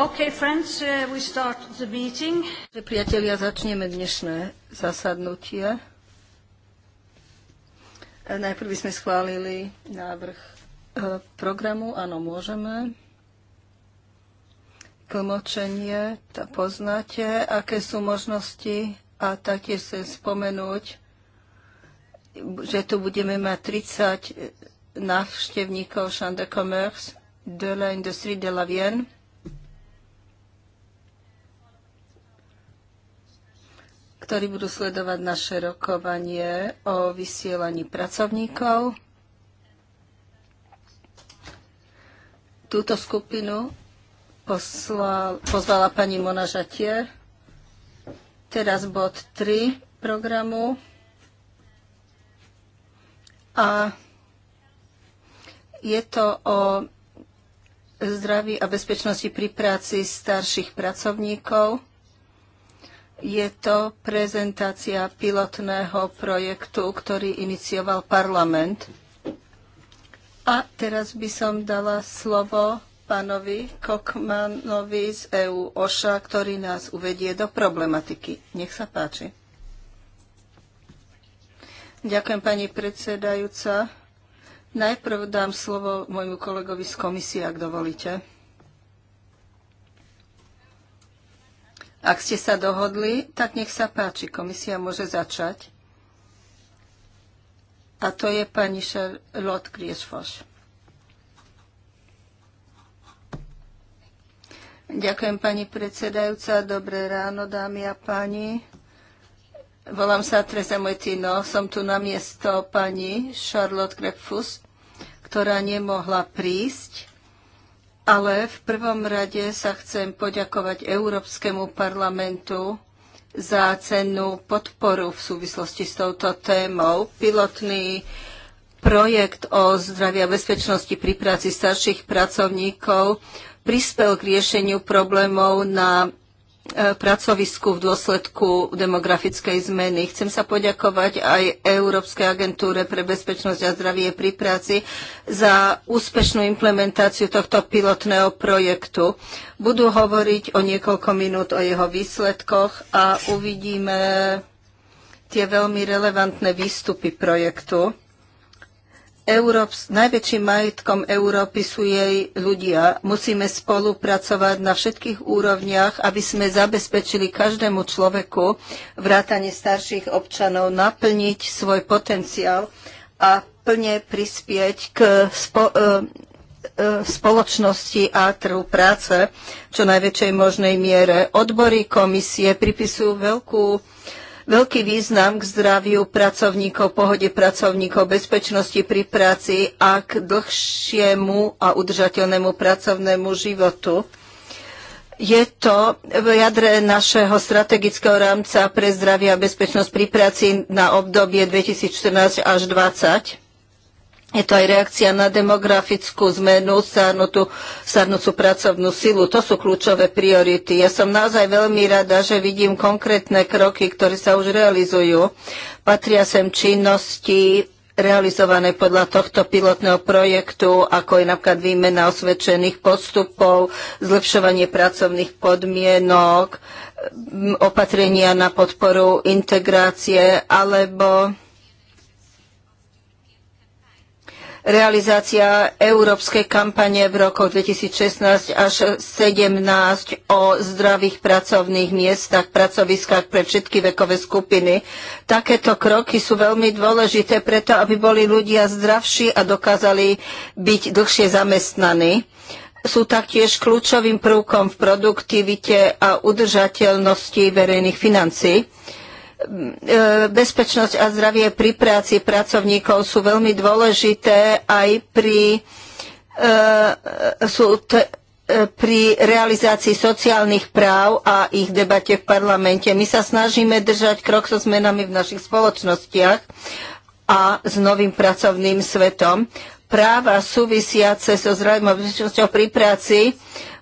Okay, friends, uh, we start the meeting. Priatelia, začneme dnešné zasadnutie. E, najprv by sme schválili návrh e, programu. Áno, môžeme. Tlmočenie, to poznáte, aké sú možnosti a taktiež chcem spomenúť, že tu budeme mať 30 e, návštevníkov Champ de Commerce de la Industrie de la Vienne ktorí budú sledovať naše rokovanie o vysielaní pracovníkov. Túto skupinu poslal, pozvala pani Mona Žatier. Teraz bod 3 programu. A je to o zdraví a bezpečnosti pri práci starších pracovníkov. Je to prezentácia pilotného projektu, ktorý inicioval parlament. A teraz by som dala slovo pánovi Kokmanovi z EU OŠA, ktorý nás uvedie do problematiky. Nech sa páči. Ďakujem, pani predsedajúca. Najprv dám slovo môjmu kolegovi z komisie, ak dovolíte. Ak ste sa dohodli, tak nech sa páči, komisia môže začať. A to je pani Charlotte Griesfoss. Ďakujem pani predsedajúca. Dobré ráno, dámy a páni. Volám sa Tresa Mojtino, som tu na miesto pani Charlotte Griesfoss, ktorá nemohla prísť ale v prvom rade sa chcem poďakovať Európskemu parlamentu za cennú podporu v súvislosti s touto témou. Pilotný projekt o zdraví a bezpečnosti pri práci starších pracovníkov prispel k riešeniu problémov na E, pracovisku v dôsledku demografickej zmeny. Chcem sa poďakovať aj Európskej agentúre pre bezpečnosť a zdravie pri práci za úspešnú implementáciu tohto pilotného projektu. Budú hovoriť o niekoľko minút o jeho výsledkoch a uvidíme tie veľmi relevantné výstupy projektu. Európs, najväčším majetkom Európy sú jej ľudia. Musíme spolupracovať na všetkých úrovniach, aby sme zabezpečili každému človeku vrátane starších občanov naplniť svoj potenciál a plne prispieť k spo, e, e, spoločnosti a trhu práce čo najväčšej možnej miere. Odbory komisie pripisujú veľkú veľký význam k zdraviu pracovníkov, pohode pracovníkov, bezpečnosti pri práci a k dlhšiemu a udržateľnému pracovnému životu. Je to v jadre našeho strategického rámca pre zdravie a bezpečnosť pri práci na obdobie 2014 až 2020 je to aj reakcia na demografickú zmenu, starnutú, starnúcu pracovnú silu. To sú kľúčové priority. Ja som naozaj veľmi rada, že vidím konkrétne kroky, ktoré sa už realizujú. Patria sem činnosti realizované podľa tohto pilotného projektu, ako je napríklad výmena osvedčených postupov, zlepšovanie pracovných podmienok, opatrenia na podporu integrácie alebo realizácia európskej kampane v rokoch 2016 až 2017 o zdravých pracovných miestach, pracoviskách pre všetky vekové skupiny. Takéto kroky sú veľmi dôležité preto, aby boli ľudia zdravší a dokázali byť dlhšie zamestnaní sú taktiež kľúčovým prvkom v produktivite a udržateľnosti verejných financií. E, bezpečnosť a zdravie pri práci pracovníkov sú veľmi dôležité aj pri, e, sú t- e, pri realizácii sociálnych práv a ich debate v parlamente. My sa snažíme držať krok so zmenami v našich spoločnostiach a s novým pracovným svetom. Práva súvisiace so zdravím a bezpečnosťou pri práci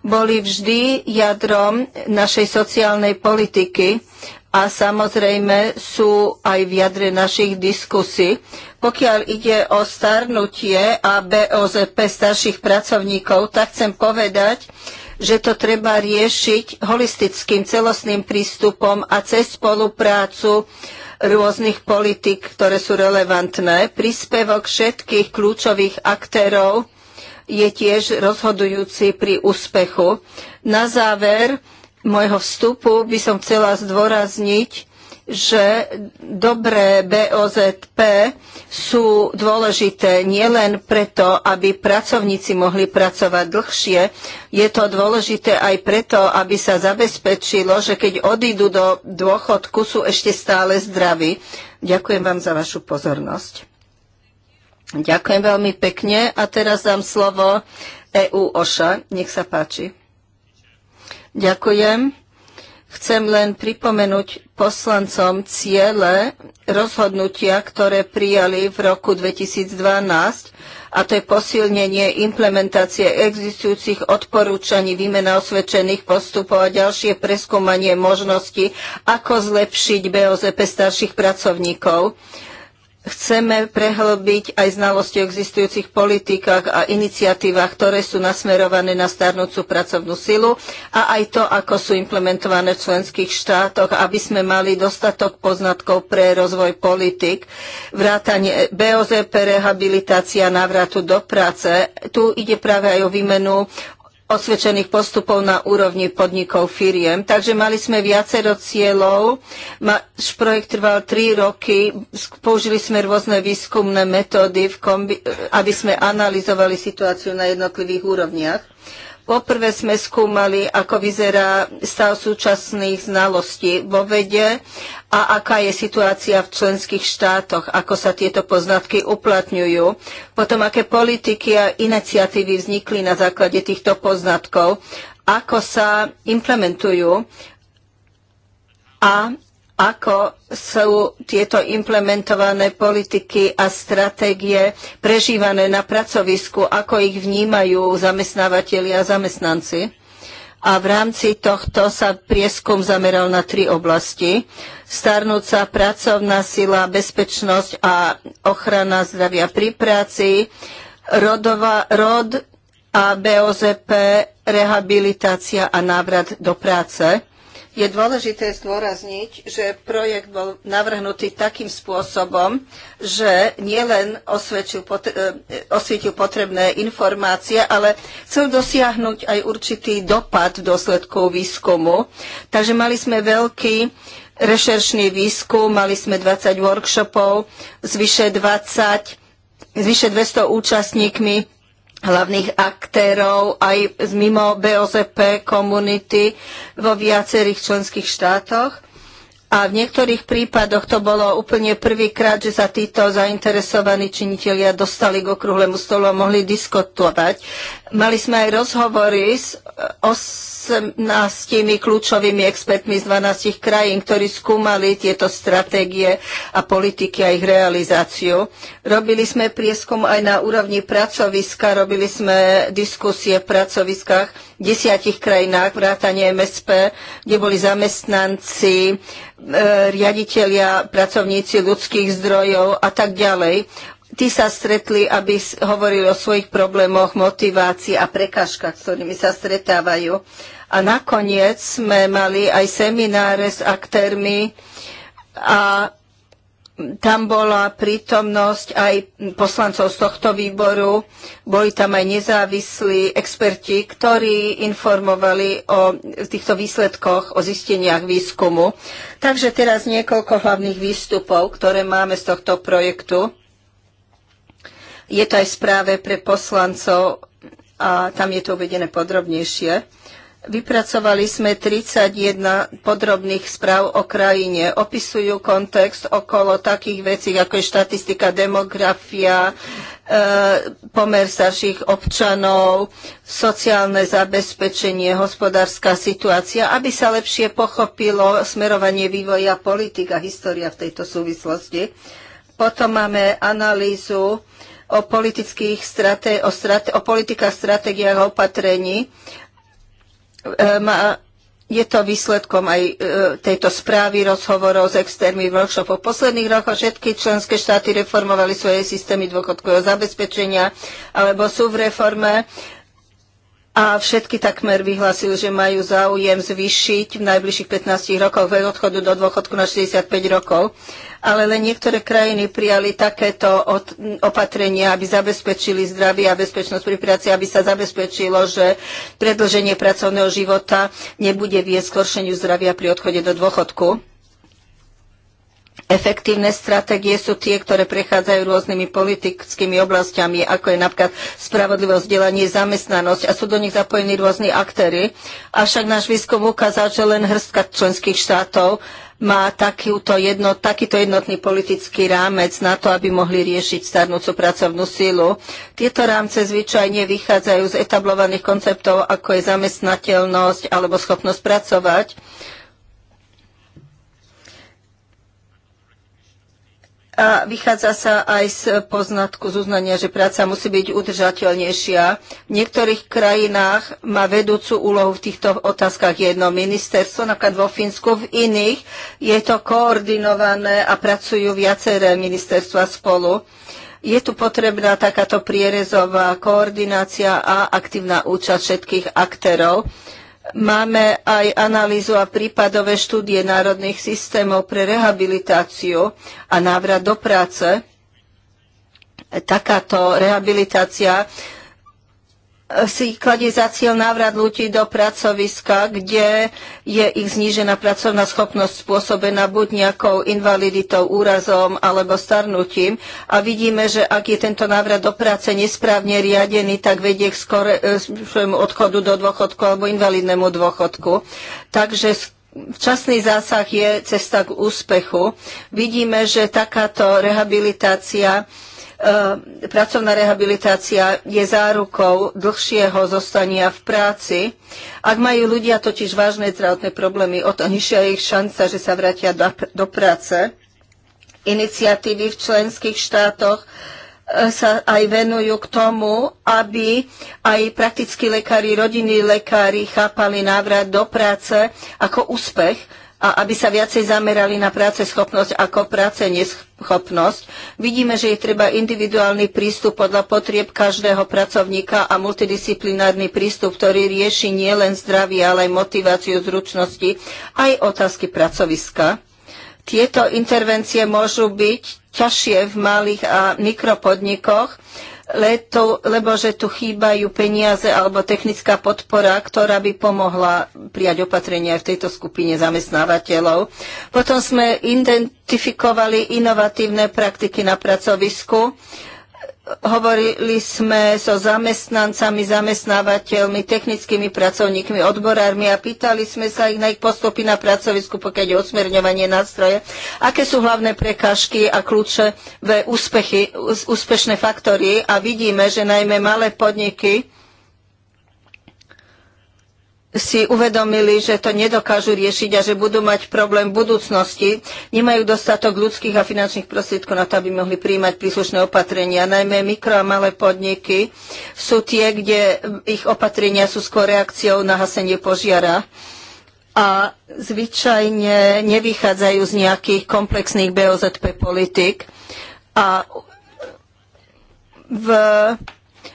boli vždy jadrom našej sociálnej politiky a samozrejme sú aj v jadre našich diskusí. Pokiaľ ide o starnutie a BOZP starších pracovníkov, tak chcem povedať, že to treba riešiť holistickým, celostným prístupom a cez spoluprácu rôznych politik, ktoré sú relevantné. Príspevok všetkých kľúčových aktérov je tiež rozhodujúci pri úspechu. Na záver, môjho vstupu by som chcela zdôrazniť, že dobré BOZP sú dôležité nielen preto, aby pracovníci mohli pracovať dlhšie, je to dôležité aj preto, aby sa zabezpečilo, že keď odídu do dôchodku, sú ešte stále zdraví. Ďakujem vám za vašu pozornosť. Ďakujem veľmi pekne a teraz dám slovo EU OŠA. Nech sa páči. Ďakujem. Chcem len pripomenúť poslancom ciele rozhodnutia, ktoré prijali v roku 2012, a to je posilnenie implementácie existujúcich odporúčaní, výmena osvedčených postupov a ďalšie preskúmanie možnosti, ako zlepšiť BOZP starších pracovníkov. Chceme prehlbiť aj znalosti o existujúcich politikách a iniciatívach, ktoré sú nasmerované na starnúcu pracovnú silu a aj to, ako sú implementované v členských štátoch, aby sme mali dostatok poznatkov pre rozvoj politik, vrátanie BOZP, rehabilitácia, návratu do práce. Tu ide práve aj o výmenu osvedčených postupov na úrovni podnikov firiem. Takže mali sme viacero cieľov. Máš projekt trval tri roky. Použili sme rôzne výskumné metódy, aby sme analyzovali situáciu na jednotlivých úrovniach. Poprvé sme skúmali, ako vyzerá stav súčasných znalostí vo vede a aká je situácia v členských štátoch, ako sa tieto poznatky uplatňujú, potom aké politiky a iniciatívy vznikli na základe týchto poznatkov, ako sa implementujú a ako sú tieto implementované politiky a stratégie prežívané na pracovisku, ako ich vnímajú zamestnávateľi a zamestnanci. A v rámci tohto sa prieskum zameral na tri oblasti. Starnúca pracovná sila, bezpečnosť a ochrana zdravia pri práci, rodová rod a BOZP, rehabilitácia a návrat do práce je dôležité zdôrazniť, že projekt bol navrhnutý takým spôsobom, že nielen e, osvietil potrebné informácie, ale chcel dosiahnuť aj určitý dopad v dôsledku výskumu. Takže mali sme veľký rešeršný výskum, mali sme 20 workshopov, zvyše 20 s vyše 200 účastníkmi hlavných aktérov aj mimo BOZP komunity vo viacerých členských štátoch. A v niektorých prípadoch to bolo úplne prvýkrát, že sa títo zainteresovaní činitelia dostali k okrúhlemu stolu a mohli diskutovať. Mali sme aj rozhovory s 18 kľúčovými expertmi z 12 krajín, ktorí skúmali tieto stratégie a politiky a ich realizáciu. Robili sme prieskum aj na úrovni pracoviska, robili sme diskusie v pracoviskách desiatich krajinách, vrátane MSP, kde boli zamestnanci, e, riaditeľia, pracovníci ľudských zdrojov a tak ďalej. Tí sa stretli, aby hovorili o svojich problémoch, motivácii a prekážkach, s ktorými sa stretávajú. A nakoniec sme mali aj semináre s aktérmi a tam bola prítomnosť aj poslancov z tohto výboru, boli tam aj nezávislí experti, ktorí informovali o týchto výsledkoch, o zisteniach výskumu. Takže teraz niekoľko hlavných výstupov, ktoré máme z tohto projektu. Je to aj správe pre poslancov a tam je to uvedené podrobnejšie. Vypracovali sme 31 podrobných správ o krajine. Opisujú kontext okolo takých vecí, ako je štatistika, demografia, e, pomer starších občanov, sociálne zabezpečenie, hospodárska situácia, aby sa lepšie pochopilo smerovanie vývoja politik a história v tejto súvislosti. Potom máme analýzu o, politických strate, o, strate, o politikách, stratégiách a opatrení Ehm, je to výsledkom aj e, tejto správy, rozhovorov s externými workshopov. V posledných rokoch všetky členské štáty reformovali svoje systémy dôchodkového zabezpečenia alebo sú v reforme a všetky takmer vyhlasujú, že majú záujem zvýšiť v najbližších 15 rokoch vek odchodu do dôchodku na 65 rokov. Ale len niektoré krajiny prijali takéto opatrenia, aby zabezpečili zdravie a bezpečnosť pri práci, aby sa zabezpečilo, že predlženie pracovného života nebude viesť skoršeniu zdravia pri odchode do dôchodku. Efektívne stratégie sú tie, ktoré prechádzajú rôznymi politickými oblastiami, ako je napríklad spravodlivosť, vzdelanie, zamestnanosť a sú do nich zapojení rôzni aktéry. Avšak náš výskum ukázal, že len hrstka členských štátov má takýto, jedno, takýto jednotný politický rámec na to, aby mohli riešiť starnúcu pracovnú sílu. Tieto rámce zvyčajne vychádzajú z etablovaných konceptov, ako je zamestnateľnosť alebo schopnosť pracovať. A vychádza sa aj z poznatku z uznania, že práca musí byť udržateľnejšia. V niektorých krajinách má vedúcu úlohu v týchto otázkach jedno ministerstvo, napríklad vo Fínsku, v iných je to koordinované a pracujú viaceré ministerstva spolu. Je tu potrebná takáto prierezová koordinácia a aktívna účasť všetkých aktérov. Máme aj analýzu a prípadové štúdie národných systémov pre rehabilitáciu a návrat do práce. Takáto rehabilitácia si kladie za cieľ návrat ľudí do pracoviska, kde je ich znížená pracovná schopnosť spôsobená buď nejakou invaliditou, úrazom alebo starnutím. A vidíme, že ak je tento návrat do práce nesprávne riadený, tak vedie k skorému e, odchodu do dôchodku alebo invalidnému dôchodku. Takže včasný zásah je cesta k úspechu. Vidíme, že takáto rehabilitácia Ehm, pracovná rehabilitácia je zárukou dlhšieho zostania v práci. Ak majú ľudia totiž vážne zdravotné problémy, o to nižšia je ich šanca, že sa vrátia do, do práce. Iniciatívy v členských štátoch E, sa aj venujú k tomu, aby aj praktickí lekári, rodinní lekári chápali návrat do práce ako úspech a aby sa viacej zamerali na práce schopnosť ako práce neschopnosť. Vidíme, že je treba individuálny prístup podľa potrieb každého pracovníka a multidisciplinárny prístup, ktorý rieši nielen zdravie, ale aj motiváciu, zručnosti, aj otázky pracoviska. Tieto intervencie môžu byť ťažšie v malých a mikropodnikoch, leto, lebo že tu chýbajú peniaze alebo technická podpora, ktorá by pomohla prijať opatrenia aj v tejto skupine zamestnávateľov. Potom sme identifikovali inovatívne praktiky na pracovisku, Hovorili sme so zamestnancami, zamestnávateľmi, technickými pracovníkmi, odborármi a pýtali sme sa ich na ich postupy na pracovisku, pokiaľ je usmerňovanie nástroje, aké sú hlavné prekážky a kľúče v úspechy, úspešné faktory a vidíme, že najmä malé podniky si uvedomili, že to nedokážu riešiť a že budú mať problém v budúcnosti, nemajú dostatok ľudských a finančných prostriedkov na to, aby mohli príjmať príslušné opatrenia. Najmä mikro a malé podniky sú tie, kde ich opatrenia sú skôr reakciou na hasenie požiara a zvyčajne nevychádzajú z nejakých komplexných BOZP politik. A v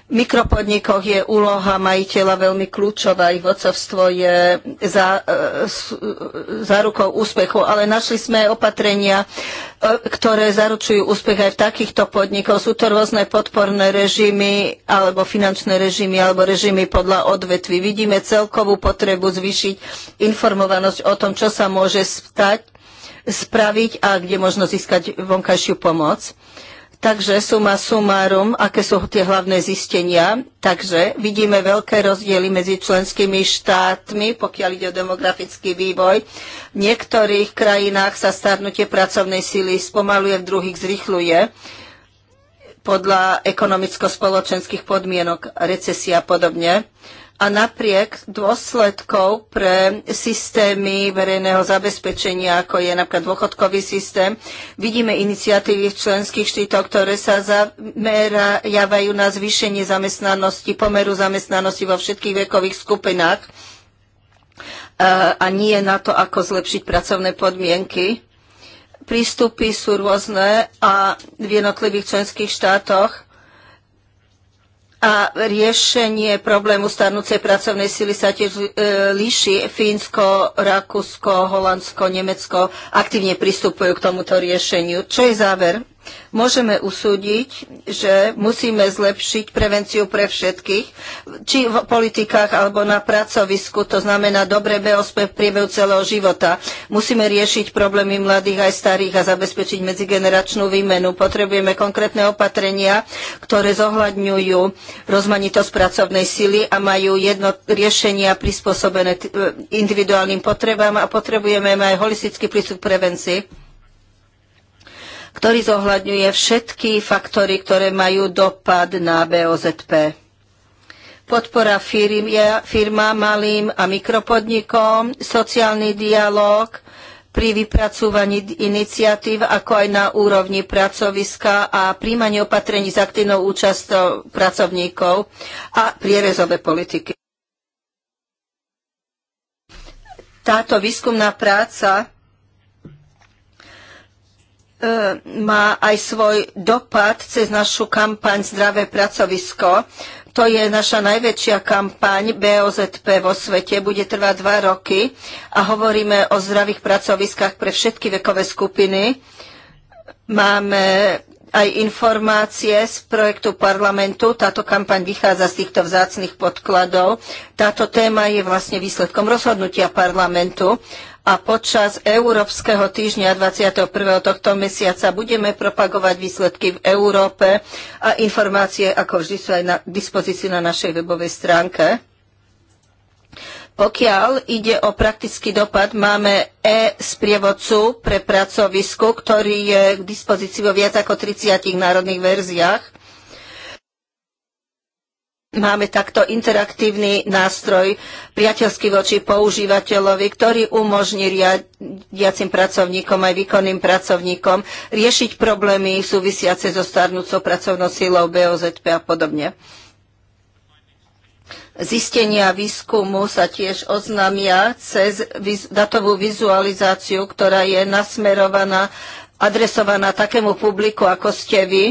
mikropodnikoch je úloha majiteľa veľmi kľúčová, ich vodcovstvo je e, e, za, rukou úspechu, ale našli sme opatrenia, e, ktoré zaručujú úspech aj v takýchto podnikoch. Sú to rôzne podporné režimy, alebo finančné režimy, alebo režimy podľa odvetví. Vidíme celkovú potrebu zvýšiť informovanosť o tom, čo sa môže stať, spraviť a kde možno získať vonkajšiu pomoc. Takže suma sumárum, aké sú tie hlavné zistenia. Takže vidíme veľké rozdiely medzi členskými štátmi, pokiaľ ide o demografický vývoj. V niektorých krajinách sa starnutie pracovnej síly spomaluje, v druhých zrychluje podľa ekonomicko-spoločenských podmienok, recesia a podobne a napriek dôsledkov pre systémy verejného zabezpečenia, ako je napríklad dôchodkový systém, vidíme iniciatívy v členských štítoch, ktoré sa zameriavajú na zvýšenie zamestnanosti, pomeru zamestnanosti vo všetkých vekových skupinách a nie na to, ako zlepšiť pracovné podmienky. Prístupy sú rôzne a v jednotlivých členských štátoch a riešenie problému starnúcej pracovnej sily sa tiež e, líši. Fínsko, Rakúsko, Holandsko, Nemecko aktívne pristupujú k tomuto riešeniu. Čo je záver? môžeme usúdiť, že musíme zlepšiť prevenciu pre všetkých, či v politikách alebo na pracovisku, to znamená dobre BOSP v priebehu celého života. Musíme riešiť problémy mladých aj starých a zabezpečiť medzigeneračnú výmenu. Potrebujeme konkrétne opatrenia, ktoré zohľadňujú rozmanitosť pracovnej sily a majú jedno riešenia prispôsobené individuálnym potrebám a potrebujeme aj holistický prístup k prevencii ktorý zohľadňuje všetky faktory, ktoré majú dopad na BOZP. Podpora firm, firma malým a mikropodnikom, sociálny dialog pri vypracúvaní iniciatív, ako aj na úrovni pracoviska a príjmanie opatrení s aktívnou účasťou pracovníkov a prierezové politiky. Táto výskumná práca E, má aj svoj dopad cez našu kampaň Zdravé pracovisko. To je naša najväčšia kampaň BOZP vo svete, bude trvať dva roky a hovoríme o zdravých pracoviskách pre všetky vekové skupiny. Máme aj informácie z projektu parlamentu. Táto kampaň vychádza z týchto vzácných podkladov. Táto téma je vlastne výsledkom rozhodnutia parlamentu a počas Európskeho týždňa 21. tohto mesiaca budeme propagovať výsledky v Európe a informácie, ako vždy, sú aj na dispozícii na našej webovej stránke. Pokiaľ ide o praktický dopad, máme e-sprievodcu pre pracovisku, ktorý je k dispozícii vo viac ako 30 národných verziách máme takto interaktívny nástroj priateľský voči používateľovi, ktorý umožní riadiacim pracovníkom aj výkonným pracovníkom riešiť problémy súvisiace so starnúcou pracovnou silou BOZP a podobne. Zistenia výskumu sa tiež oznámia cez datovú vizualizáciu, ktorá je nasmerovaná, adresovaná takému publiku, ako ste vy,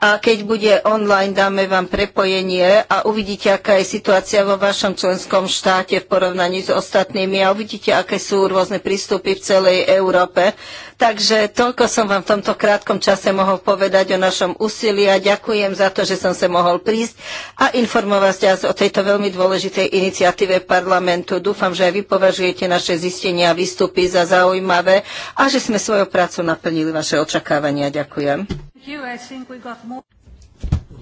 a keď bude online, dáme vám prepojenie a uvidíte, aká je situácia vo vašom členskom štáte v porovnaní s ostatnými a uvidíte, aké sú rôzne prístupy v celej Európe. Takže toľko som vám v tomto krátkom čase mohol povedať o našom úsilí a ďakujem za to, že som sa mohol prísť a informovať vás o tejto veľmi dôležitej iniciatíve parlamentu. Dúfam, že aj vy považujete naše zistenia a výstupy za zaujímavé a že sme svojou prácu naplnili vaše očakávania. Ďakujem.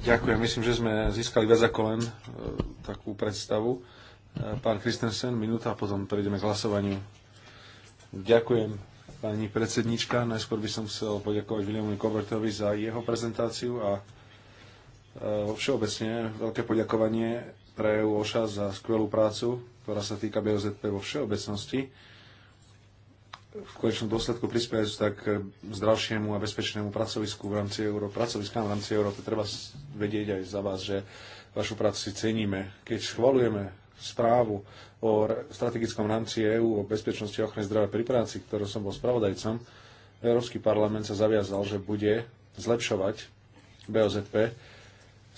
Ďakujem, myslím, že sme získali viac ako len e, takú predstavu. E, pán Kristensen, minúta a potom prejdeme k hlasovaniu. Ďakujem, pani predsednička. Najskôr by som chcel poďakovať Williamu Kobertovi za jeho prezentáciu a e, všeobecne veľké poďakovanie pre EU OŠA za skvelú prácu, ktorá sa týka BOZP vo všeobecnosti v konečnom dôsledku prispieť tak eh, zdravšiemu a bezpečnému pracovisku v rámci Európy. pracoviskám v rámci Európy. Treba vedieť aj za vás, že vašu prácu si ceníme. Keď schvalujeme správu o strategickom rámci EÚ o bezpečnosti a ochrane zdravia pri práci, ktorú som bol spravodajcom, Európsky parlament sa zaviazal, že bude zlepšovať BOZP.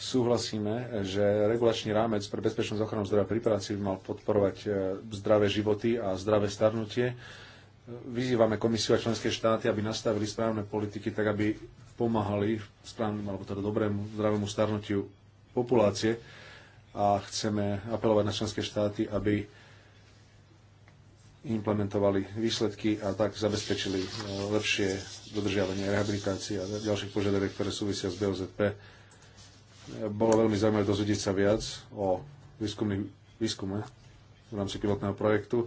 Súhlasíme, že regulačný rámec pre bezpečnosť a ochranu zdravia pri práci by mal podporovať eh, zdravé životy a zdravé starnutie vyzývame komisiu a členské štáty, aby nastavili správne politiky, tak aby pomáhali správnym alebo teda dobrému, zdravému starnutiu populácie a chceme apelovať na členské štáty, aby implementovali výsledky a tak zabezpečili e, lepšie dodržiavanie rehabilitácie a ďalších požiadaviek, ktoré súvisia s BOZP. E, bolo veľmi zaujímavé dozvedieť sa viac o výskumných výskume v rámci pilotného projektu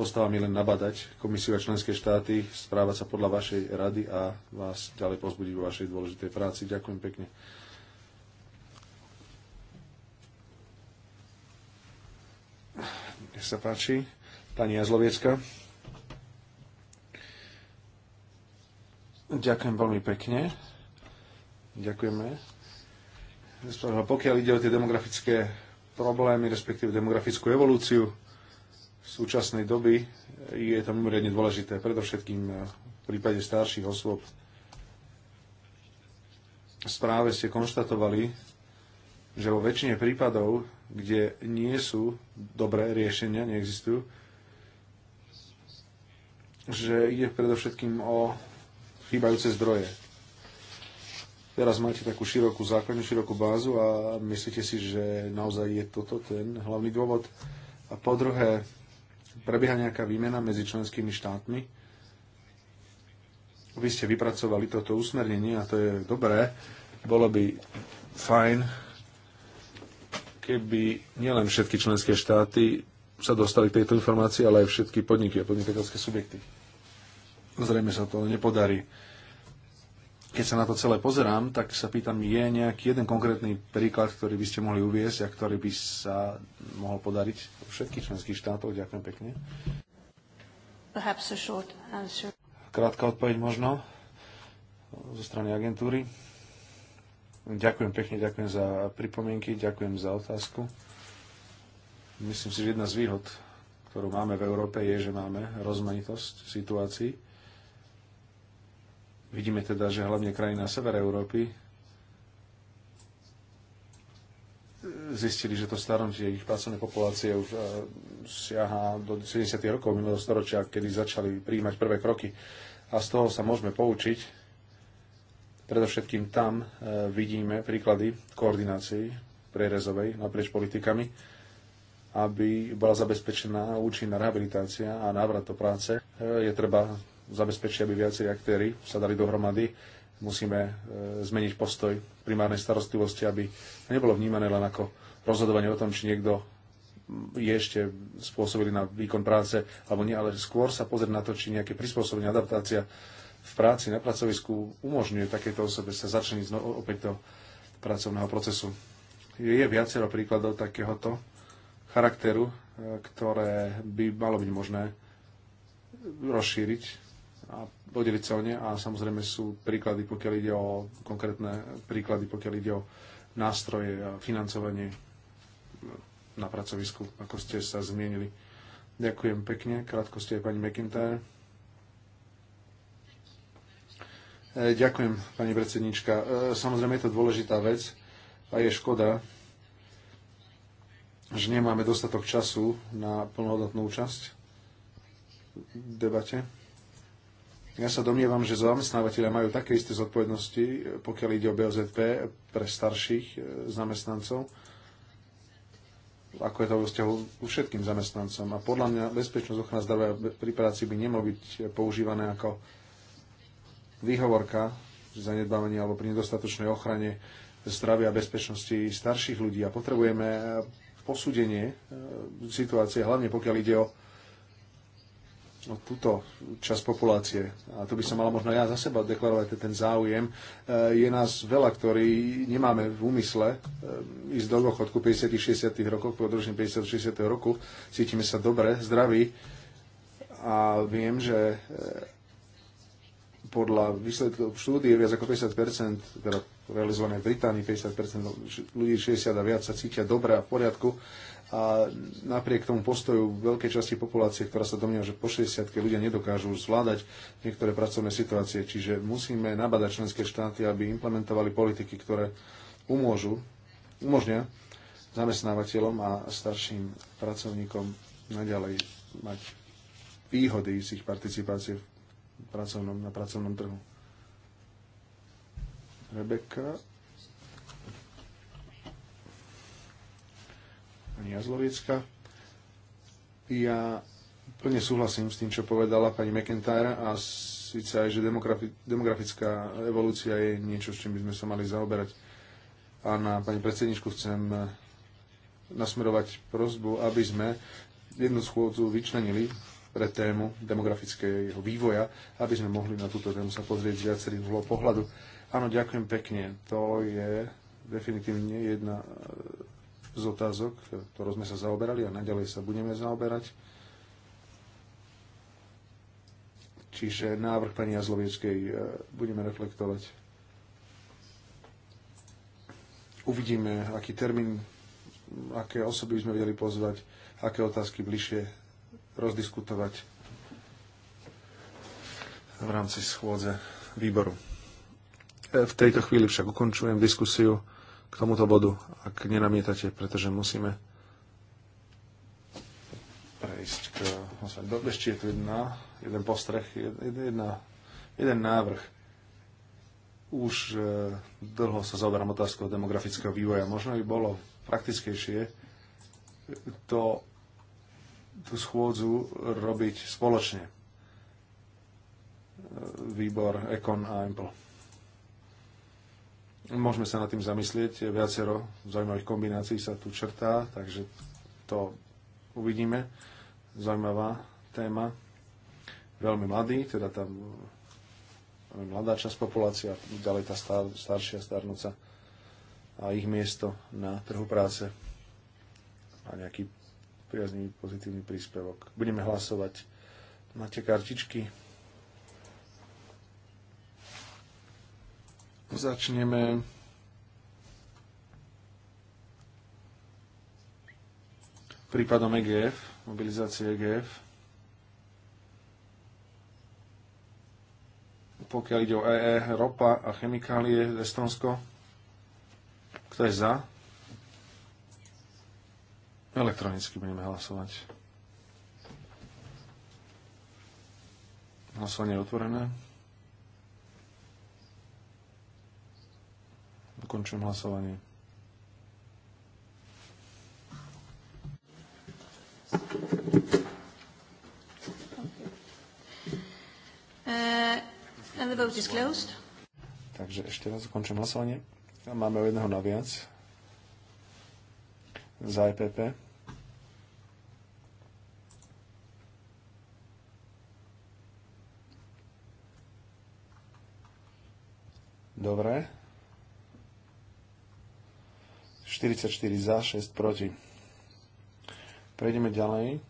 Ostáva mi len nabadať komisiu a členské štáty správať sa podľa vašej rady a vás ďalej pozbudiť vo vašej dôležitej práci. Ďakujem pekne. Nech sa páči. Pani Jazloviecka. Ďakujem veľmi pekne. Ďakujeme. Pokiaľ ide o tie demografické problémy, respektíve demografickú evolúciu, súčasnej doby je to mimoriadne dôležité, predovšetkým eh, v prípade starších osôb. V správe ste konštatovali, že vo väčšine prípadov, kde nie sú dobré riešenia, neexistujú, že ide predovšetkým o chýbajúce zdroje. Teraz máte takú širokú základnú, širokú bázu a myslíte si, že naozaj je toto ten hlavný dôvod. A po druhé, prebieha nejaká výmena medzi členskými štátmi. Vy ste vypracovali toto usmernenie a to je dobré. Bolo by fajn, keby nielen všetky členské štáty sa dostali k tejto informácii, ale aj všetky podniky a podnikateľské subjekty. Zrejme sa to nepodarí keď sa na to celé pozerám, tak sa pýtam, je nejaký jeden konkrétny príklad, ktorý by ste mohli uviesť a ktorý by sa mohol podariť u všetkých členských štátov? Ďakujem pekne. Krátka odpoveď možno zo strany agentúry. Ďakujem pekne, ďakujem za pripomienky, ďakujem za otázku. Myslím si, že jedna z výhod, ktorú máme v Európe, je, že máme rozmanitosť situácií Vidíme teda, že hlavne krajina sever Európy zistili, že to starnutie ich pracovné populácie už eh, siaha do 70. rokov minulého storočia, kedy začali príjmať prvé kroky. A z toho sa môžeme poučiť. Predovšetkým tam eh, vidíme príklady koordinácií prierezovej naprieč politikami, aby bola zabezpečená účinná rehabilitácia a návrat do práce. Eh, je treba zabezpečia, aby viacerí aktéry sa dali dohromady. Musíme e, zmeniť postoj primárnej starostlivosti, aby nebolo vnímané len ako rozhodovanie o tom, či niekto je ešte spôsobili na výkon práce alebo nie, ale skôr sa pozrieť na to, či nejaké prispôsobenie, adaptácia v práci na pracovisku umožňuje takéto osobe sa začleniť opäť do pracovného procesu. Je viacero príkladov takéhoto charakteru, e, ktoré by malo byť možné rozšíriť a podeliť sa o ne a samozrejme sú príklady, pokiaľ ide o konkrétne príklady, pokiaľ ide o nástroje a financovanie na pracovisku, ako ste sa zmienili. Ďakujem pekne, krátko ste aj pani McIntyre. E, ďakujem, pani predsednička. E, samozrejme je to dôležitá vec a je škoda, že nemáme dostatok času na plnohodnotnú účasť v debate. Ja sa domnievam, že zamestnávateľia majú také isté zodpovednosti, pokiaľ ide o BOZP pre starších e, zamestnancov, ako je to vo vzťahu u všetkým zamestnancom. A podľa mňa bezpečnosť ochrana zdravia pri práci by nemohla byť používané ako výhovorka zanedbávania alebo pri nedostatočnej ochrane zdravia a bezpečnosti starších ľudí. A potrebujeme posúdenie e, situácie, hlavne pokiaľ ide o no, túto časť populácie, a to by som mala možno ja za seba deklarovať ten záujem, eh, je nás veľa, ktorí nemáme v úmysle eh, ísť do dôchodku 50-60 rokov, po odročení 50-60 roku, cítime sa dobre, zdraví a viem, že eh, podľa výsledkov štúdie viac ako 50%, teda realizované v Británii 50% ľudí 60 a viac sa cítia dobre a v poriadku, a napriek tomu postoju veľkej časti populácie, ktorá sa domnieva, že po 60 ľudia nedokážu zvládať niektoré pracovné situácie. Čiže musíme nabadať členské štáty, aby implementovali politiky, ktoré umôžu, umožnia zamestnávateľom a starším pracovníkom naďalej mať výhody z ich participácie v pracovnom, na pracovnom trhu. Rebeka pani Jazlovická. Ja plne súhlasím s tým, čo povedala pani McIntyre a síce aj, že demografi- demografická evolúcia je niečo, s čím by sme sa mali zaoberať. A na pani predsedničku chcem nasmerovať prozbu, aby sme jednu schôdzu vyčlenili pre tému demografického vývoja, aby sme mohli na túto tému sa pozrieť z viacerých uhlov pohľadu. Áno, ďakujem pekne. To je definitívne jedna z otázok, ktorou sme sa zaoberali a naďalej sa budeme zaoberať. Čiže návrh pani Jazlovieckej e, budeme reflektovať. Uvidíme, aký termín, aké osoby by sme vedeli pozvať, aké otázky bližšie rozdiskutovať v rámci schôdze výboru. E, v tejto chvíli však ukončujem diskusiu k tomuto bodu, ak nenamietate, pretože musíme prejsť k... Ešte je tu jedna, jeden postreh, jedna, jeden návrh. Už e, dlho sa zaoberám otázkou demografického vývoja. Možno by bolo praktickejšie to, tú schôdzu robiť spoločne. E, výbor Econ a Ample. Môžeme sa nad tým zamyslieť. Viacero zaujímavých kombinácií sa tu črtá, takže to uvidíme. Zaujímavá téma. Veľmi mladý, teda tá e, mladá časť populácia, ďalej tá star, staršia starnúca a ich miesto na trhu práce a nejaký priaznivý pozitívny príspevok. Budeme hlasovať. Máte kartičky? Začneme prípadom EGF, mobilizácie EGF. Pokiaľ ide o EE, e, ropa a chemikálie, Estonsko. Kto je za? Elektronicky budeme hlasovať. Hlasovanie je otvorené. Ukončujem hlasovanie. Okay. Uh, Takže ešte raz ukončím hlasovanie. Máme o jedného naviac. Za EPP. Dobre. 44 za, 6 proti. Prejdeme ďalej.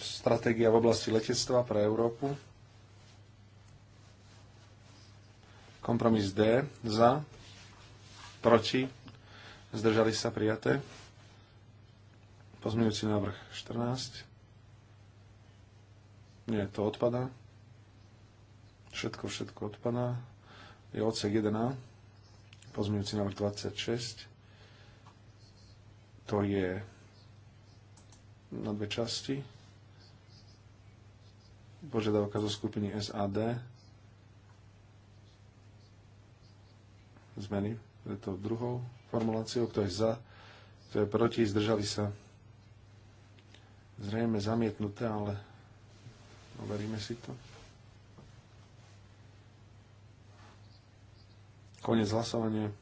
Stratégia v oblasti letectva pre Európu. Kompromis D za, proti, zdržali sa prijaté. Pozmeňujúci návrh 14. Nie, to odpadá. Všetko, všetko odpadá. Je odsek 1. Pozmeňujúci návrh 26. To je na dve časti. Požiadavka zo skupiny SAD. Zmeny. Je to druhou formuláciou. Kto je za, kto je proti, zdržali sa. Zrejme zamietnuté, ale overíme si to. Konec hlasovania.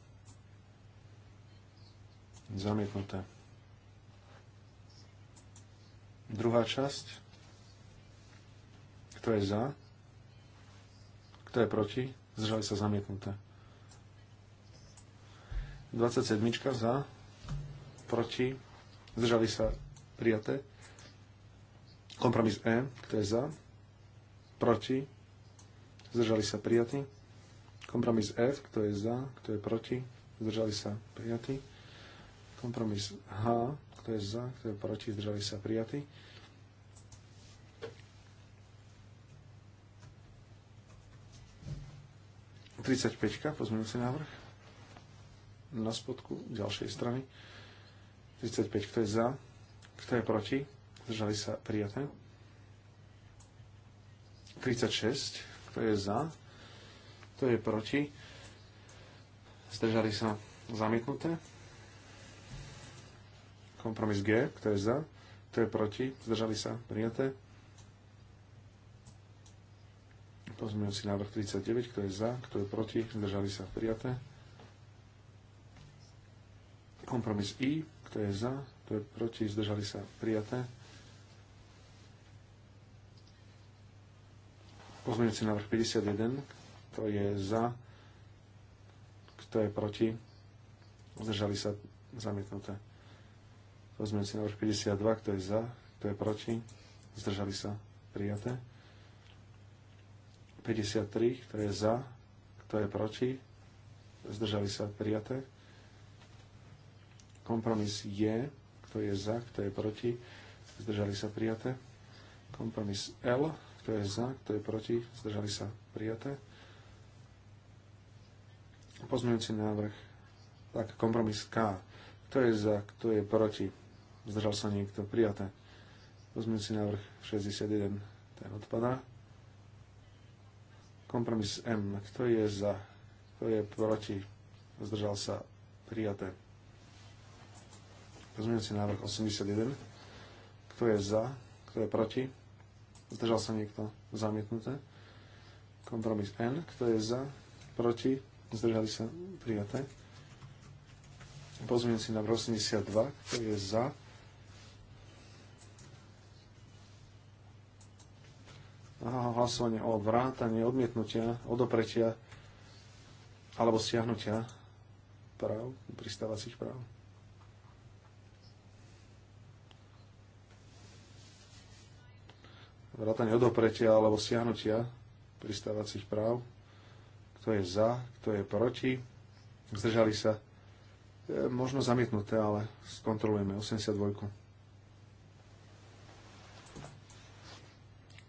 Zamietnuté. Druhá časť. Kto je za? Kto je proti? Zdržali sa zamietnuté. 27 za, proti, zdržali sa prijaté. Kompromis E, kto je za, proti, zdržali sa prijatí. Kompromis F, kto je za, kto je proti, zdržali sa prijatí. Kompromis H, kto je za, kto je proti, zdržali sa prijatí. Tridsaťpäťka, pozmeňujúci návrh. Na spodku ďalšej strany. 35, kto je za, kto je proti, zdržali sa prijaté. 36, kto je za, kto je proti, zdržali sa zamietnuté. Kompromis G, kto je za, kto je proti, zdržali sa, prijaté. Pozmeňujúci návrh 39, kto je za, kto je proti, zdržali sa, prijaté. Kompromis I, kto je za, kto je proti, zdržali sa, prijaté. Pozmeňujúci návrh 51, kto je za, kto je proti, zdržali sa, zamietnuté si návrh 52, kto je za, kto je proti, zdržali sa, prijaté. 53, kto je za, kto je proti, zdržali sa, prijaté. Kompromis je, kto je za, kto je proti, zdržali sa, prijaté. Kompromis L, kto je za, kto je proti, zdržali sa, prijaté. Pozmeňujúci návrh, tak kompromis K, kto je za, kto je proti, Zdržal sa niekto? Prijaté. si návrh 61. Ten odpadá. Kompromis M. Kto je za? Kto je proti? Zdržal sa? Prijaté. si návrh 81. Kto je za? Kto je proti? Zdržal sa niekto? Zamietnuté. Kompromis N. Kto je za? Proti? Zdržali sa? Prijaté. si návrh 82. Kto je za? hlasovanie o vrátanie odmietnutia, odopretia alebo stiahnutia práv, pristávacích práv. Vrátanie odopretia alebo stiahnutia pristávacích práv. Kto je za, kto je proti. Zdržali sa. E, možno zamietnuté, ale skontrolujeme. 82.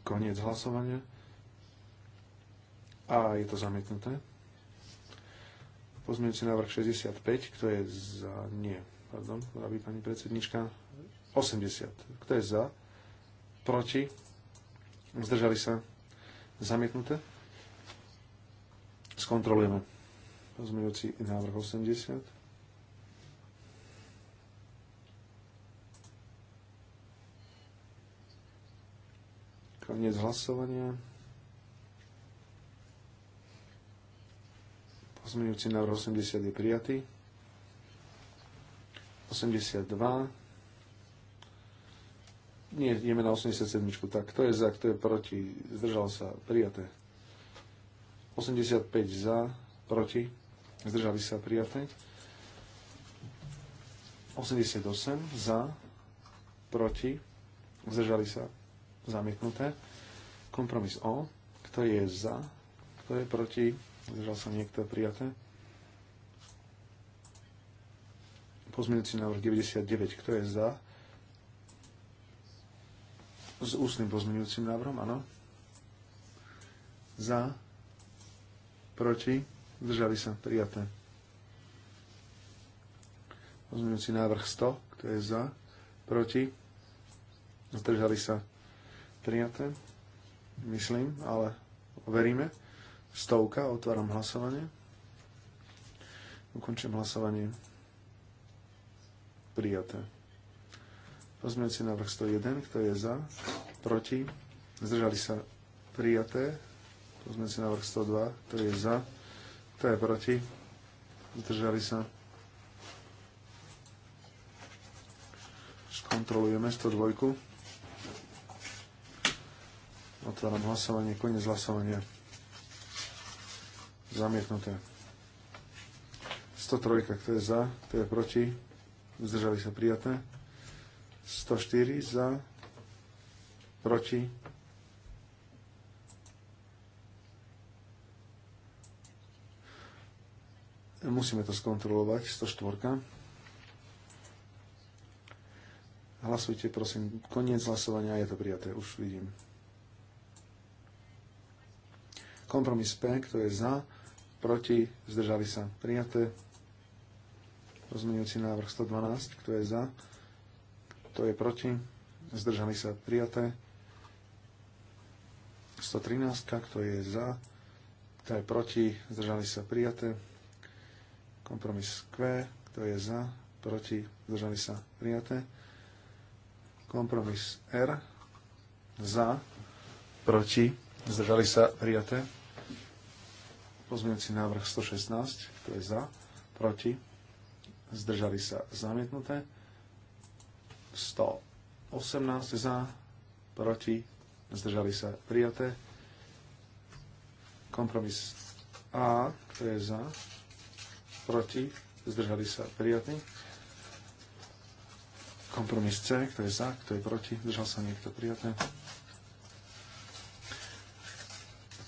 Koniec hlasovania. A je to zamietnuté. Pozmeňujúci návrh 65, kto je za... Nie, pardon, robí pani predsednička. 80, kto je za? Proti? Zdržali sa? Zamietnuté? Skontrolujeme. Pozmeňujúci návrh 80. Koniec hlasovania. Pozmeňujúci návrh 80 je prijatý. 82. Nie, ideme na 87. Tak, kto je za, kto je proti? Zdržal sa. Prijaté. 85 za, proti. Zdržali sa. Prijaté. 88 za, proti. Zdržali sa zamietnuté. Kompromis O, kto je za, kto je proti, zdržal sa niekto prijaté. Pozmeňujúci návrh 99, kto je za, s ústnym pozmeňujúcim návrhom, áno. Za, proti, zdržali sa, prijaté. Pozmeňujúci návrh 100, kto je za, proti, zdržali sa, Prijaté. Myslím, ale veríme. Stovka, otváram hlasovanie. Ukončím hlasovanie. Prijaté. Pozmeňujúci návrh 101, kto je za, proti, zdržali sa prijaté. Pozmeňujúci návrh 102, kto je za, kto je proti, zdržali sa. Skontrolujeme 102. Otváram hlasovanie, koniec hlasovania. Zamietnuté. 103, kto je za, kto je proti. Zdržali sa prijaté. 104 za, proti. Musíme to skontrolovať. 104. Hlasujte, prosím. Koniec hlasovania je to prijaté. Už vidím. Kompromis P, kto je za, proti, zdržali sa, prijaté. Pozmeňujúci návrh 112, kto je za, kto je proti, zdržali sa, prijaté. 113, kto je za, kto je proti, zdržali sa, prijaté. Kompromis Q, kto je za, proti, zdržali sa, prijaté. Kompromis R, za, proti, zdržali sa, prijaté. Pozmeňujúci návrh 116, kto je za, proti, zdržali sa zamietnuté. 118 za, proti, zdržali sa prijaté. Kompromis A, kto je za, proti, zdržali sa prijatý. Kompromis C, kto je za, kto je proti, zdržal sa niekto prijaté.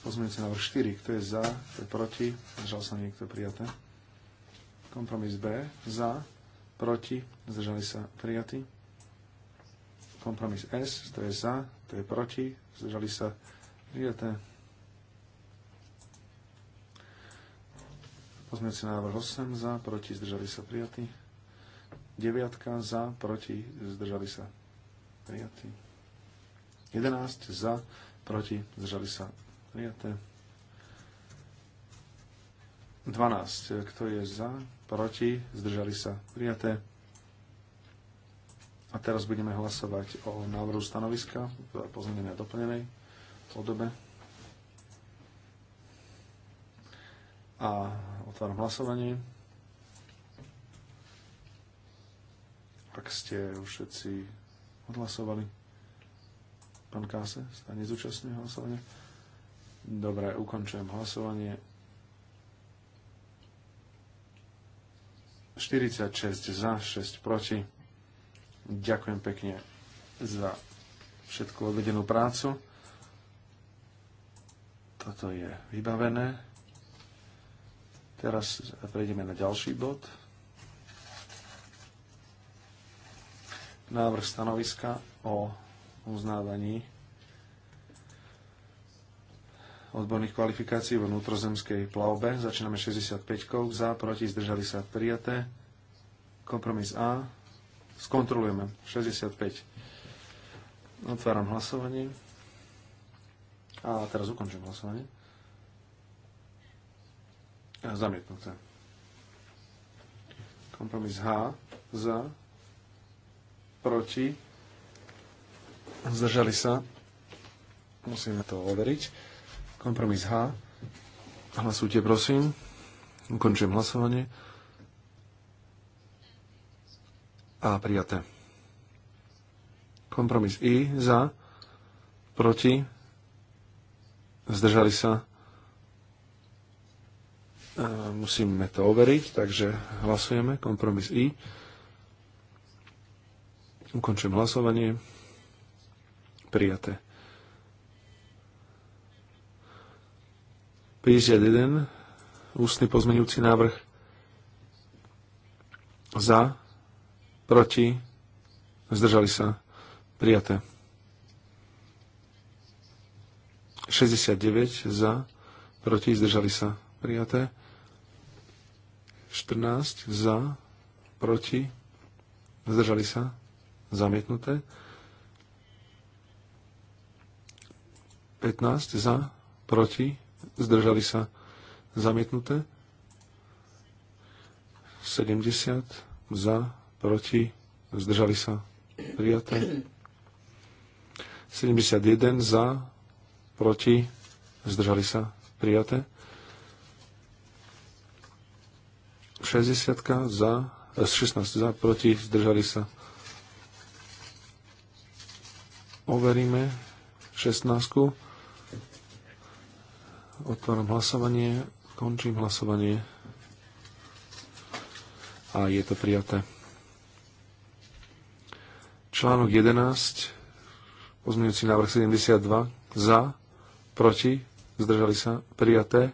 Pozmeňujúci návrh 4. Kto je za? Kto je proti? Zdržal sa niekto prijaté. Kompromis B. Za. Proti. Zdržali sa prijatí. Kompromis S. Kto je za? Kto je proti? Zdržali sa prijaté. Pozmeňujúci návrh 8. Za. Proti. Zdržali sa prijatí. 9. Za. Proti. Zdržali sa prijatí. 11. Za. Proti. Zdržali sa prijaté. 12. Kto je za? Proti? Zdržali sa? Prijaté. A teraz budeme hlasovať o návrhu stanoviska v pozmenenej a doplnenej podobe. A otváram hlasovanie. Ak ste už všetci odhlasovali, pán Káse sa nezúčastňuje hlasovania. Dobre, ukončujem hlasovanie. 46 za, 6 proti. Ďakujem pekne za všetku odvedenú prácu. Toto je vybavené. Teraz prejdeme na ďalší bod. Návrh stanoviska o uznávaní odborných kvalifikácií vo vnútrozemskej plavbe. Začíname 65 za, proti, zdržali sa prijaté. Kompromis A. Skontrolujeme. 65. Otváram hlasovanie. A teraz ukončím hlasovanie. A zamietnuté. Kompromis H. Za. Proti. Zdržali sa. Musíme to overiť. Kompromis H. Hlasujte, prosím. Ukončujem hlasovanie. A prijaté. Kompromis I za, proti, zdržali sa. E, musíme to overiť, takže hlasujeme. Kompromis I. Ukončujem hlasovanie. Prijaté. 51, ústny pozmeňujúci návrh za, proti, zdržali sa, prijaté. 69 za, proti, zdržali sa, prijaté. 14 za, proti, zdržali sa, zamietnuté. 15 za, proti, zdržali sa zamietnuté. 70 za, proti, zdržali sa prijaté. 71 za, proti, zdržali sa prijaté. 60 za, 16 eh, za, proti, zdržali sa. Overíme 16. Otváram hlasovanie, končím hlasovanie a je to prijaté. Článok 11, pozmeňujúci návrh 72, za, proti, zdržali sa, prijaté.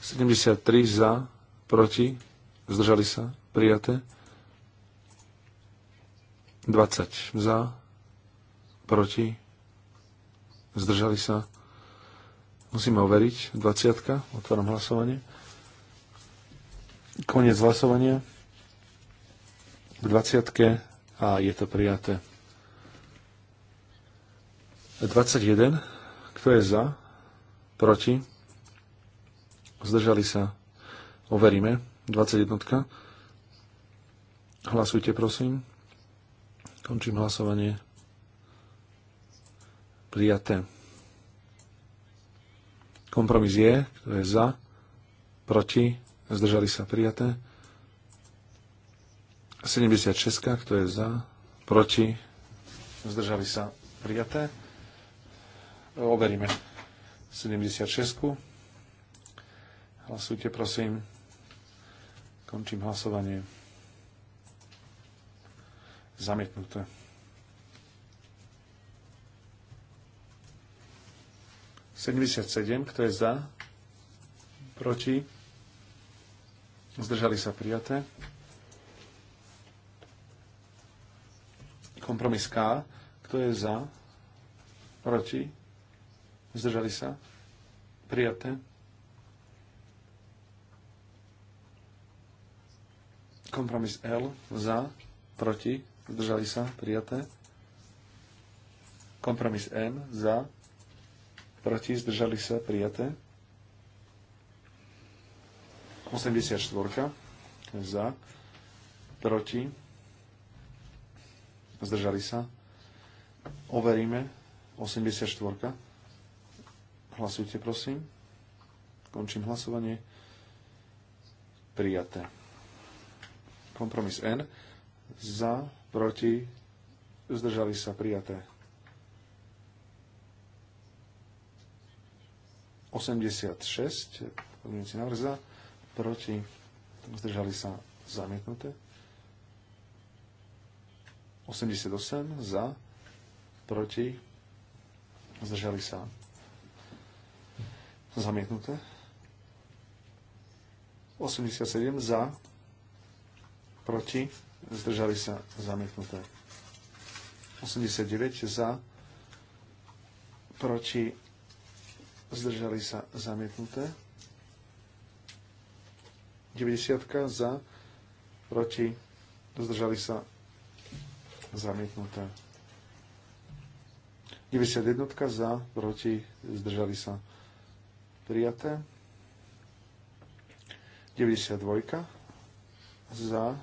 73 za, proti, zdržali sa, prijaté. 20 za, proti, zdržali sa, prijaté Musíme overiť. 20. Otváram hlasovanie. Koniec hlasovania. K 20. A je to prijaté. 21. Kto je za? Proti? Zdržali sa? Overíme. 21. Hlasujte, prosím. Končím hlasovanie. Prijaté. Kompromis je, kto je za, proti, zdržali sa prijaté. 76, kto je za, proti, zdržali sa prijaté. Overíme 76. Hlasujte, prosím. Končím hlasovanie. Zamietnuté. 77, kto je za? Proti? Zdržali sa prijaté. Kompromis K, kto je za? Proti? Zdržali sa? Prijaté. Kompromis L, za? Proti? Zdržali sa? Prijaté. Kompromis N, za? proti, zdržali sa, prijaté. 84 za, proti, zdržali sa. Overíme 84. Hlasujte, prosím. Končím hlasovanie. Prijaté. Kompromis N. Za, proti, zdržali sa, prijaté. 86, pozmeňujúci návrh za, proti, zdržali sa zamietnuté. 88 za, proti, zdržali sa zamietnuté. 87 za, proti, zdržali sa zamietnuté. 89 za, proti, zdržali sa zamietnuté. 90 za, proti, zdržali sa zamietnuté. 91 za, proti, zdržali sa prijaté. 92 za,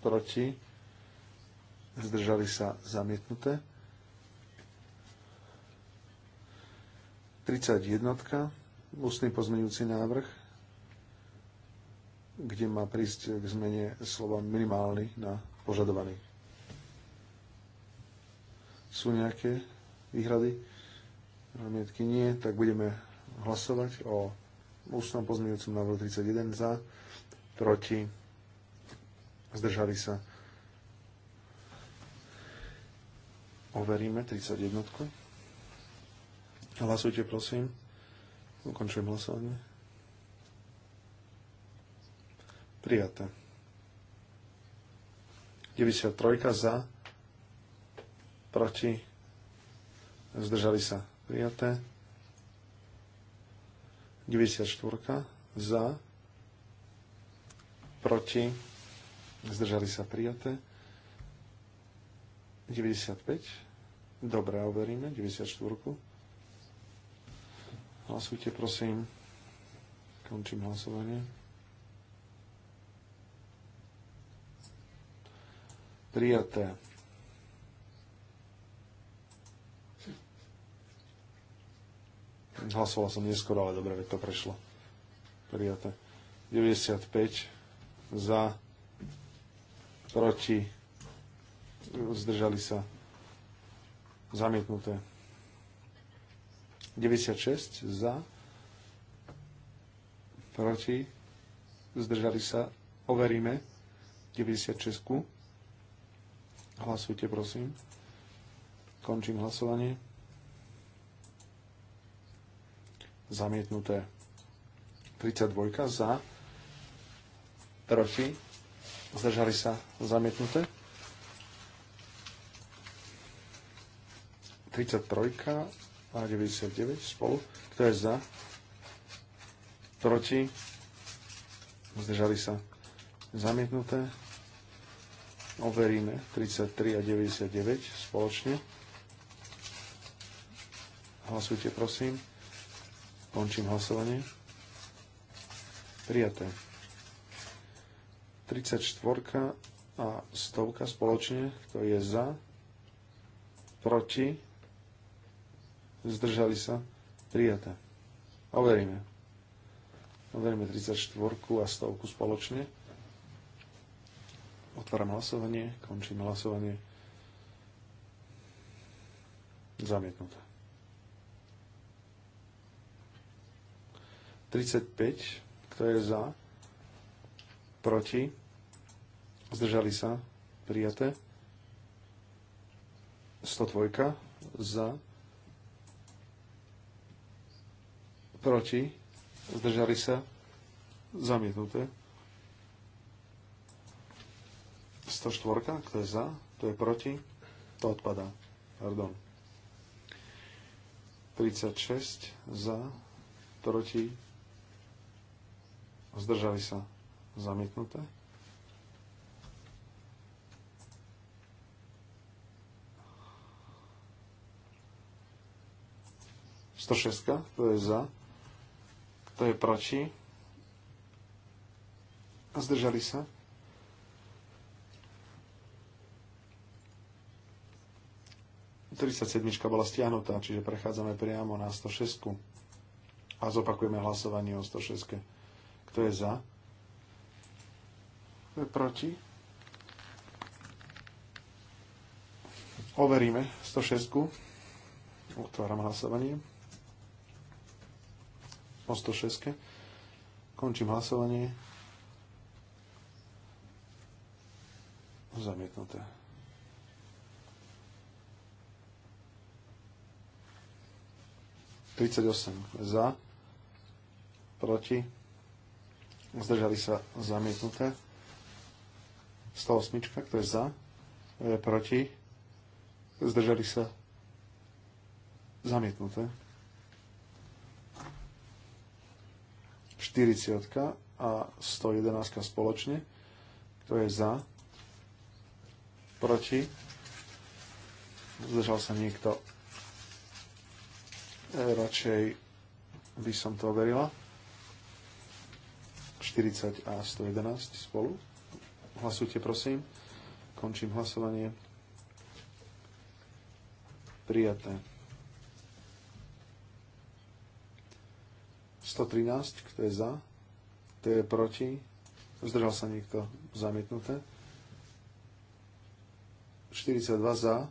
proti, zdržali sa zamietnuté. 31. Ústny pozmeňujúci návrh, kde má prísť k zmene slova minimálny na požadovaný. Sú nejaké výhrady? Námietky nie, tak budeme hlasovať o ústnom pozmeňujúcom návrhu 31 za, proti, zdržali sa. Overíme 31. Hlasujte, prosím. Ukončujem hlasovanie. Prijaté. 93 za, proti, zdržali sa prijaté. 94 za, proti, zdržali sa prijaté. 95, dobre, overíme, 94. Hlasujte, prosím. Končím hlasovanie. Prijaté. Hlasoval som neskoro, ale dobre, veď to prešlo. Prijaté. 95 za, proti, zdržali sa, zamietnuté. 96 za, proti, zdržali sa, overíme, 96. -ku. Hlasujte, prosím. Končím hlasovanie. Zamietnuté. 32 za, proti, zdržali sa, zamietnuté. 33 a 99 spolu. Kto je za? Proti? Zdržali sa zamietnuté. Overíme 33 a 99 spoločne. Hlasujte prosím. Končím hlasovanie. Prijaté. 34 a stovka spoločne. Kto je za? Proti? zdržali sa, prijaté. Overíme. Overíme 34 a 100 spoločne. Otváram hlasovanie, končím hlasovanie. Zamietnuté. 35, kto je za, proti, zdržali sa, prijaté. 102, za, proti, zdržali sa, zamietnuté. 104, kto je za, kto je proti, to odpadá. Pardon. 36 za, proti, zdržali sa, zamietnuté. 106, to je za, kto je proti? Zdržali sa? sedmička bola stiahnutá, čiže prechádzame priamo na 106. A zopakujeme hlasovanie o 106. Kto je za? Kto je proti? Overíme 106. Otváram hlasovanie o 106. Končím hlasovanie. Zamietnuté. Tridsaťosem za, proti, zdržali sa zamietnuté. 108, kto je za, je proti, zdržali sa zamietnuté. 40 a 111 spoločne. Kto je za? Proti? Zdržal sa niekto? E, radšej by som to overila. 40 a 111 spolu. Hlasujte, prosím. Končím hlasovanie. Prijaté. 113, kto je za, kto je proti, zdržal sa niekto zamietnuté. 42 za,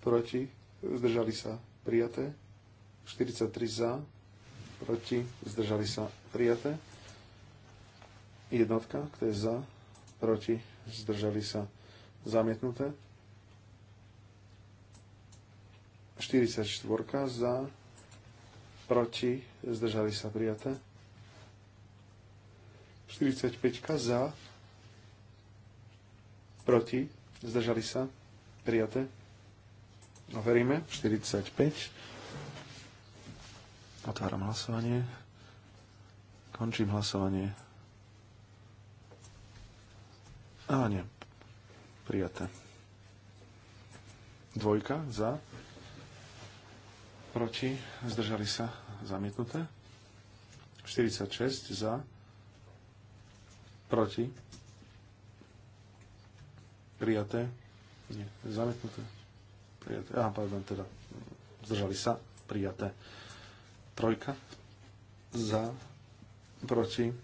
proti, zdržali sa prijaté. 43 za, proti, zdržali sa prijaté. Jednotka, kto je za, proti, zdržali sa zamietnuté. 44 za, proti, zdržali sa prijaté. 45 za, proti, zdržali sa, prijaté. Overíme, 45. Otváram hlasovanie. Končím hlasovanie. A nie, prijaté. Dvojka za, proti, zdržali sa, zamietnuté. 46 za, proti, prijaté, nie, zamietnuté, prijaté, aha, pardon, teda, zdržali sa, prijaté. Trojka, za, proti,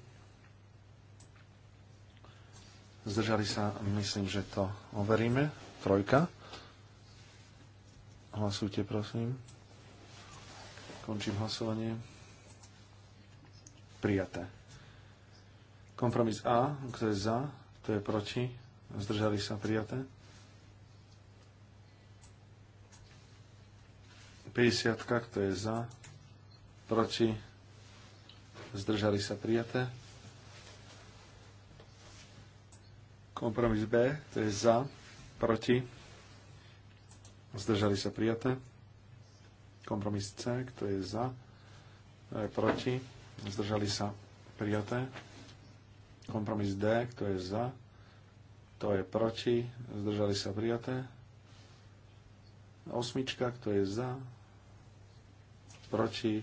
zdržali sa, myslím, že to overíme. Trojka, hlasujte, prosím. Končím hlasovanie. Prijaté. Kompromis A, kto je za, kto je proti, zdržali sa prijaté. 50, kto je za, proti, zdržali sa prijaté. Kompromis B, to je za, proti, zdržali sa prijaté. Kompromis C, kto je za, kto je proti, zdržali sa prijaté. Kompromis D, kto je za, kto je proti, zdržali sa prijaté. Osmička, kto je za, proti,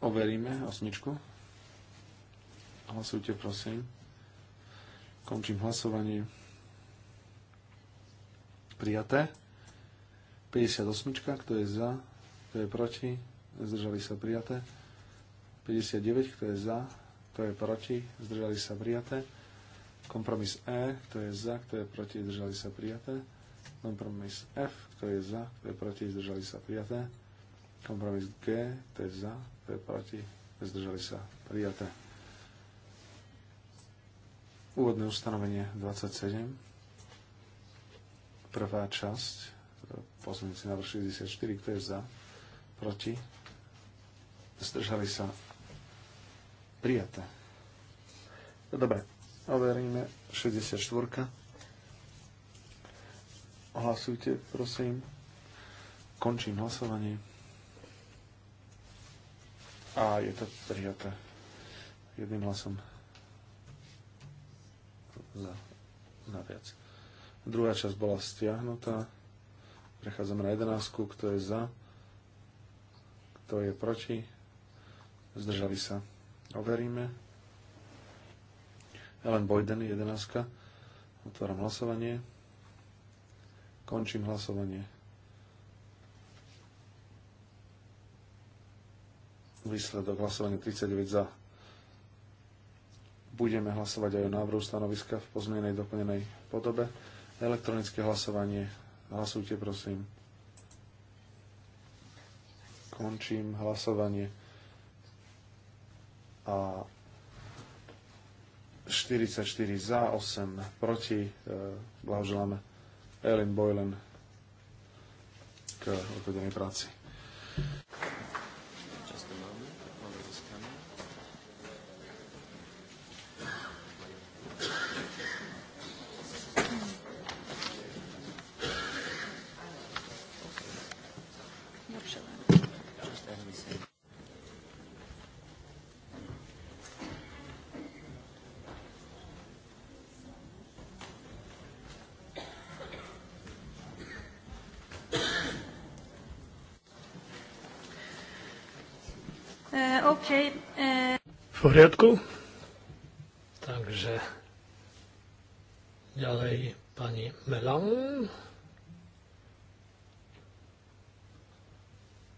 overíme osmičku. Hlasujte, prosím. Končím hlasovanie. Prijaté. 58, kto je za, kto je proti, zdržali sa prijaté. 59, kto je za, kto je proti, zdržali sa prijaté. Kompromis E, kto je za, kto je proti, zdržali sa prijaté. Kompromis F, kto je za, kto je proti, zdržali sa prijaté. Kompromis G, kto je za, kto je proti, zdržali sa prijaté. Úvodné ustanovenie 27. Prvá časť Pozmeňujúci na 64, kto je za? Proti? Zdržali sa? Prijaté. Dobre, overíme 64. Hlasujte, prosím. Končím hlasovanie. A je to prijaté. Jedným hlasom za, na viac. Druhá časť bola stiahnutá. Prechádzame na 11. Kto je za? Kto je proti? Zdržali sa. Overíme. Ellen Boyden, 11. Otváram hlasovanie. Končím hlasovanie. Výsledok hlasovania 39 za. Budeme hlasovať aj o návrhu stanoviska v pozmienej doplnenej podobe. Elektronické hlasovanie Hlasujte, prosím. Končím hlasovanie. A 44 za, 8 proti. E, blahoželáme Ellen Boylan k odvedenej práci. Okay, uh... E, v poriadku. Takže ďalej pani Melan.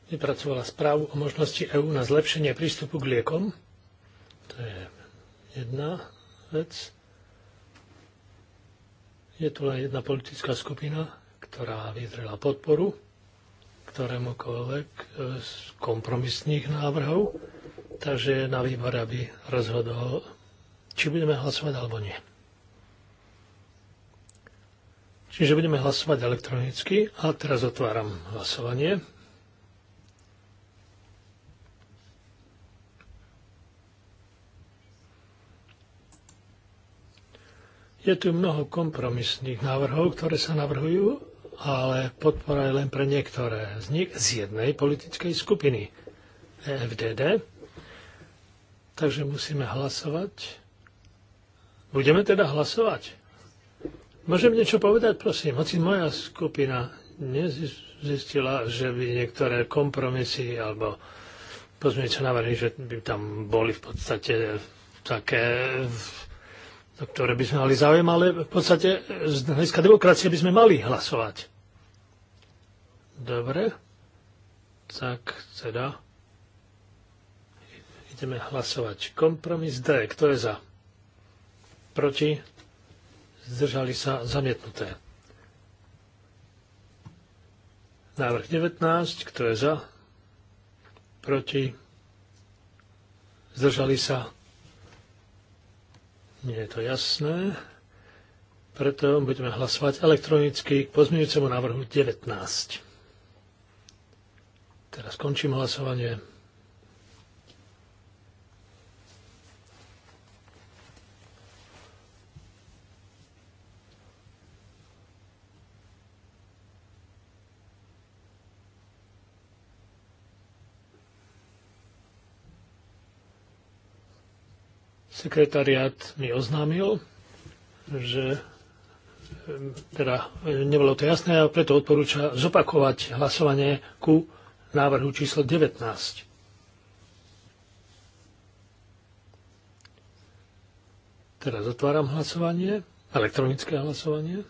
Vypracovala správu o možnosti EÚ na zlepšenie prístupu k liekom. To je jedna vec. Je tu len jedna politická skupina, ktorá vyzrela podporu ktorémukoľvek e, z kompromisných návrhov, takže na výbor, aby rozhodol, či budeme hlasovať alebo nie. Čiže budeme hlasovať elektronicky a teraz otváram hlasovanie. Je tu mnoho kompromisných návrhov, ktoré sa navrhujú ale podpora je len pre niektoré z nich z jednej politickej skupiny FDD. Takže musíme hlasovať. Budeme teda hlasovať. Môžem niečo povedať, prosím? Hoci moja skupina nezistila, že by niektoré kompromisy alebo pozmeňujúce návrhy, že by tam boli v podstate také, ktoré by sme mali záujem, ale v podstate z hľadiska demokracie by sme mali hlasovať. Dobre, tak teda ideme hlasovať. Kompromis D, kto je za? Proti? Zdržali sa zamietnuté. Návrh 19, kto je za? Proti? Zdržali sa? Nie je to jasné. Preto budeme hlasovať elektronicky k pozmeňujúcemu návrhu 19. Teraz končím hlasovanie. Sekretariat mi oznámil, že teda e, nebolo to jasné a preto odporúča zopakovať hlasovanie ku návrhu číslo 19. Teraz otváram hlasovanie, elektronické hlasovanie.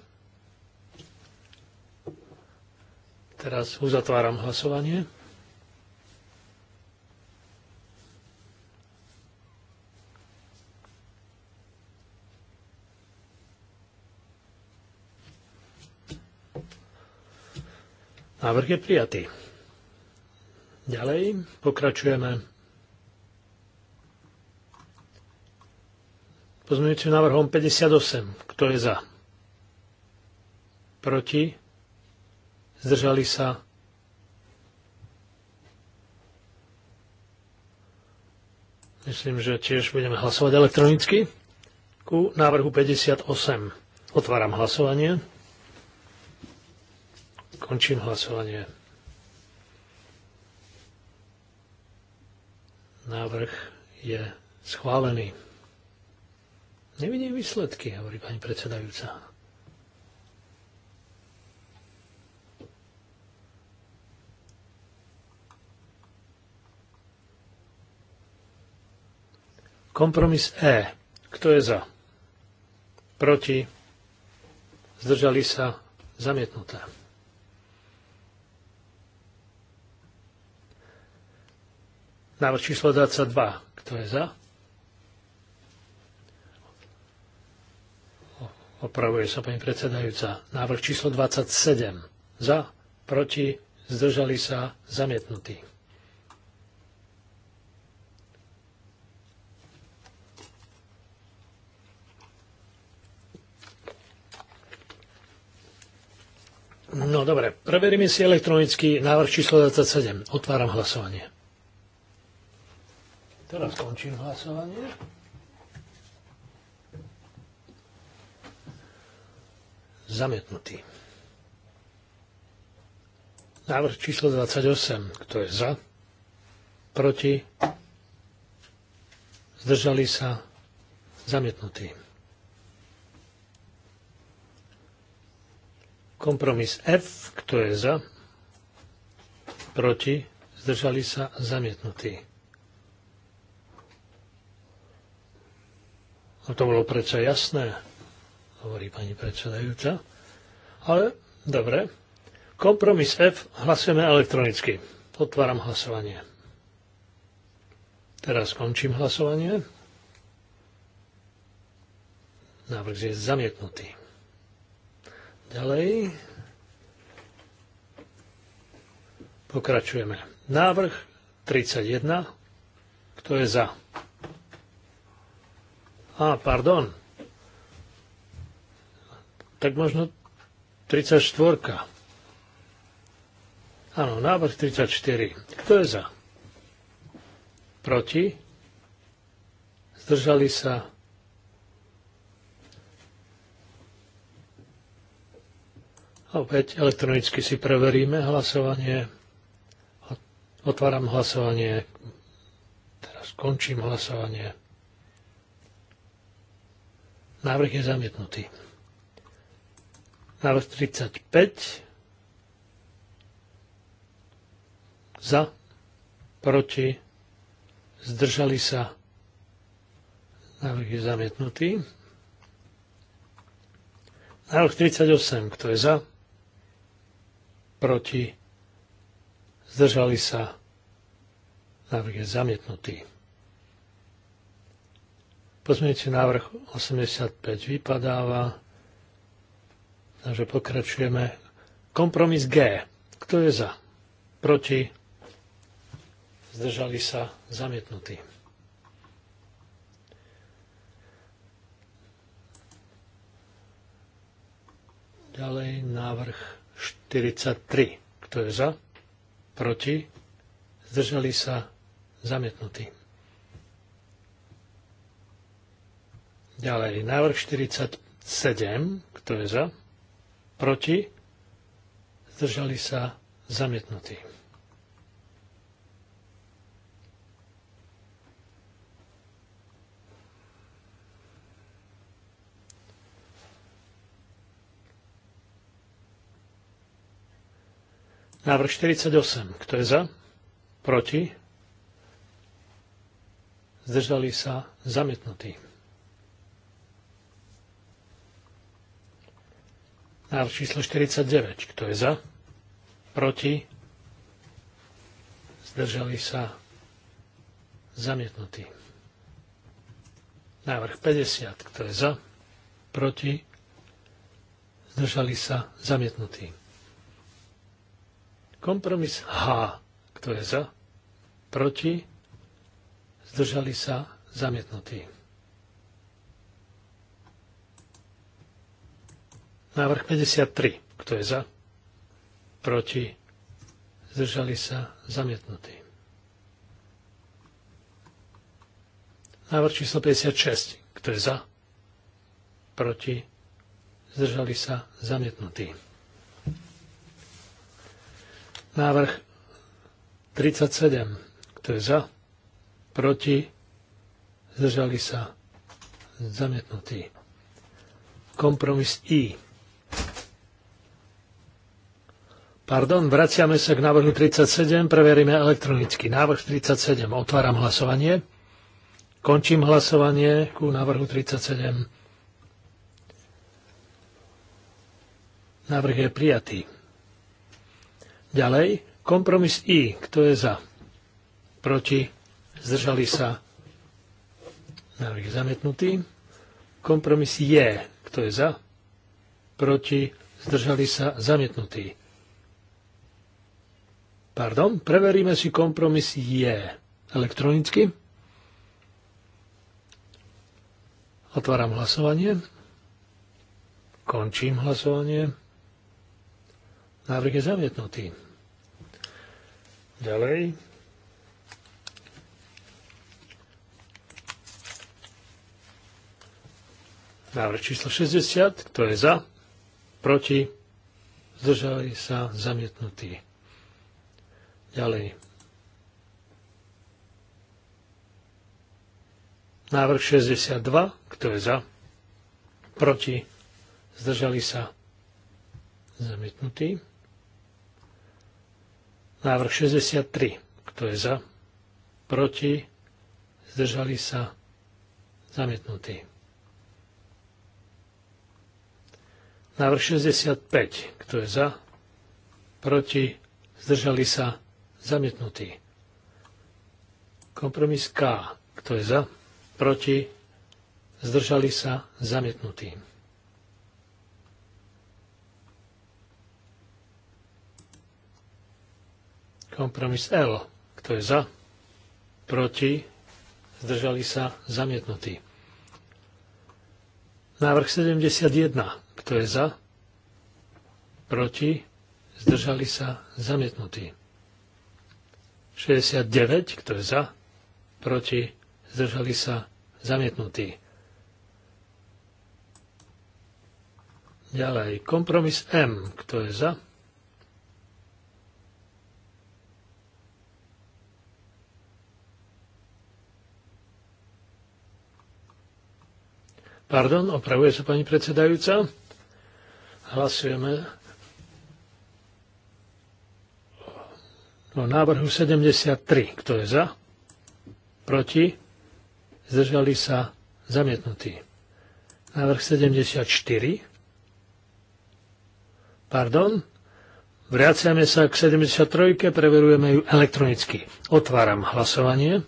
Teraz uzatváram hlasovanie. Návrh je prijatý. Ďalej pokračujeme pozmeňujúcim návrhom 58. Kto je za? Proti? Zdržali sa? Myslím, že tiež budeme hlasovať elektronicky. Ku návrhu 58. Otváram hlasovanie. Končím hlasovanie. Návrh je schválený. Nevidím výsledky, hovorí pani predsedajúca. Kompromis E. Kto je za? Proti? Zdržali sa? Zamietnuté. Návrh číslo 22. Kto je za? Opravuje sa pani predsedajúca. Návrh číslo 27. Za, proti, zdržali sa, zamietnutí. No dobre, preveríme si elektronický návrh číslo 27. Otváram hlasovanie. Teraz skončím hlasovanie. Zamietnutý. Návrh číslo 28. Kto je za? Proti? Zdržali sa? Zamietnutý. Kompromis F. Kto je za? Proti? Zdržali sa? Zamietnutý. No to bolo predsa jasné, hovorí pani predsedajúca. Ale dobre. Kompromis F hlasujeme elektronicky. Otváram hlasovanie. Teraz končím hlasovanie. Návrh je zamietnutý. Ďalej. Pokračujeme. Návrh 31. Kto je za? A, pardon. Tak možno 34. Áno, návrh 34. Kto je za? Proti? Zdržali sa? Opäť elektronicky si preveríme hlasovanie. Otváram hlasovanie. Teraz končím hlasovanie. Návrh je zamietnutý. Návrh 35. Za, proti, zdržali sa. Návrh je zamietnutý. Návrh 38. Kto je za? Proti, zdržali sa. Návrh je zamietnutý. Pozmeňujúci návrh 85 vypadáva. Takže pokračujeme. Kompromis G. Kto je za? Proti? Zdržali sa zamietnutí. Ďalej návrh 43. Kto je za? Proti? Zdržali sa zamietnutí. Ďalej, návrh 47, kto je za, proti, zdržali sa zamietnutí. Návrh 48. Kto je za? Proti? Zdržali sa zamietnutí. Návrh číslo 49. Kto je za? Proti? Zdržali sa? zamietnutí. Návrh 50. Kto je za? Proti? Zdržali sa? zamietnutí. Kompromis H. Kto je za? Proti? Zdržali sa? zamietnutí. Návrh 53. Kto je za? Proti? Zdržali sa? zamietnutí. Návrh číslo 56. Kto je za? Proti? Zdržali sa? zamietnutí. Návrh 37. Kto je za? Proti? Zdržali sa? zamietnutí, Kompromis I. Pardon, vraciame sa k návrhu 37, preveríme elektronicky. Návrh 37, otváram hlasovanie. Končím hlasovanie ku návrhu 37. Návrh je prijatý. Ďalej, kompromis I, kto je za? Proti, zdržali sa. Návrh je zamietnutý. Kompromis J, kto je za? Proti, zdržali sa, zamietnutý. Pardon, preveríme si kompromis je elektronicky. Otváram hlasovanie. Končím hlasovanie. Návrh je zamietnutý. Ďalej. Návrh číslo 60. Kto je za? Proti? Zdržali sa zamietnutí. Ďalej. Návrh 62, kto je za? Proti? Zdržali sa? Zamietnutý. Návrh 63, kto je za? Proti? Zdržali sa? Zamietnutý. Návrh 65, kto je za? Proti? Zdržali sa? Zamietnutý. Kompromis K. Kto je za? Proti? Zdržali sa? Zamietnutý. Kompromis L. Kto je za? Proti? Zdržali sa? Zamietnutý. Návrh 71. Kto je za? Proti? Zdržali sa? Zamietnutý. 69, kto je za, proti, zdržali sa, zamietnutí. Ďalej, kompromis M, kto je za, Pardon, opravuje sa pani predsedajúca. Hlasujeme No, návrhu 73. Kto je za? Proti? Zdržali sa zamietnutí. Návrh 74. Pardon. Vraciame sa k 73. Preverujeme ju elektronicky. Otváram hlasovanie.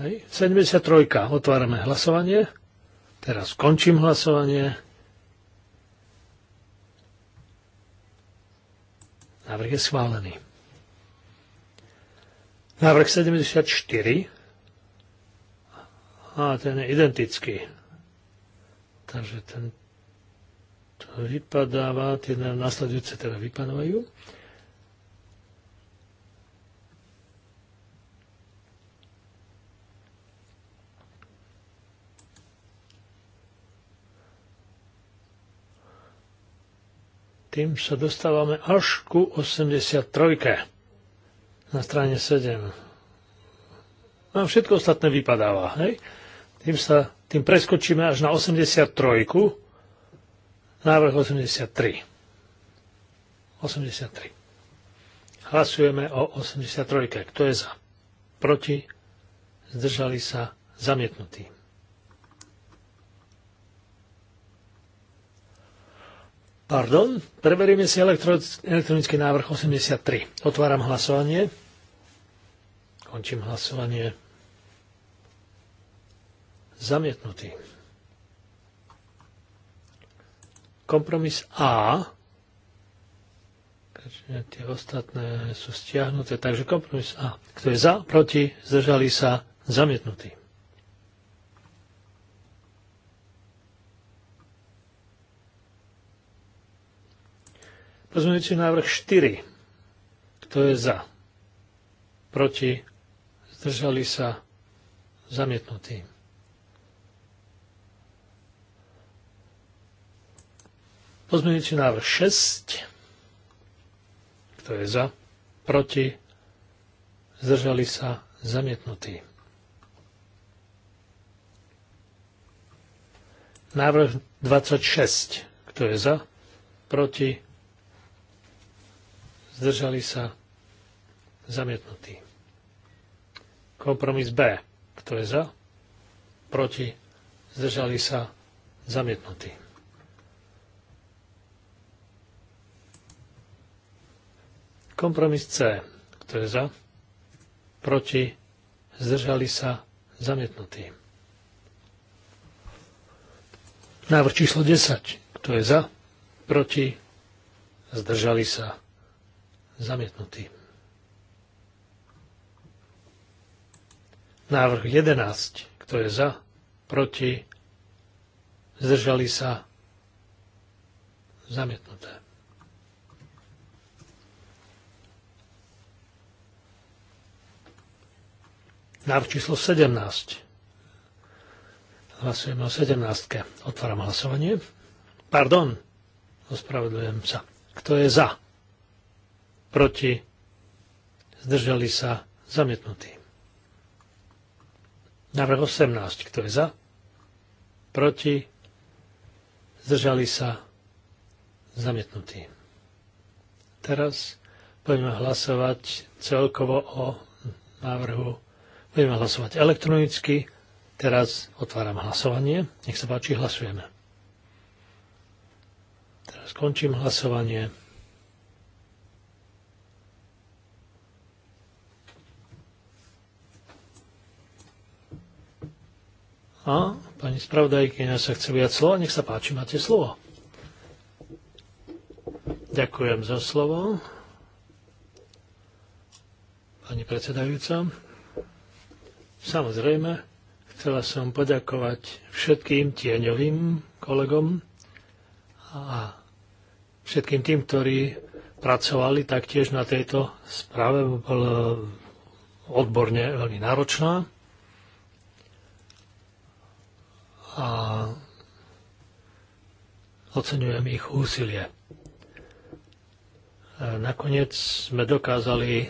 Hej. 73. Otvárame hlasovanie. Teraz končím hlasovanie. Návrh je schválený. Návrh 74. A ten je identický. Takže ten to vypadáva, tie následujúce teda vypadávajú. tým sa dostávame až ku 83. Na strane 7. No, všetko ostatné vypadáva. Hej? Tým, sa, tým preskočíme až na 83. Návrh 83. 83. Hlasujeme o 83. Kto je za? Proti? Zdržali sa? Zamietnutí. Pardon, preberieme si elektronický návrh 83. Otváram hlasovanie. Končím hlasovanie. Zamietnutý. Kompromis A. Tie ostatné sú stiahnuté, takže kompromis A. Kto je za, proti, zdržali sa, zamietnutý. Pozmeňujúci návrh 4. Kto je za? Proti? Zdržali sa? Zamietnutý. Pozmeňujúci návrh 6. Kto je za? Proti? Zdržali sa? Zamietnutý. Návrh 26. Kto je za? Proti? zdržali sa, zamietnutí. Kompromis B, kto je za, proti, zdržali sa, zamietnutí. Kompromis C, kto je za, proti, zdržali sa, zamietnutí. Návrh číslo 10, kto je za, proti, zdržali sa, Zamietnutý. Návrh 11. Kto je za? Proti? Zdržali sa? Zamietnuté. Návrh číslo 17. Hlasujeme o 17. Otváram hlasovanie. Pardon, ospravedlňujem sa. Kto je za? proti, zdržali sa, zamietnutí. Návrh 18, kto je za, proti, zdržali sa, zamietnutí. Teraz budeme hlasovať celkovo o návrhu. Budeme hlasovať elektronicky. Teraz otváram hlasovanie. Nech sa páči, hlasujeme. Teraz končím hlasovanie. A pani spravodajkyňa sa chce viac slova. Nech sa páči, máte slovo. Ďakujem za slovo. Pani predsedajúca, samozrejme, chcela som poďakovať všetkým tieňovým kolegom a všetkým tým, ktorí pracovali taktiež na tejto správe. Bola odborne veľmi náročná. a oceňujem ich úsilie. Nakoniec sme dokázali e,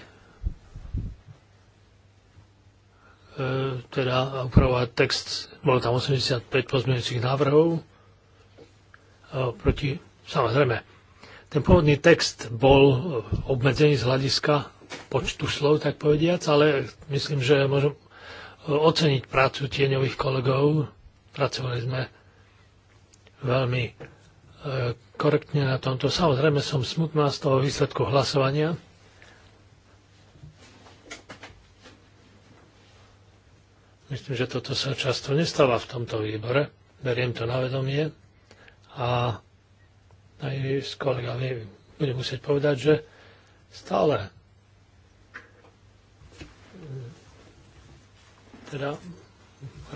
teda upravovať text, bolo tam 85 pozmeňujúcich návrhov e, proti, samozrejme, ten pôvodný text bol obmedzený z hľadiska počtu slov, tak povediac, ale myslím, že môžem e, oceniť prácu tieňových kolegov Pracovali sme veľmi e, korektne na tomto. Samozrejme som smutná z toho výsledku hlasovania. Myslím, že toto sa často nestáva v tomto výbore. Beriem to na vedomie a aj s kolegami budem musieť povedať, že stále mm, teda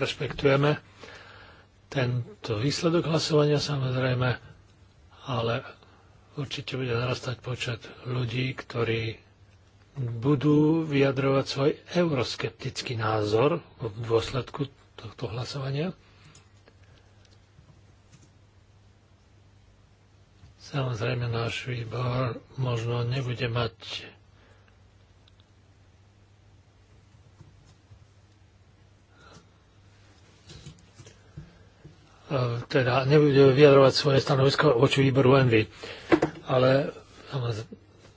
rešpektujeme tento výsledok hlasovania samozrejme, ale určite bude narastať počet ľudí, ktorí budú vyjadrovať svoj euroskeptický názor v dôsledku tohto hlasovania. Samozrejme, náš výbor možno nebude mať E, teda nebude vyjadrovať svoje stanovisko voči výboru Envy. Ale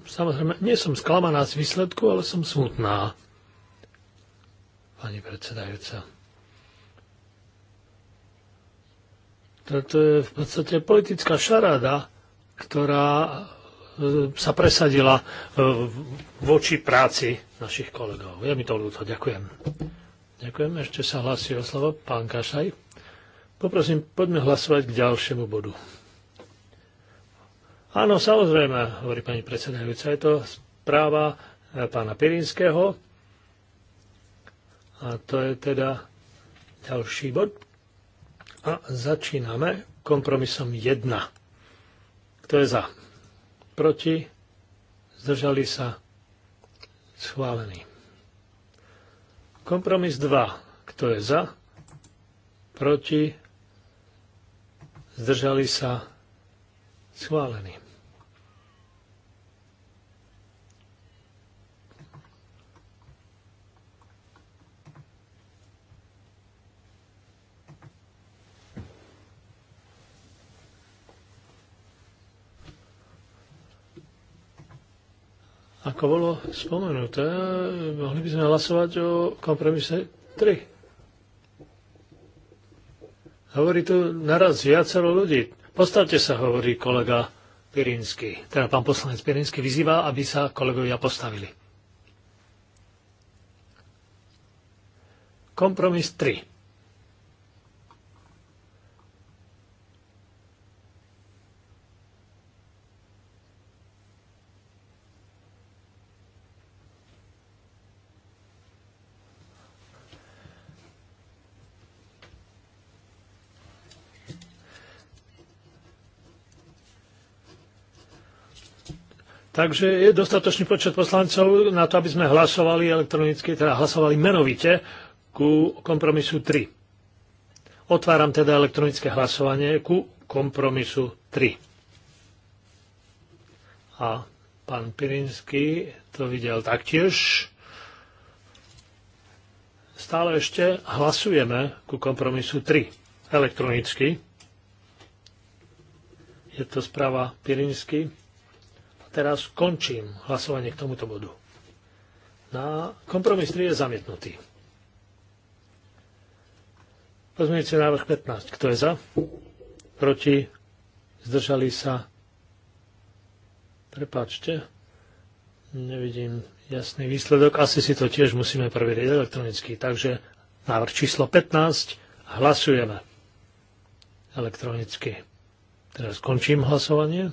samozrejme, nie som sklamaná z výsledku, ale som smutná. Pani predsedajúca. Toto je v podstate politická šarada, ktorá e, sa presadila e, voči práci našich kolegov. Ja mi to ľúto. Ďakujem. Ďakujem. Ešte sa hlasí o slovo pán Kašaj. Poprosím, poďme hlasovať k ďalšiemu bodu. Áno, samozrejme, hovorí pani predsedajúca, je to správa eh, pána Pirinského. A to je teda ďalší bod. A začíname kompromisom 1. Kto je za? Proti? Zdržali sa? Schválený. Kompromis 2. Kto je za? Proti? zdržali sa, schválení. Ako bolo spomenuté, mohli by sme hlasovať o kompromise 3. Hovorí tu naraz viacero ľudí. Postavte sa, hovorí kolega Pirinsky. Teda pán poslanec Pirinsky vyzýva, aby sa kolegovia postavili. Kompromis 3. Takže je dostatočný počet poslancov na to, aby sme hlasovali elektronicky, teda hlasovali menovite ku kompromisu 3. Otváram teda elektronické hlasovanie ku kompromisu 3. A pán Pirinsky to videl taktiež. Stále ešte hlasujeme ku kompromisu 3 elektronicky. Je to správa Pirinsky. Teraz končím hlasovanie k tomuto bodu. Na kompromis 3 je zamietnutý. Pozmeňujúci návrh 15. Kto je za? Proti? Zdržali sa? Prepáčte. Nevidím jasný výsledok. Asi si to tiež musíme preveriť elektronicky. Takže návrh číslo 15. Hlasujeme elektronicky. Teraz končím hlasovanie.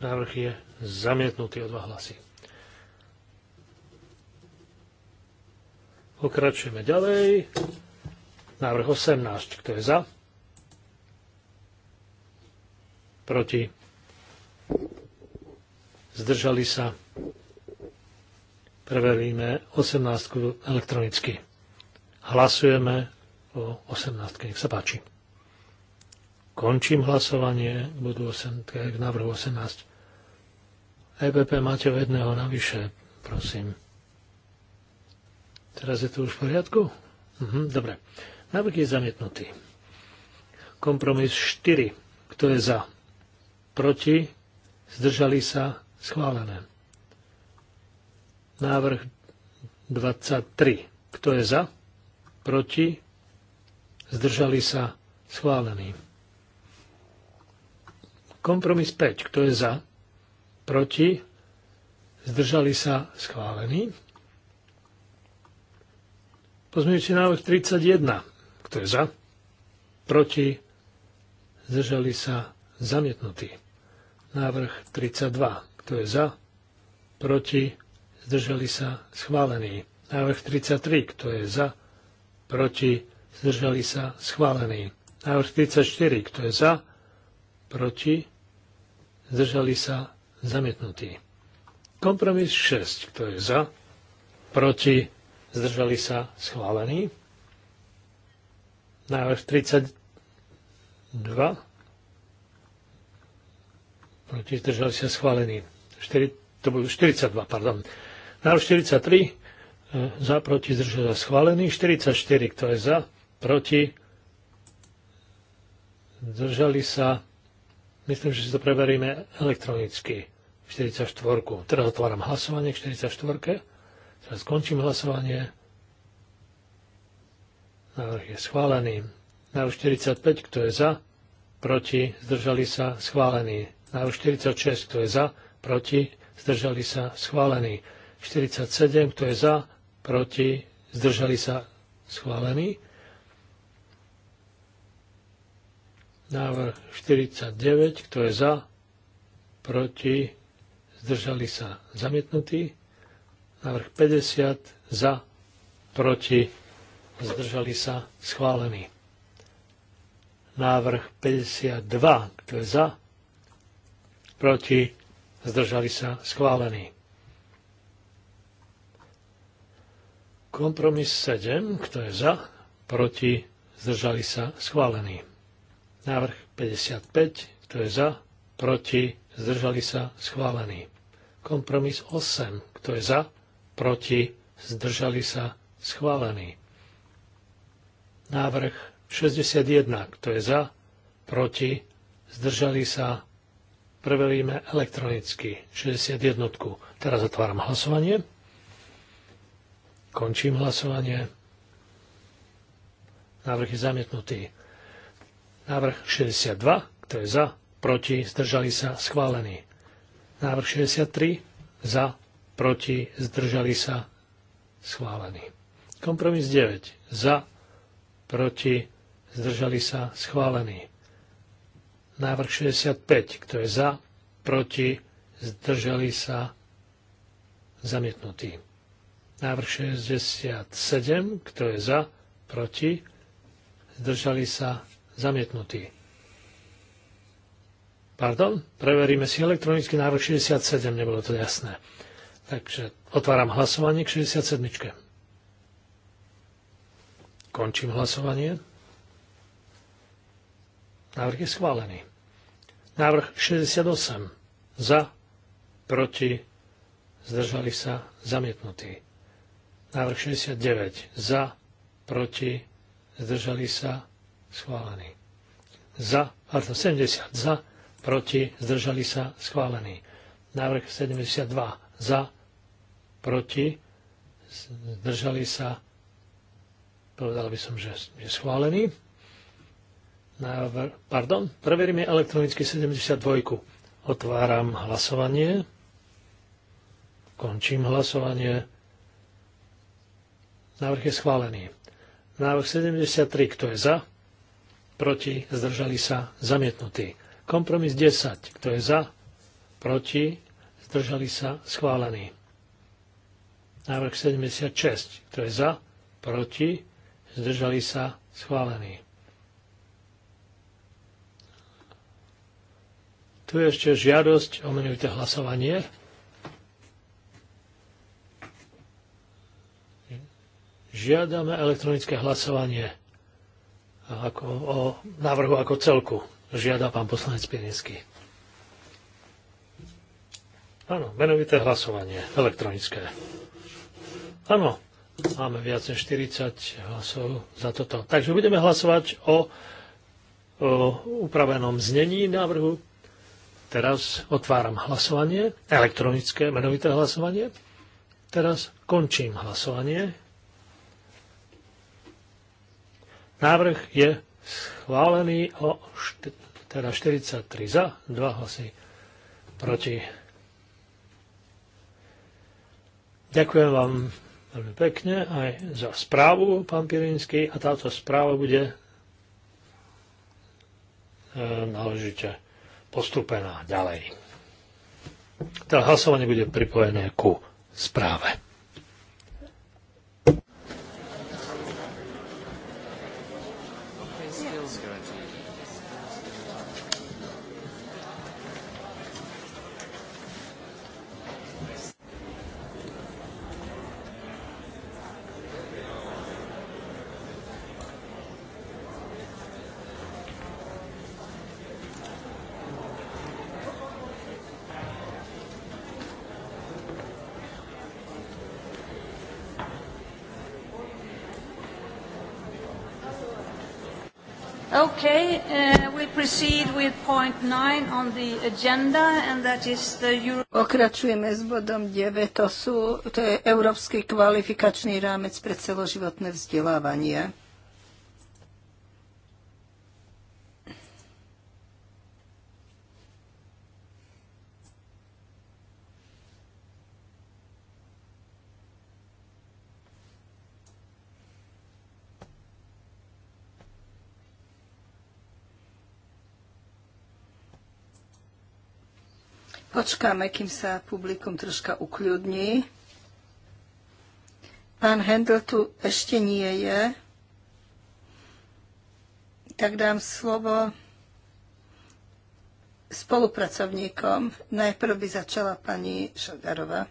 Návrh je zamietnutý o dva hlasy. Pokračujeme ďalej. Návrh 18. Kto je za? Proti? Zdržali sa? Preveríme 18 elektronicky. Hlasujeme o 18. Nech sa páči. Končím hlasovanie k, návrhu 18. EPP máte o jedného navyše, prosím. Teraz je to už v poriadku? Mhm, dobre. Návrh je zamietnutý. Kompromis 4. Kto je za? Proti? Zdržali sa? Schválené. Návrh 23. Kto je za? Proti? Zdržali sa? Schválený. Kompromis 5. Kto je za? proti, zdržali sa schválení. Pozmeňujúci návrh 31, kto je za, proti, zdržali sa zamietnutí. Návrh 32, kto je za, proti, zdržali sa schválení. Návrh 33, kto je za, proti, zdržali sa schválení. Návrh 34, kto je za, proti, zdržali sa zamietnutý. Kompromis 6, kto je za, proti, zdržali sa, schválený. Návrh 32, proti, zdržali sa, schválený. 4, to bolo 42, pardon. Návrh 43, e, za, proti, zdržali sa, schválený. 44, kto je za, proti, zdržali sa, Myslím, že si to preveríme elektronicky. 44. Teraz otváram hlasovanie k 44. Teraz skončím hlasovanie. Návrh je schválený. Návrh 45, kto je za, proti, zdržali sa, schválený. Návrh 46, kto je za, proti, zdržali sa, schválený. 47, kto je za, proti, zdržali sa, schválený. Návrh 49, kto je za, proti, zdržali sa zamietnutí. Návrh 50, za, proti, zdržali sa schválení. Návrh 52, kto je za, proti, zdržali sa schválený. Kompromis 7, kto je za, proti, zdržali sa schválený. Návrh 55, kto je za, proti, zdržali sa, schválený. Kompromis 8, kto je za, proti, zdržali sa, schválený. Návrh 61, kto je za, proti, zdržali sa, preveríme elektronicky 61. Teraz otváram hlasovanie. Končím hlasovanie. Návrh je zamietnutý. Návrh 62, kto je za, proti, zdržali sa, schválený. Návrh 63, za, proti, zdržali sa, schválený. Kompromis 9, za, proti, zdržali sa, schválený. Návrh 65, kto je za, proti, zdržali sa, zamietnutý. Návrh 67, kto je za, proti, zdržali sa, Zamietnutý. Pardon, preveríme si elektronický návrh 67, nebolo to jasné. Takže otváram hlasovanie k 67. Končím hlasovanie. Návrh je schválený. Návrh 68. Za, proti, zdržali sa, zamietnutý. Návrh 69. Za, proti, zdržali sa, schválený. Za, to 70 za, proti, zdržali sa, schválený. Návrh 72 za, proti, zdržali sa, povedal by som, že je schválený. Návrh, pardon, preveríme elektronicky 72. Otváram hlasovanie. Končím hlasovanie. Návrh je schválený. Návrh 73, kto je za? proti, zdržali sa, zamietnutý. Kompromis 10, kto je za, proti, zdržali sa, schválený. Návrh 76, kto je za, proti, zdržali sa, schválený. Tu je ešte žiadosť o menovité hlasovanie. Žiadame elektronické hlasovanie ako, o návrhu ako celku. Žiada pán poslanec Pirinsky. Áno, menovité hlasovanie, elektronické. Áno, máme viac než 40 hlasov za toto. Takže budeme hlasovať o, o upravenom znení návrhu. Teraz otváram hlasovanie, elektronické menovité hlasovanie. Teraz končím hlasovanie. Návrh je schválený o teda 43 za, 2 hlasy proti. Ďakujem vám veľmi pekne aj za správu, pán Pirinsky, a táto správa bude e, náležite postupená ďalej. Tá hlasovanie bude pripojené ku správe. Pokračujeme s bodom 9, to, sú, to je Európsky kvalifikačný rámec pre celoživotné vzdelávanie. Počkáme, kým sa publikum troška ukľudní. Pán Hendl tu ešte nie je. Tak dám slovo spolupracovníkom. Najprv by začala pani Šogarová.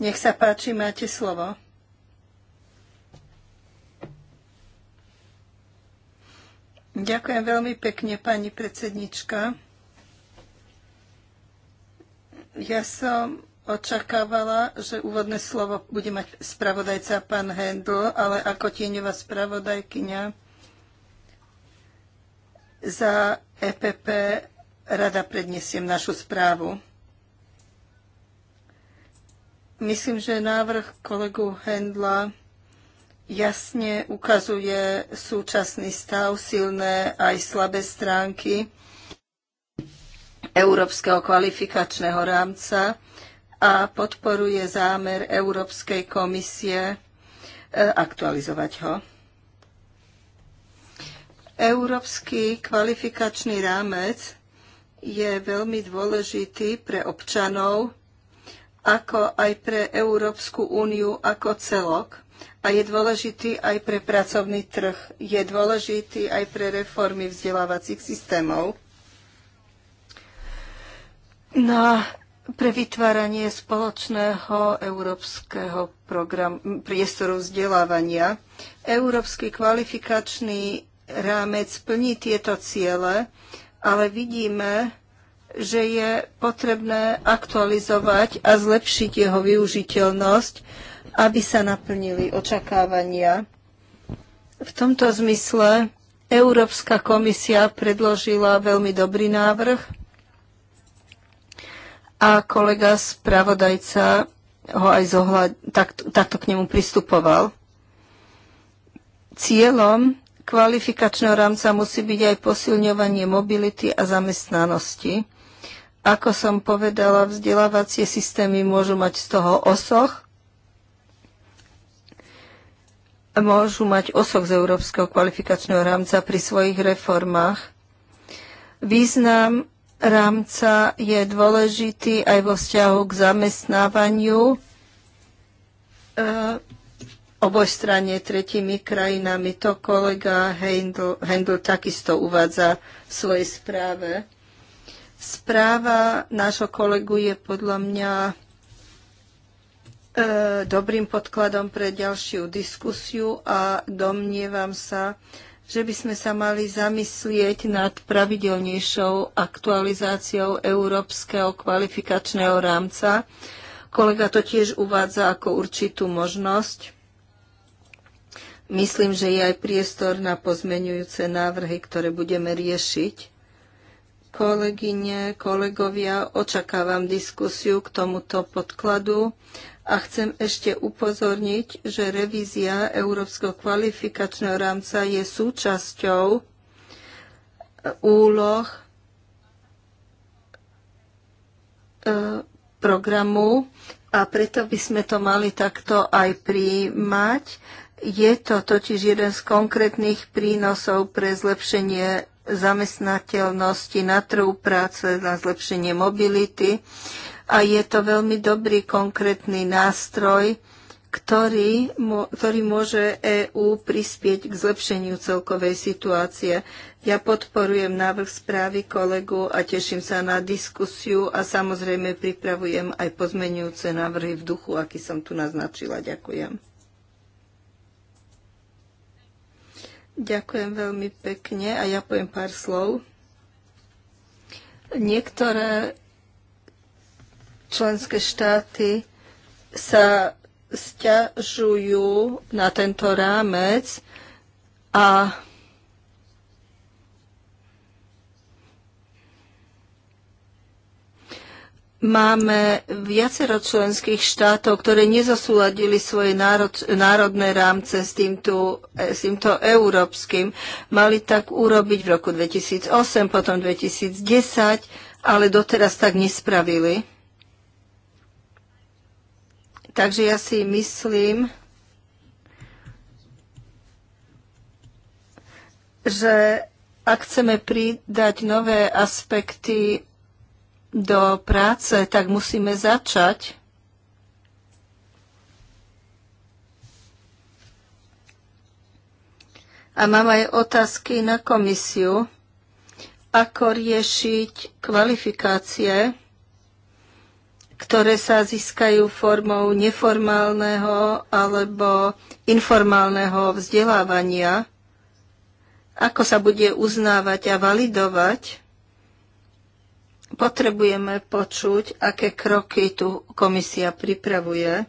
Nech sa páči, máte slovo. Ďakujem veľmi pekne, pani predsednička. Ja som očakávala, že úvodné slovo bude mať spravodajca pán Hendl, ale ako tieňová spravodajkyňa za EPP rada prednesiem našu správu. Myslím, že návrh kolegu Hendla jasne ukazuje súčasný stav, silné aj slabé stránky Európskeho kvalifikačného rámca a podporuje zámer Európskej komisie e, aktualizovať ho. Európsky kvalifikačný rámec je veľmi dôležitý pre občanov, ako aj pre Európsku úniu ako celok a je dôležitý aj pre pracovný trh. Je dôležitý aj pre reformy vzdelávacích systémov na, pre vytváranie spoločného európskeho program, priestoru vzdelávania. Európsky kvalifikačný rámec plní tieto ciele, ale vidíme, že je potrebné aktualizovať a zlepšiť jeho využiteľnosť aby sa naplnili očakávania. V tomto zmysle Európska komisia predložila veľmi dobrý návrh a kolega spravodajca ho aj zohľad, tak, takto k nemu pristupoval. Cieľom kvalifikačného rámca musí byť aj posilňovanie mobility a zamestnanosti. Ako som povedala, vzdelávacie systémy môžu mať z toho osoch môžu mať osok z Európskeho kvalifikačného rámca pri svojich reformách. Význam rámca je dôležitý aj vo vzťahu k zamestnávaniu e, strane tretími krajinami. To kolega Hendl, Hendl takisto uvádza v svojej správe. Správa nášho kolegu je podľa mňa E, dobrým podkladom pre ďalšiu diskusiu a domnievam sa, že by sme sa mali zamyslieť nad pravidelnejšou aktualizáciou európskeho kvalifikačného rámca. Kolega to tiež uvádza ako určitú možnosť. Myslím, že je aj priestor na pozmenujúce návrhy, ktoré budeme riešiť. Kolegyne, kolegovia, očakávam diskusiu k tomuto podkladu a chcem ešte upozorniť, že revízia Európskeho kvalifikačného rámca je súčasťou úloh e, programu a preto by sme to mali takto aj príjmať. Je to totiž jeden z konkrétnych prínosov pre zlepšenie zamestnateľnosti na trhu práce, na zlepšenie mobility a je to veľmi dobrý konkrétny nástroj, ktorý, ktorý môže EÚ prispieť k zlepšeniu celkovej situácie. Ja podporujem návrh správy kolegu a teším sa na diskusiu a samozrejme pripravujem aj pozmenujúce návrhy v duchu, aký som tu naznačila. Ďakujem. Ďakujem veľmi pekne a ja poviem pár slov. Niektoré členské štáty sa stiažujú na tento rámec a máme viacero členských štátov, ktoré nezasúladili svoje národ, národné rámce s týmto, e, s týmto európskym. Mali tak urobiť v roku 2008, potom 2010, ale doteraz tak nespravili. Takže ja si myslím, že ak chceme pridať nové aspekty do práce, tak musíme začať A mám aj otázky na komisiu, ako riešiť kvalifikácie ktoré sa získajú formou neformálneho alebo informálneho vzdelávania, ako sa bude uznávať a validovať, potrebujeme počuť, aké kroky tu komisia pripravuje,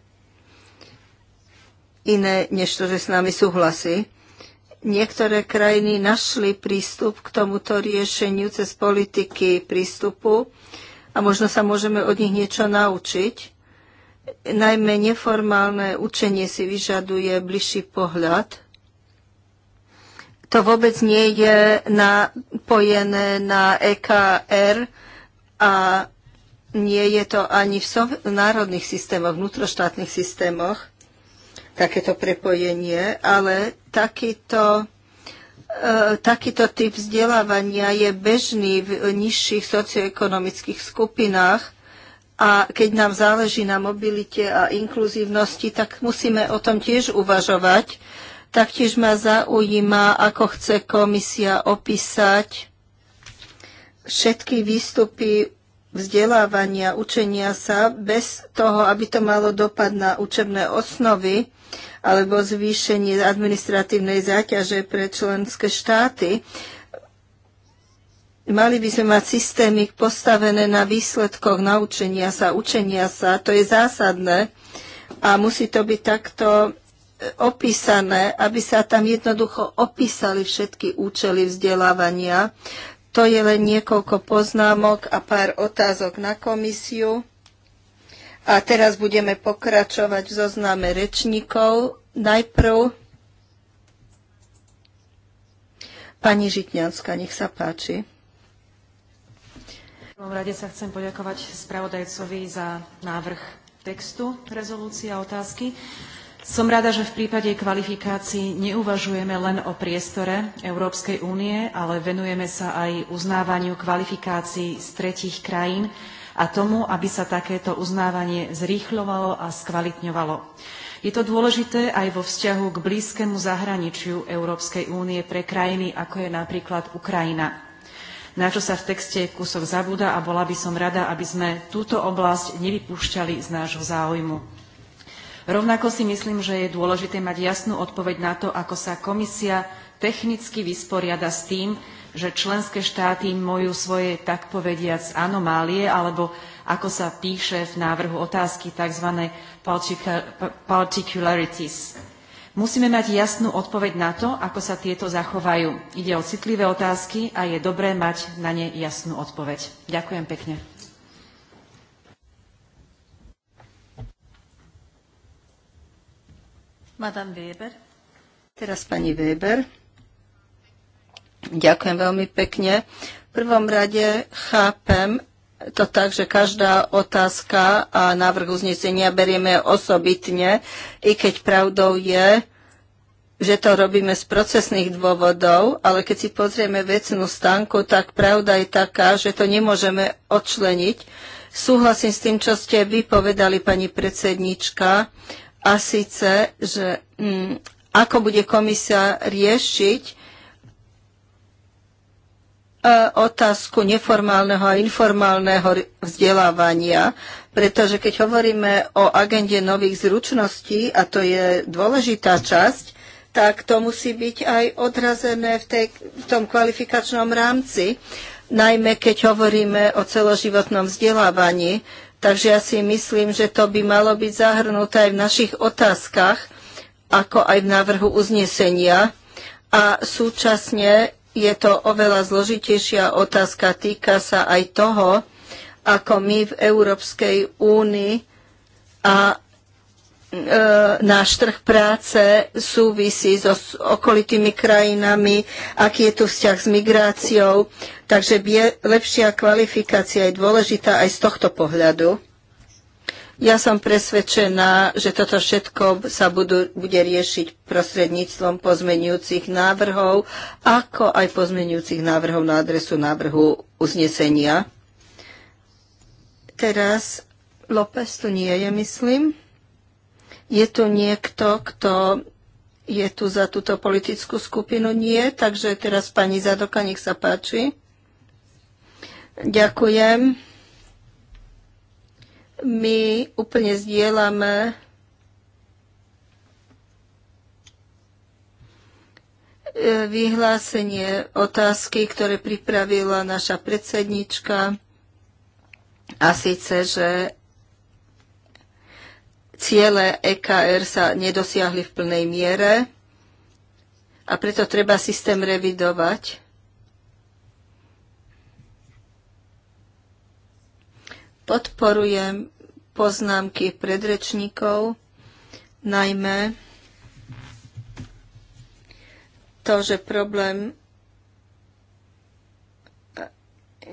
iné než to, že s nami súhlasí. Niektoré krajiny našli prístup k tomuto riešeniu cez politiky prístupu, a možno sa môžeme od nich niečo naučiť. Najmä neformálne učenie si vyžaduje bližší pohľad. To vôbec nie je napojené na EKR a nie je to ani v národných systémoch, vnútroštátnych systémoch takéto prepojenie, ale takýto E, takýto typ vzdelávania je bežný v nižších socioekonomických skupinách a keď nám záleží na mobilite a inkluzívnosti, tak musíme o tom tiež uvažovať. Taktiež ma zaujíma, ako chce komisia opísať všetky výstupy vzdelávania, učenia sa bez toho, aby to malo dopad na učebné osnovy alebo zvýšenie administratívnej záťaže pre členské štáty. Mali by sme mať systémy postavené na výsledkoch naučenia sa, učenia sa. To je zásadné a musí to byť takto e, opísané, aby sa tam jednoducho opísali všetky účely vzdelávania, to je len niekoľko poznámok a pár otázok na komisiu. A teraz budeme pokračovať v zozname rečníkov. Najprv pani Žitňanská, nech sa páči. V prvom rade sa chcem poďakovať spravodajcovi za návrh textu rezolúcie a otázky. Som rada, že v prípade kvalifikácií neuvažujeme len o priestore Európskej únie, ale venujeme sa aj uznávaniu kvalifikácií z tretích krajín a tomu, aby sa takéto uznávanie zrýchľovalo a skvalitňovalo. Je to dôležité aj vo vzťahu k blízkemu zahraničiu Európskej únie pre krajiny, ako je napríklad Ukrajina na čo sa v texte kúsok zabúda a bola by som rada, aby sme túto oblasť nevypúšťali z nášho záujmu. Rovnako si myslím, že je dôležité mať jasnú odpoveď na to, ako sa komisia technicky vysporiada s tým, že členské štáty majú svoje, tak povediac, anomálie, alebo ako sa píše v návrhu otázky, tzv. particularities. Musíme mať jasnú odpoveď na to, ako sa tieto zachovajú. Ide o citlivé otázky a je dobré mať na ne jasnú odpoveď. Ďakujem pekne. Madame Weber. Teraz pani Weber. Ďakujem veľmi pekne. V prvom rade chápem to tak, že každá otázka a návrh uznesenia berieme osobitne, i keď pravdou je, že to robíme z procesných dôvodov, ale keď si pozrieme vecnú stanku, tak pravda je taká, že to nemôžeme odčleniť. Súhlasím s tým, čo ste vypovedali pani predsednička, a síce, že mm, ako bude komisia riešiť e, otázku neformálneho a informálneho vzdelávania, pretože keď hovoríme o agende nových zručností, a to je dôležitá časť, tak to musí byť aj odrazené v, tej, v tom kvalifikačnom rámci, najmä keď hovoríme o celoživotnom vzdelávaní. Takže ja si myslím, že to by malo byť zahrnuté aj v našich otázkach, ako aj v návrhu uznesenia. A súčasne je to oveľa zložitejšia otázka, týka sa aj toho, ako my v Európskej únii a E, náš trh práce súvisí so s okolitými krajinami, aký je tu vzťah s migráciou. Takže lepšia kvalifikácia je dôležitá aj z tohto pohľadu. Ja som presvedčená, že toto všetko sa budú, bude riešiť prostredníctvom pozmenujúcich návrhov, ako aj pozmenujúcich návrhov na adresu návrhu uznesenia. Teraz López tu nie je, myslím. Je tu niekto, kto je tu za túto politickú skupinu? Nie, takže teraz pani Zadoka, nech sa páči. Ďakujem. My úplne zdieľame vyhlásenie otázky, ktoré pripravila naša predsednička. A síce, že ciele EKR sa nedosiahli v plnej miere a preto treba systém revidovať. Podporujem poznámky predrečníkov, najmä to, že problém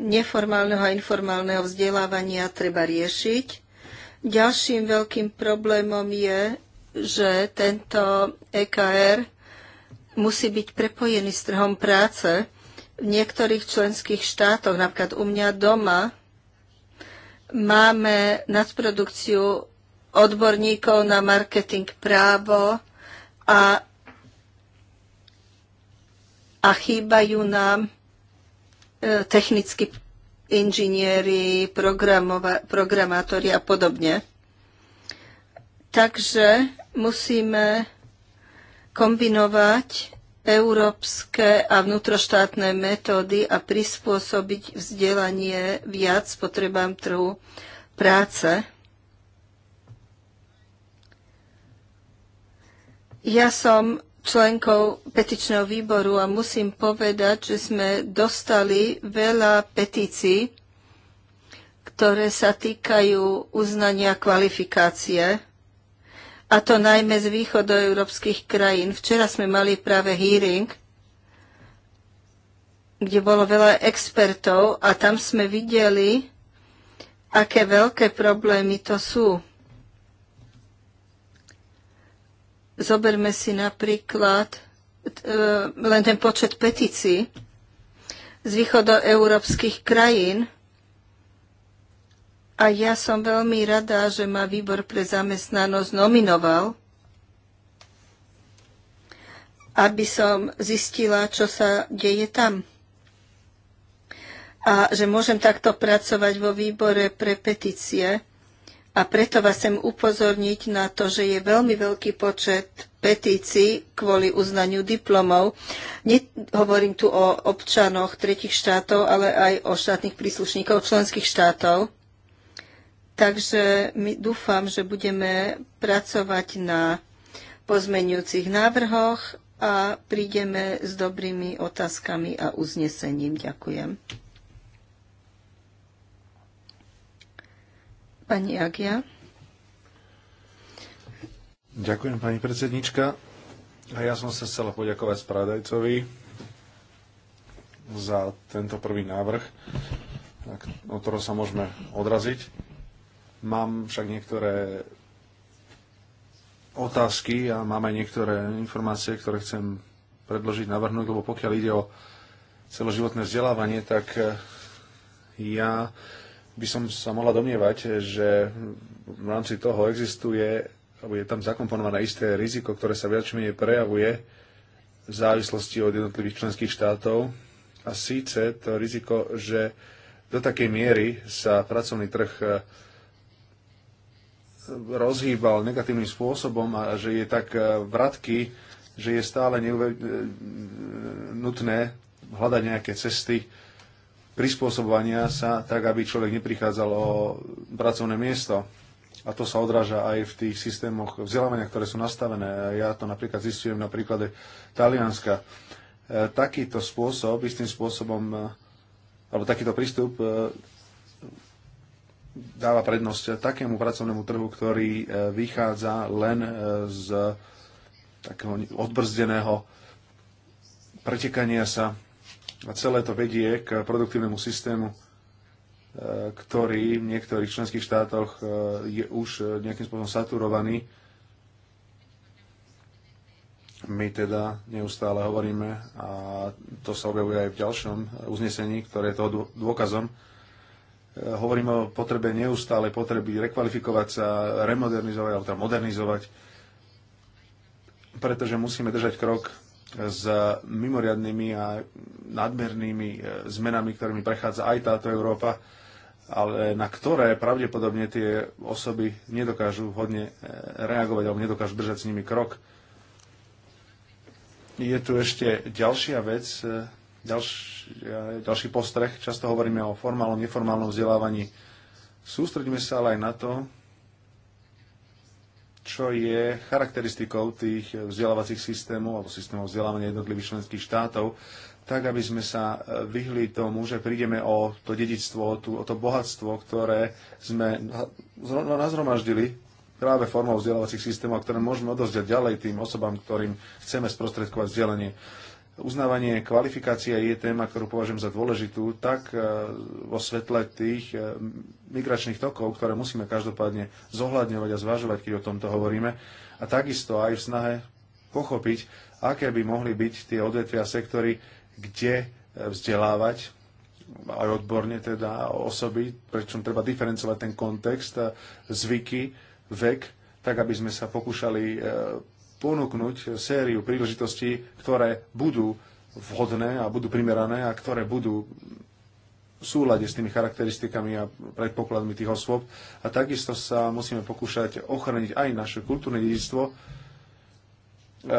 neformálneho a informálneho vzdelávania treba riešiť Ďalším veľkým problémom je, že tento EKR musí byť prepojený s trhom práce. V niektorých členských štátoch, napríklad u mňa doma, máme nadprodukciu odborníkov na marketing právo a, a chýbajú nám e, technicky inžinieri, programátori a podobne. Takže musíme kombinovať európske a vnútroštátne metódy a prispôsobiť vzdelanie viac potrebám trhu práce. Ja som členkou petičného výboru a musím povedať, že sme dostali veľa petícií, ktoré sa týkajú uznania kvalifikácie, a to najmä z východoeurópskych krajín. Včera sme mali práve hearing, kde bolo veľa expertov a tam sme videli, aké veľké problémy to sú Zoberme si napríklad e, len ten počet petícií z východoeurópskych krajín. A ja som veľmi rada, že ma výbor pre zamestnanosť nominoval, aby som zistila, čo sa deje tam. A že môžem takto pracovať vo výbore pre petície. A preto vás chcem upozorniť na to, že je veľmi veľký počet petícií kvôli uznaniu diplomov. Nehovorím tu o občanoch tretich štátov, ale aj o štátnych príslušníkov členských štátov. Takže my dúfam, že budeme pracovať na pozmenujúcich návrhoch a prídeme s dobrými otázkami a uznesením. Ďakujem. Pani Agia. Ďakujem, pani predsednička. A ja som sa chcela poďakovať spravodajcovi za tento prvý návrh, o ktorom sa môžeme odraziť. Mám však niektoré otázky a mám aj niektoré informácie, ktoré chcem predložiť, navrhnúť, lebo pokiaľ ide o celoživotné vzdelávanie, tak ja by som sa mohla domnievať, že v rámci toho existuje, alebo je tam zakomponované isté riziko, ktoré sa viac menej prejavuje v závislosti od jednotlivých členských štátov. A síce to riziko, že do takej miery sa pracovný trh eh, rozhýbal negatívnym spôsobom a že je tak eh, vratky, že je stále eh, nutné hľadať nejaké cesty, prispôsobovania sa tak, aby človek neprichádzal o pracovné miesto. A to sa odráža aj v tých systémoch vzdelávania, ktoré sú nastavené. Ja to napríklad zistujem na príklade Talianska. E, takýto spôsob, istým spôsobom, e, alebo takýto prístup e, dáva prednosť takému pracovnému trhu, ktorý vychádza len z takého odbrzdeného pretekania sa a celé to vedie k produktívnemu systému, e, ktorý v niektorých členských štátoch e, je už e, nejakým spôsobom saturovaný. My teda neustále hovoríme, a to sa objavuje aj v ďalšom uznesení, ktoré je toho dôkazom, hovoríme o potrebe neustále potreby rekvalifikovať sa, remodernizovať alebo teda modernizovať, pretože musíme držať krok s mimoriadnými a nadmernými e, zmenami, ktorými prechádza aj táto Európa, ale na ktoré pravdepodobne tie osoby nedokážu hodne e, reagovať alebo nedokážu držať s nimi krok. Je tu ešte ďalšia vec, e, ďalší, ďalší postreh. Často hovoríme o formálnom, neformálnom vzdelávaní. Sústredíme sa ale aj na to, čo je charakteristikou tých vzdelávacích systémov alebo systémov vzdelávania jednotlivých členských štátov, tak aby sme sa e, vyhli tomu, že prídeme o to dedictvo, o, tú, o to bohatstvo, ktoré sme no, nazromaždili práve formou vzdelávacích systémov, ktoré môžeme odozdať ďalej tým osobám, ktorým chceme sprostredkovať vzdelanie. Uznávanie kvalifikácia je téma, ktorú považujem za dôležitú, tak e, vo svetle tých e, migračných tokov, ktoré musíme každopádne zohľadňovať a zvažovať, keď o tomto hovoríme, a takisto aj v snahe pochopiť, aké by mohli byť tie odvetvia sektory, kde e, vzdelávať aj odborne teda osoby, prečo treba diferencovať ten kontext, zvyky, vek, tak aby sme sa pokúšali ponúknuť sériu príležitostí, ktoré budú vhodné a budú primerané a ktoré budú v súlade s tými charakteristikami a predpokladmi tých osôb. A takisto sa musíme pokúšať ochraniť aj naše kultúrne dedictvo. E,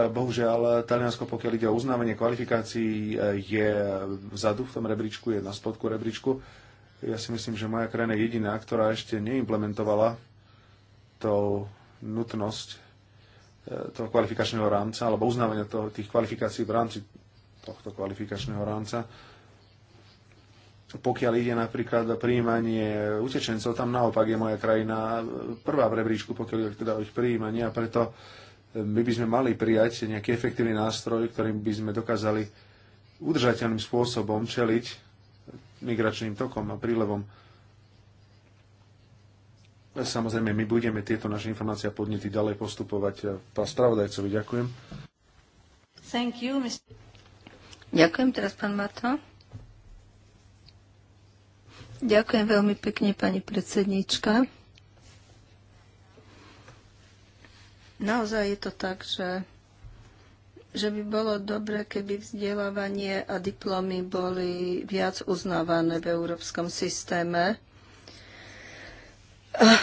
bohužiaľ, Taliansko, pokiaľ ide o uznávanie kvalifikácií, e, je vzadu v tom rebríčku, je na spodku rebríčku. Ja si myslím, že moja krajina je jediná, ktorá ešte neimplementovala to nutnosť E, toho kvalifikačného rámca alebo uznávania toho, tých kvalifikácií v rámci tohto kvalifikačného rámca. Pokiaľ ide napríklad o príjmanie utečencov, tam naopak je moja krajina prvá v rebríčku, pokiaľ ide teda o ich príjmanie a preto e, my by sme mali prijať nejaký efektívny nástroj, ktorým by sme dokázali udržateľným spôsobom čeliť migračným tokom a prílevom No, samozrejme, my budeme tieto naše informácie a podnety ďalej postupovať. Pán spravodajcovi, ďakujem. Thank you, Mr. Ďakujem teraz, pán Mato. Ďakujem veľmi pekne, pani predsednička. Naozaj je to tak, že, že by bolo dobre, keby vzdelávanie a diplomy boli viac uznávané v európskom systéme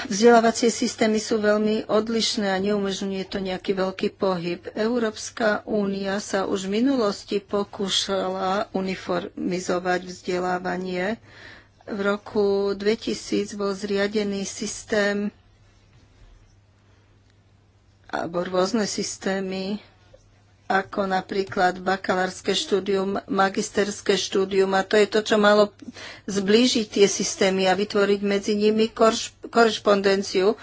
Vzdelávacie systémy sú veľmi odlišné a neumožňuje to nejaký veľký pohyb. Európska únia sa už v minulosti pokúšala uniformizovať vzdelávanie. V roku 2000 bol zriadený systém alebo rôzne systémy ako napríklad bakalárske štúdium, magisterské štúdium a to je to, čo malo zblížiť tie systémy a vytvoriť medzi nimi korešpondenciu.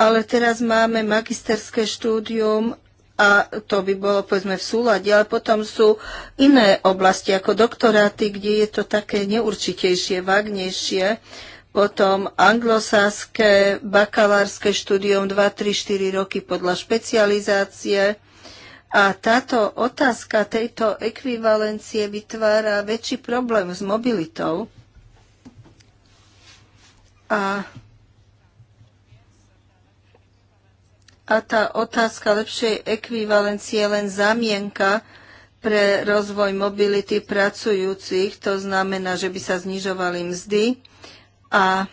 Ale teraz máme magisterské štúdium a to by bolo povedzme v súlade, ale potom sú iné oblasti ako doktoráty, kde je to také neurčitejšie, vagnejšie. Potom anglosáské bakalárske štúdium 2, 3, 4 roky podľa špecializácie a táto otázka tejto ekvivalencie vytvára väčší problém s mobilitou. A, a tá otázka lepšej ekvivalencie je len zamienka pre rozvoj mobility pracujúcich. To znamená, že by sa znižovali mzdy a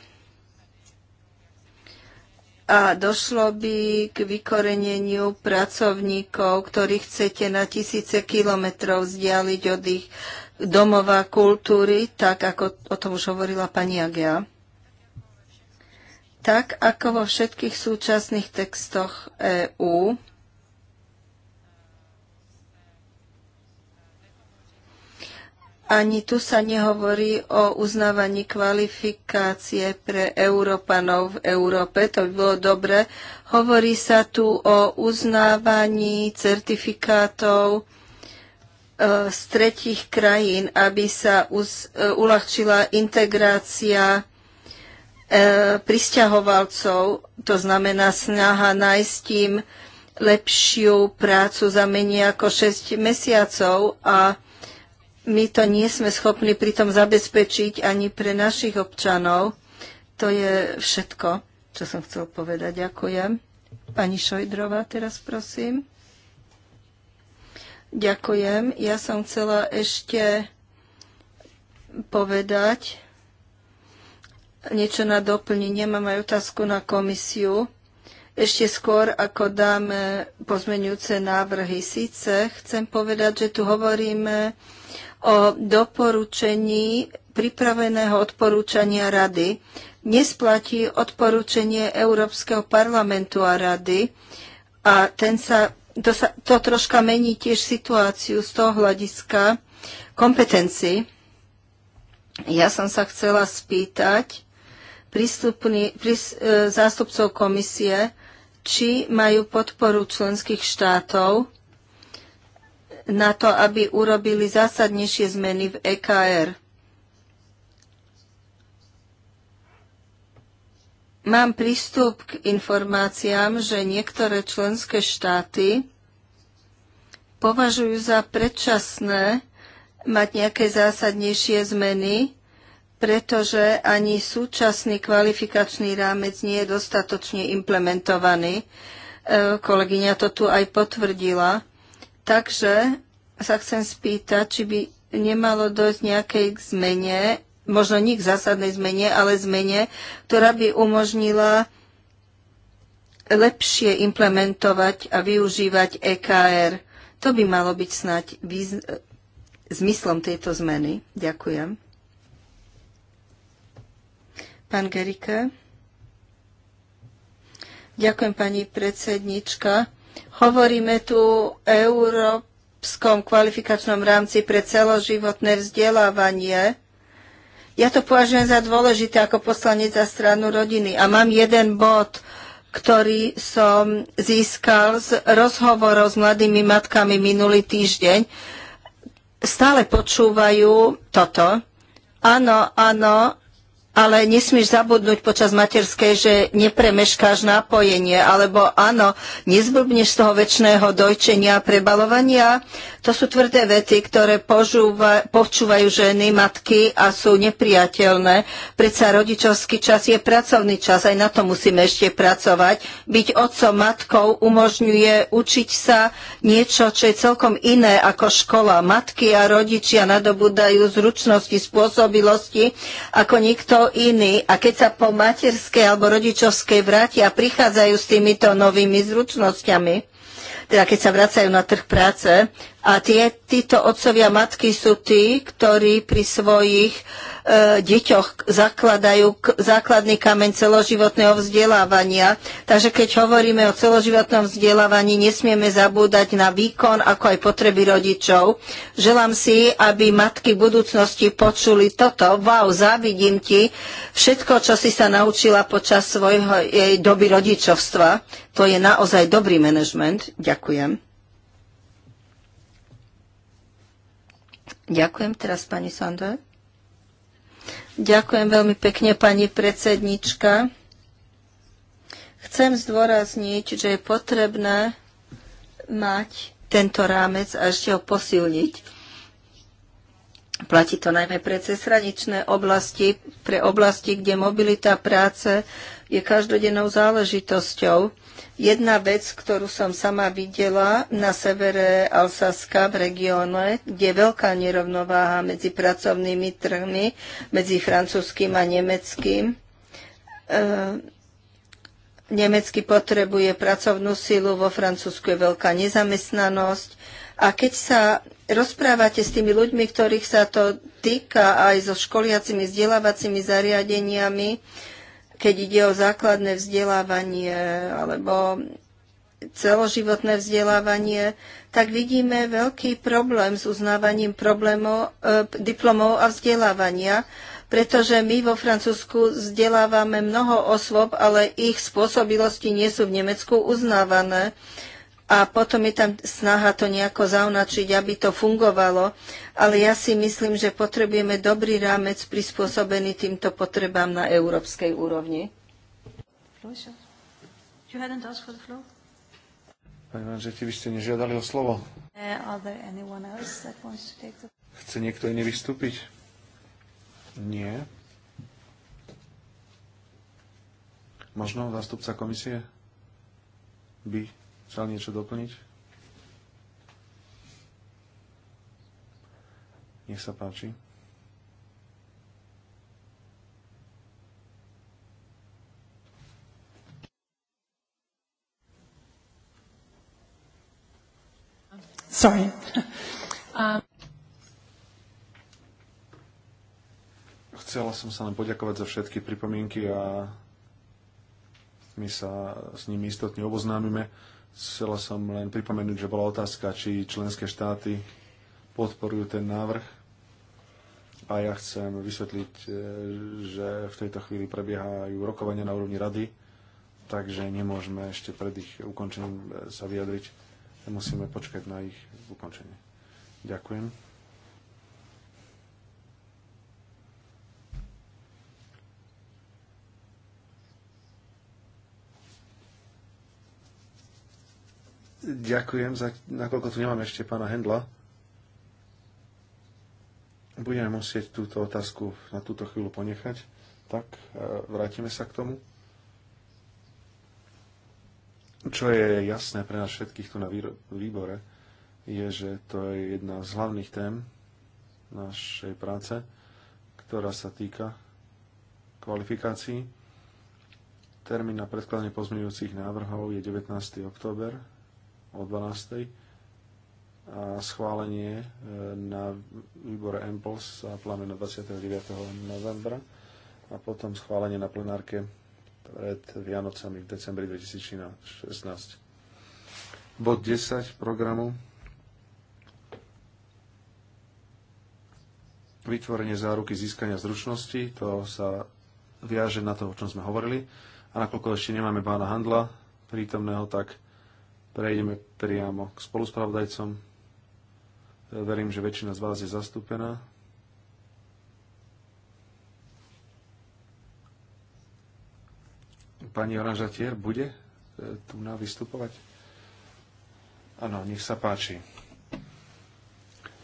a došlo by k vykoreneniu pracovníkov, ktorých chcete na tisíce kilometrov vzdialiť od ich domova kultúry, tak ako o tom už hovorila pani Agia. Tak ako vo všetkých súčasných textoch EÚ, Ani tu sa nehovorí o uznávaní kvalifikácie pre Európanov v Európe, to by bolo dobre. Hovorí sa tu o uznávaní certifikátov e, z tretich krajín, aby sa uz, e, uľahčila integrácia e, pristahovalcov, to znamená snaha nájsť im lepšiu prácu za menej ako 6 mesiacov a my to nie sme schopní pritom zabezpečiť ani pre našich občanov. To je všetko, čo som chcel povedať. Ďakujem. Pani Šojdrova, teraz prosím. Ďakujem. Ja som chcela ešte povedať niečo na doplnenie. Mám aj otázku na komisiu. Ešte skôr, ako dáme pozmenujúce návrhy, síce chcem povedať, že tu hovoríme o doporučení pripraveného odporúčania Rady. nesplatí odporúčanie Európskeho parlamentu a Rady a ten sa, to, sa, to troška mení tiež situáciu z toho hľadiska kompetencií. Ja som sa chcela spýtať prístupný, prís, e, zástupcov komisie, či majú podporu členských štátov na to, aby urobili zásadnejšie zmeny v EKR. Mám prístup k informáciám, že niektoré členské štáty považujú za predčasné mať nejaké zásadnejšie zmeny, pretože ani súčasný kvalifikačný rámec nie je dostatočne implementovaný. E, kolegyňa to tu aj potvrdila. Takže sa chcem spýtať, či by nemalo dojsť nejakej zmene, možno nie k zásadnej zmene, ale zmene, ktorá by umožnila lepšie implementovať a využívať EKR. To by malo byť snáď výz... zmyslom tejto zmeny. Ďakujem. Pán Gerike. Ďakujem, pani predsednička. Hovoríme tu o európskom kvalifikačnom rámci pre celoživotné vzdelávanie. Ja to považujem za dôležité ako poslanec za stranu rodiny. A mám jeden bod, ktorý som získal z rozhovorov s mladými matkami minulý týždeň. Stále počúvajú toto. Áno, áno, ale nesmieš zabudnúť počas materskej, že nepremeškáš nápojenie, alebo áno, nezblbneš z toho väčšného dojčenia a prebalovania, to sú tvrdé vety, ktoré požúva, počúvajú ženy, matky a sú nepriateľné. Predsa rodičovský čas je pracovný čas, aj na to musíme ešte pracovať. Byť otcom, matkou umožňuje učiť sa niečo, čo je celkom iné ako škola. Matky a rodičia nadobúdajú zručnosti, spôsobilosti ako nikto iný. A keď sa po materskej alebo rodičovskej vrátia, prichádzajú s týmito novými zručnosťami teda keď sa vracajú na trh práce, a tie, títo otcovia matky sú tí, ktorí pri svojich e, deťoch zakladajú k, základný kameň celoživotného vzdelávania. Takže keď hovoríme o celoživotnom vzdelávaní, nesmieme zabúdať na výkon, ako aj potreby rodičov. Želám si, aby matky v budúcnosti počuli toto. Wow, závidím ti všetko, čo si sa naučila počas svojho jej doby rodičovstva. To je naozaj dobrý manažment. Ďakujem. Ďakujem teraz, pani Sandor. Ďakujem veľmi pekne, pani predsednička. Chcem zdôrazniť, že je potrebné mať tento rámec a ešte ho posilniť. Platí to najmä pre cezhraničné oblasti, pre oblasti, kde mobilita práce je každodennou záležitosťou. Jedna vec, ktorú som sama videla na severe Alsaska v regióne, kde je veľká nerovnováha medzi pracovnými trhmi, medzi francúzským a nemeckým. Eh, Nemecky potrebuje pracovnú silu, vo Francúzsku je veľká nezamestnanosť. A keď sa rozprávate s tými ľuďmi, ktorých sa to týka aj so školiacimi vzdelávacími zariadeniami, keď ide o základné vzdelávanie alebo celoživotné vzdelávanie, tak vidíme veľký problém s uznávaním problémov, e, diplomov a vzdelávania, pretože my vo Francúzsku vzdelávame mnoho osôb, ale ich spôsobilosti nie sú v Nemecku uznávané a potom je tam snaha to nejako zaunačiť, aby to fungovalo. Ale ja si myslím, že potrebujeme dobrý rámec prispôsobený týmto potrebám na európskej úrovni. Pani manžete, vy ste nežiadali o slovo. Eh, Chce niekto iný vystúpiť? Nie. Možno zástupca komisie by Chcel niečo doplniť? Nech sa páči. Sorry. Um. Chcela som sa len poďakovať za všetky pripomienky a my sa s nimi istotne oboznámime. Chcela som len pripomenúť, že bola otázka, či členské štáty podporujú ten návrh. A ja chcem vysvetliť, e, že v tejto chvíli prebiehajú rokovania na úrovni rady, takže nemôžeme ešte pred ich ukončením e, sa vyjadriť. Musíme počkať na ich ukončenie. Ďakujem. Ďakujem, za, nakoľko tu nemám ešte pána Hendla. Budeme musieť túto otázku na túto chvíľu ponechať. Tak, e, vrátime sa k tomu. Čo je jasné pre nás všetkých tu na výbore, je, že to je jedna z hlavných tém našej práce, ktorá sa týka kvalifikácií. Termín na predkladanie pozmeňujúcich návrhov je 19. október o 12. A schválenie e, na výbore EMPLS sa plánuje na 29. novembra a potom schválenie na plenárke pred Vianocami v decembri 2016. Bod 10 programu vytvorenie záruky získania zručnosti, to sa viaže na to, o čom sme hovorili. A nakoľko ešte nemáme pána Handla prítomného, tak Prejdeme priamo k spoluspravodajcom. Verím, že väčšina z vás je zastúpená. Pani Oranžatier bude e, tu na vystupovať? Áno, nech sa páči.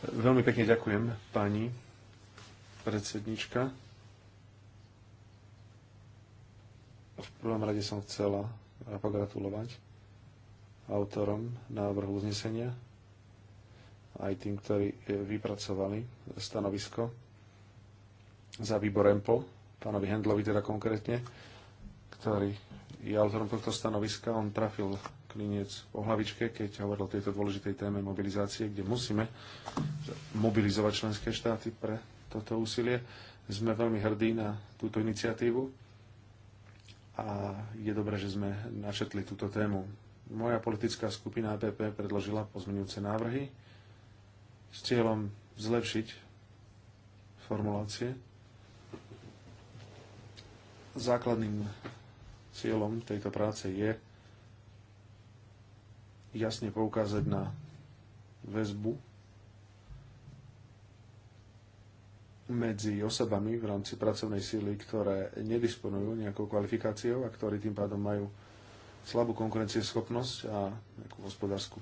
Veľmi pekne ďakujem, pani predsednička. V prvom rade som chcela pogratulovať autorom návrhu uznesenia, aj tým, ktorí e, vypracovali stanovisko za výbor EMPO, pánovi Hendlovi teda konkrétne, ktorý je autorom tohto stanoviska. On trafil kliniec po hlavičke, keď hovoril o tejto dôležitej téme mobilizácie, kde musíme mobilizovať členské štáty pre toto úsilie. Sme veľmi hrdí na túto iniciatívu a je dobré, že sme načetli túto tému moja politická skupina APP predložila pozmenujúce návrhy s cieľom zlepšiť formulácie. Základným cieľom tejto práce je jasne poukázať na väzbu medzi osobami v rámci pracovnej síly, ktoré nedisponujú nejakou kvalifikáciou a ktorí tým pádom majú slabú konkurencieschopnosť a nejakú hospodárskú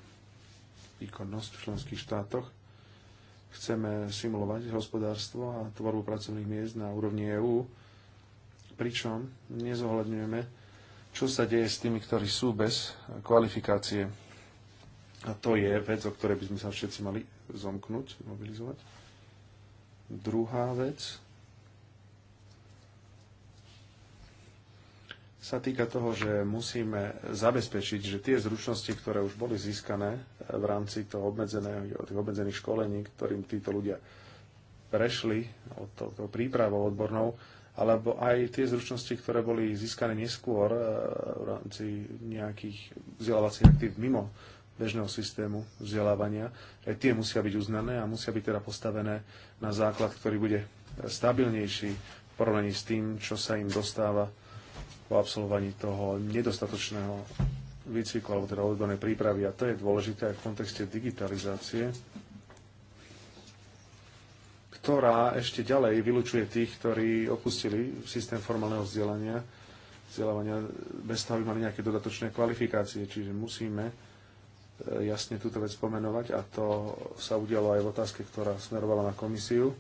výkonnosť v členských štátoch. Chceme simulovať hospodárstvo a tvorbu pracovných miest na úrovni EÚ, pričom nezohľadňujeme, čo sa deje s tými, ktorí sú bez kvalifikácie. A to je vec, o ktorej by sme sa všetci mali zomknúť, mobilizovať. Druhá vec, sa týka toho, že musíme zabezpečiť, že tie zručnosti, ktoré už boli získané e, v rámci toho obmedzeného, e, tých obmedzených školení, ktorým títo ľudia prešli od toho prípravou odbornou, alebo aj tie zručnosti, ktoré boli získané neskôr e, v rámci nejakých vzdelávacích aktív mimo bežného systému vzdelávania, aj tie musia byť uznané a musia byť teda postavené na základ, ktorý bude stabilnejší v porovnaní s tým, čo sa im dostáva po absolvovaní toho nedostatočného výcviku alebo teda odbornej prípravy. A to je dôležité aj v kontexte digitalizácie, ktorá ešte ďalej vylučuje tých, ktorí opustili systém formálneho vzdelania, vzdelávania bez toho, aby mali nejaké dodatočné kvalifikácie. Čiže musíme e, jasne túto vec pomenovať a to sa udialo aj v otázke, ktorá smerovala na komisiu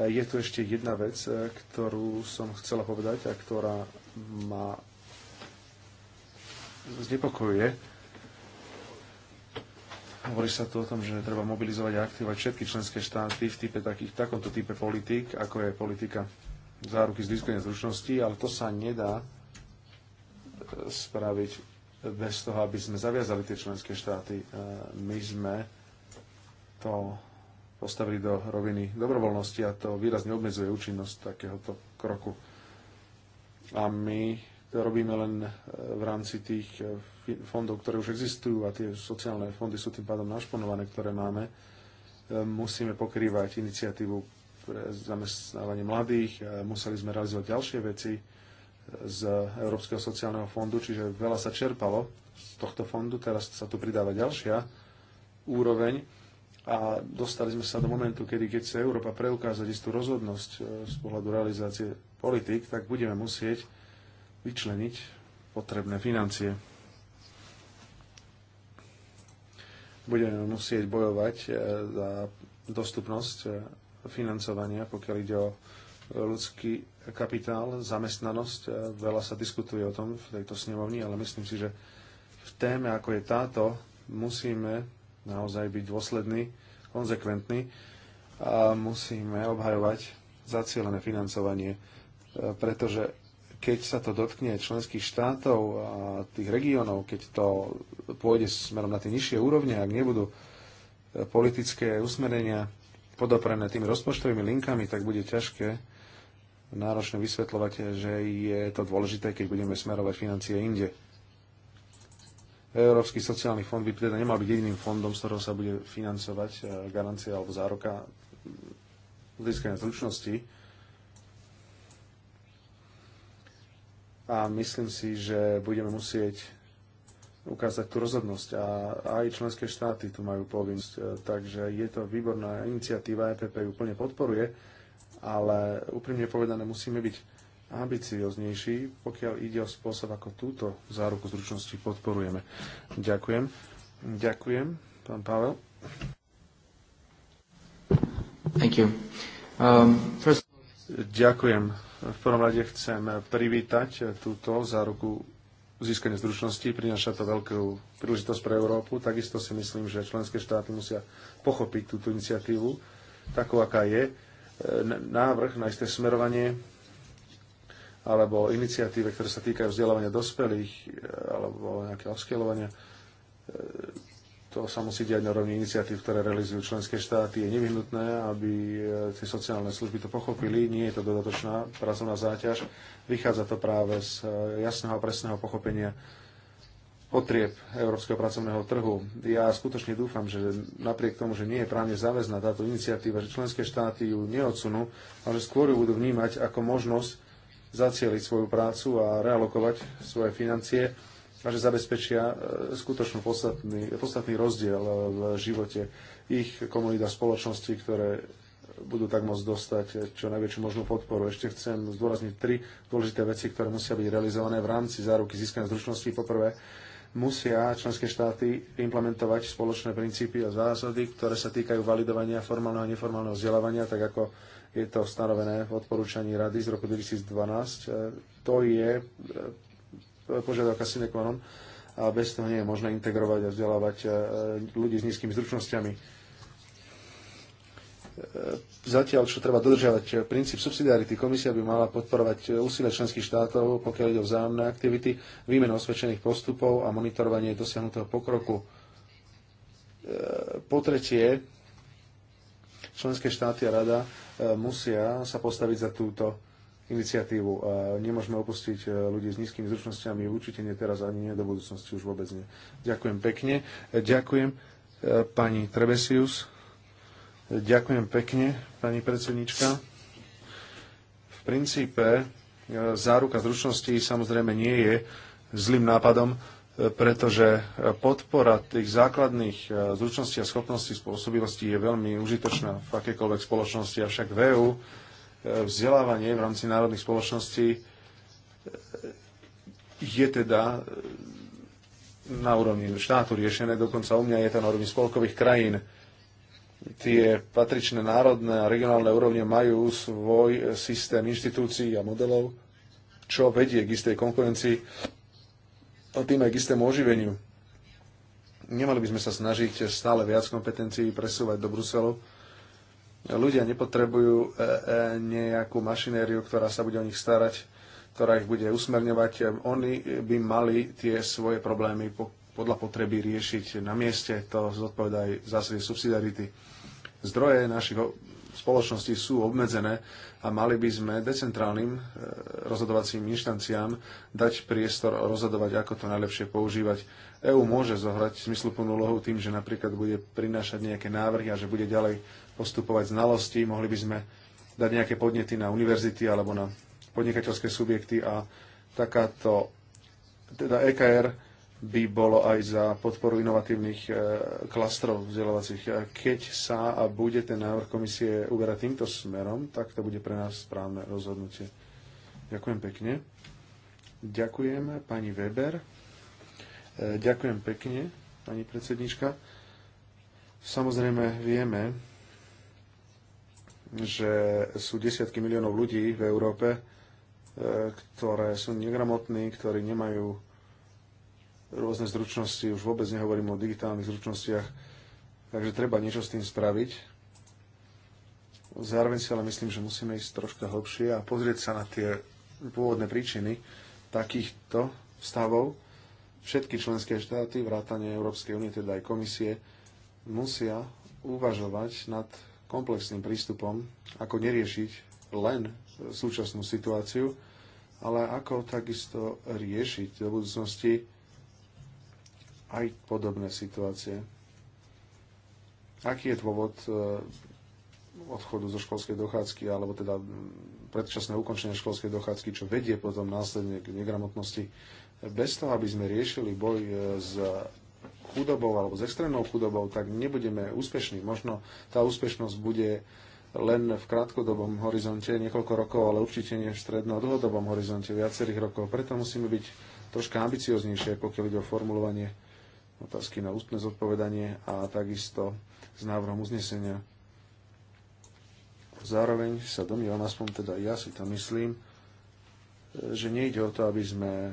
E, je tu ešte jedna vec, e, ktorú som chcela povedať a ktorá ma znepokojuje. Hovorí sa tu o tom, že treba mobilizovať a aktivovať všetky členské štáty v type takých, takomto type politik, ako je politika záruky z zručnosti, ale to sa nedá e, spraviť bez toho, aby sme zaviazali tie členské štáty. My sme to postavili do roviny dobrovoľnosti a to výrazne obmedzuje účinnosť takéhoto kroku. A my to robíme len e, v rámci tých e, fondov, ktoré už existujú a tie sociálne fondy sú tým pádom našponované, ktoré máme. E, musíme pokrývať iniciatívu pre zamestnávanie mladých, museli sme realizovať ďalšie veci z Európskeho sociálneho fondu, čiže veľa sa čerpalo z tohto fondu, teraz sa tu pridáva ďalšia úroveň a dostali sme sa do momentu, kedy keď sa Európa preukázať istú rozhodnosť e, z pohľadu realizácie politik, tak budeme musieť vyčleniť potrebné financie. Budeme musieť bojovať e, za dostupnosť e, financovania, pokiaľ ide o ľudský kapitál, zamestnanosť. Veľa sa diskutuje o tom v tejto snemovni, ale myslím si, že v téme, ako je táto, musíme naozaj byť dôsledný, konzekventný a musíme obhajovať zacielené financovanie, e, pretože keď sa to dotkne členských štátov a tých regiónov, keď to pôjde smerom na tie nižšie úrovne, ak nebudú e, politické usmerenia podoprené tými rozpočtovými linkami, tak bude ťažké náročne vysvetľovať, že je to dôležité, keď budeme smerovať financie inde. Európsky sociálny fond by teda nemal byť jediným fondom, z ktorého sa bude financovať e, garancia alebo zároka získania zručnosti. A myslím si, že budeme musieť ukázať tú rozhodnosť. A aj členské štáty tu majú povinnosť. E, takže je to výborná iniciatíva, EPP ju plne podporuje, ale úprimne povedané musíme byť ambicioznejší, pokiaľ ide o spôsob, ako túto záruku zručnosti podporujeme. Ďakujem. Ďakujem, pán Pavel. Thank you. Um, first... Ďakujem. V prvom rade chcem privítať túto záruku získania zručnosti. Prináša to veľkú príležitosť pre Európu. Takisto si myslím, že členské štáty musia pochopiť túto iniciatívu, takú, aká je. Návrh na isté smerovanie alebo iniciatíve, ktoré sa týkajú vzdelávania dospelých e, alebo nejakého oskelovania. E, to sa musí diať na rovni iniciatív, ktoré realizujú členské štáty. Je nevyhnutné, aby e, tie sociálne služby to pochopili. Nie je to dodatočná pracovná záťaž. Vychádza to práve z jasného a presného pochopenia potrieb európskeho pracovného trhu. Ja skutočne dúfam, že napriek tomu, že nie je právne záväzná táto iniciatíva, že členské štáty ju neodsunú, ale že skôr ju budú vnímať ako možnosť zacieliť svoju prácu a realokovať svoje financie a že zabezpečia e, skutočný podstatný, podstatný rozdiel e, v živote ich komunita a spoločnosti, ktoré budú tak môcť dostať e, čo najväčšiu možnú podporu. Ešte chcem zdôrazniť tri dôležité veci, ktoré musia byť realizované v rámci záruky získania zručnosti. Poprvé, musia členské štáty implementovať spoločné princípy a zásady, ktoré sa týkajú validovania formálneho a neformálneho vzdelávania, tak ako je to stanovené v odporúčaní Rady z roku 2012. E, to je e, požiadavka sine qua non a bez toho nie je možné integrovať a vzdelávať e, ľudí s nízkymi zručnosťami. Zatiaľ, čo treba dodržiavať princíp subsidiarity, komisia by mala podporovať úsilie členských štátov, pokiaľ ide o vzájomné aktivity, výmenu osvedčených postupov a monitorovanie dosiahnutého pokroku. Po tretie, Členské štáty a rada e, musia sa postaviť za túto iniciatívu. nemôžeme opustiť e, ľudí s nízkymi zručnosťami, určite nie teraz, ani nie do budúcnosti, už vôbec nie. Ďakujem pekne. E, ďakujem pani Trebesius. Ďakujem pekne, pani predsednička. V princípe záruka zručnosti samozrejme nie je zlým nápadom pretože podpora tých základných e, zručností a schopností spôsobilostí je veľmi užitočná v akékoľvek spoločnosti, avšak v EU e, vzdelávanie v rámci národných spoločností e, je teda na úrovni štátu riešené, dokonca u mňa je to na úrovni spolkových krajín. Tie patričné národné a regionálne úrovne majú svoj systém inštitúcií a modelov, čo vedie k istej konkurencii O tým aj k istému oživeniu. Nemali by sme sa snažiť stále viac kompetencií presúvať do Bruselu. Ľudia nepotrebujú e, e, nejakú mašinériu, ktorá sa bude o nich starať, ktorá ich bude usmerňovať. Oni by mali tie svoje problémy podľa potreby riešiť na mieste. To zodpovedá aj zásade subsidiarity. Zdroje našich spoločnosti sú obmedzené a mali by sme decentrálnym e, rozhodovacím inštanciám dať priestor rozhodovať, ako to najlepšie používať. EÚ môže zohrať zmysluplnú úlohu tým, že napríklad bude prinášať nejaké návrhy a že bude ďalej postupovať znalosti. Mohli by sme dať nejaké podnety na univerzity alebo na podnikateľské subjekty a takáto, teda EKR, by bolo aj za podporu inovatívnych e, klastrov vzdelávacích. Keď sa a bude ten návrh komisie uberať týmto smerom, tak to bude pre nás správne rozhodnutie. Ďakujem pekne. Ďakujem pani Weber. E, ďakujem pekne, pani predsednička. Samozrejme vieme, že sú desiatky miliónov ľudí v Európe, e, ktoré sú negramotní, ktorí nemajú rôzne zručnosti, už vôbec nehovorím o digitálnych zručnostiach, takže treba niečo s tým spraviť. Zároveň si ale myslím, že musíme ísť troška hlbšie a pozrieť sa na tie pôvodné príčiny takýchto stavov. Všetky členské štáty, vrátane Európskej únie, teda aj komisie, musia uvažovať nad komplexným prístupom, ako neriešiť len súčasnú situáciu, ale ako takisto riešiť do budúcnosti aj podobné situácie. Aký je dôvod e, odchodu zo školskej dochádzky, alebo teda predčasné ukončenie školskej dochádzky, čo vedie potom následne k negramotnosti, bez toho, aby sme riešili boj e, s chudobou alebo s extrémnou chudobou, tak nebudeme úspešní. Možno tá úspešnosť bude len v krátkodobom horizonte niekoľko rokov, ale určite nie v stredno- a dlhodobom horizonte viacerých rokov. Preto musíme byť troška ambicioznejšie, pokiaľ ide o formulovanie otázky na ústne zodpovedanie a takisto s návrhom uznesenia. Zároveň sa domnívam, aspoň teda ja si to myslím, že nejde o to, aby sme e,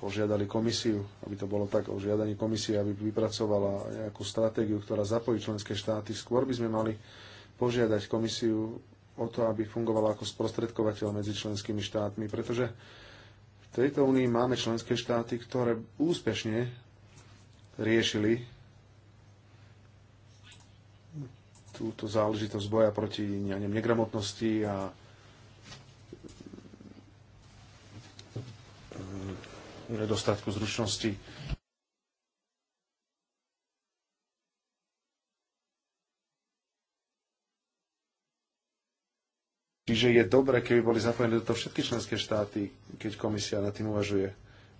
požiadali komisiu, aby to bolo tak o žiadaní komisie, aby vypracovala nejakú stratégiu, ktorá zapojí členské štáty. Skôr by sme mali požiadať komisiu o to, aby fungovala ako sprostredkovateľ medzi členskými štátmi, pretože v tejto únii máme členské štáty, ktoré úspešne riešili túto záležitosť boja proti neviem, negramotnosti a mm, nedostatku zručnosti Čiže je dobre, keby boli zapojené do toho všetky členské štáty, keď komisia nad tým uvažuje.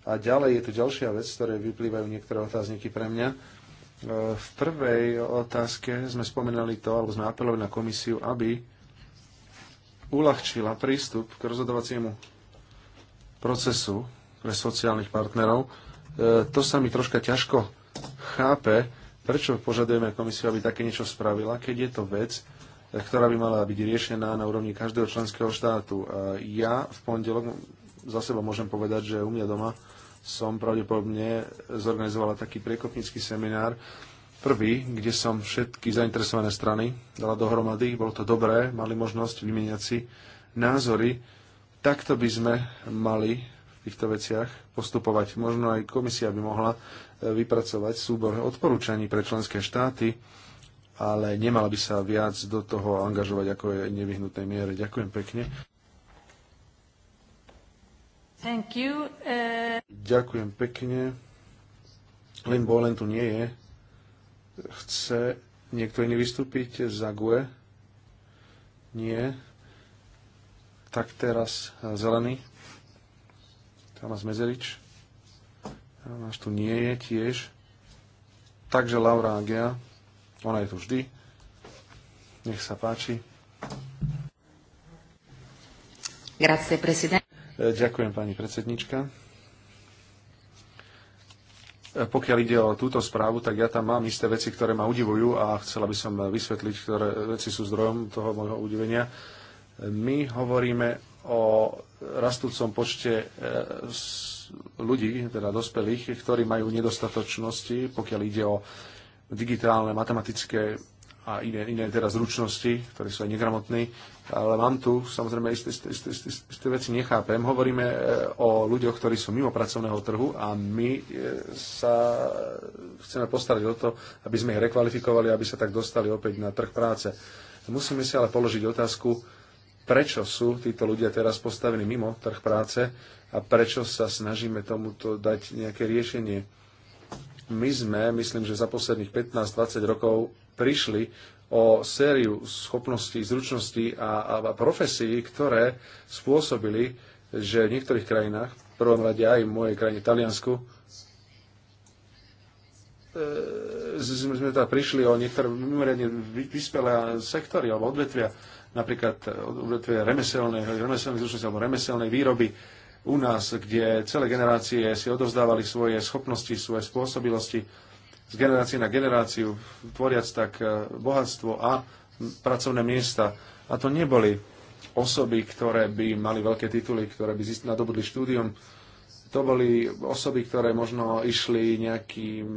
A ďalej je tu ďalšia vec, z ktorej vyplývajú niektoré otázniky pre mňa. E, v prvej otázke sme spomínali to, alebo sme apelovali na komisiu, aby uľahčila prístup k rozhodovaciemu procesu pre sociálnych partnerov. E, to sa mi troška ťažko chápe, prečo požadujeme komisiu, aby také niečo spravila, keď je to vec, ktorá by mala byť riešená na úrovni každého členského štátu. Ja v pondelok za seba môžem povedať, že u mňa doma som pravdepodobne zorganizovala taký priekopnícky seminár, prvý, kde som všetky zainteresované strany dala dohromady. Bolo to dobré, mali možnosť vymeniať si názory. Takto by sme mali v týchto veciach postupovať. Možno aj komisia by mohla e, vypracovať súbor odporúčaní pre členské štáty, ale nemala by sa viac do toho angažovať, ako je nevyhnutnej miere. Ďakujem pekne. Thank you. Uh... Ďakujem pekne. Lynn Bolen tu nie je. Chce niekto iný vystúpiť za GUE? Nie. Tak teraz eh, zelený. Tamas Mezerič. Náš tu nie je tiež. Takže Laura Agia. Ona je tu vždy. Nech sa páči. Grazie, prezident. E, ďakujem, pani predsednička. E, pokiaľ ide o túto správu, tak ja tam mám isté veci, ktoré ma udivujú a chcela by som vysvetliť, ktoré veci sú zdrojom toho môjho udivenia. E, my hovoríme o rastúcom počte ľudí, teda dospelých, ktorí majú nedostatočnosti, pokiaľ ide o digitálne, matematické a iné, iné teraz zručnosti, ktorí sú aj negramotní. Ale mám tu samozrejme isté, isté, isté, isté, isté veci nechápem. Hovoríme e, o ľuďoch, ktorí sú mimo pracovného trhu a my e, sa chceme postarať o to, aby sme ich rekvalifikovali, aby sa tak dostali opäť na trh práce. Musíme si ale položiť otázku, prečo sú títo ľudia teraz postavení mimo trh práce a prečo sa snažíme tomuto dať nejaké riešenie my sme, myslím, že za posledných 15-20 rokov prišli o sériu schopností, zručností a, a, a profesí, ktoré spôsobili, že v niektorých krajinách, v prvom rade aj v mojej krajine Taliansku, e, sme teda prišli o niektoré mimoriadne vyspelé sektory alebo odvetvia, napríklad odvetvia remeselnej, remeselnej zručnosti alebo remeselnej výroby, u nás, kde celé generácie si odovzdávali svoje schopnosti, svoje spôsobilosti z generácie na generáciu, tvoriac tak e, bohatstvo a pracovné miesta. A to neboli osoby, ktoré by mali veľké tituly, ktoré by nadobudli štúdium. To boli osoby, ktoré možno išli nejakým,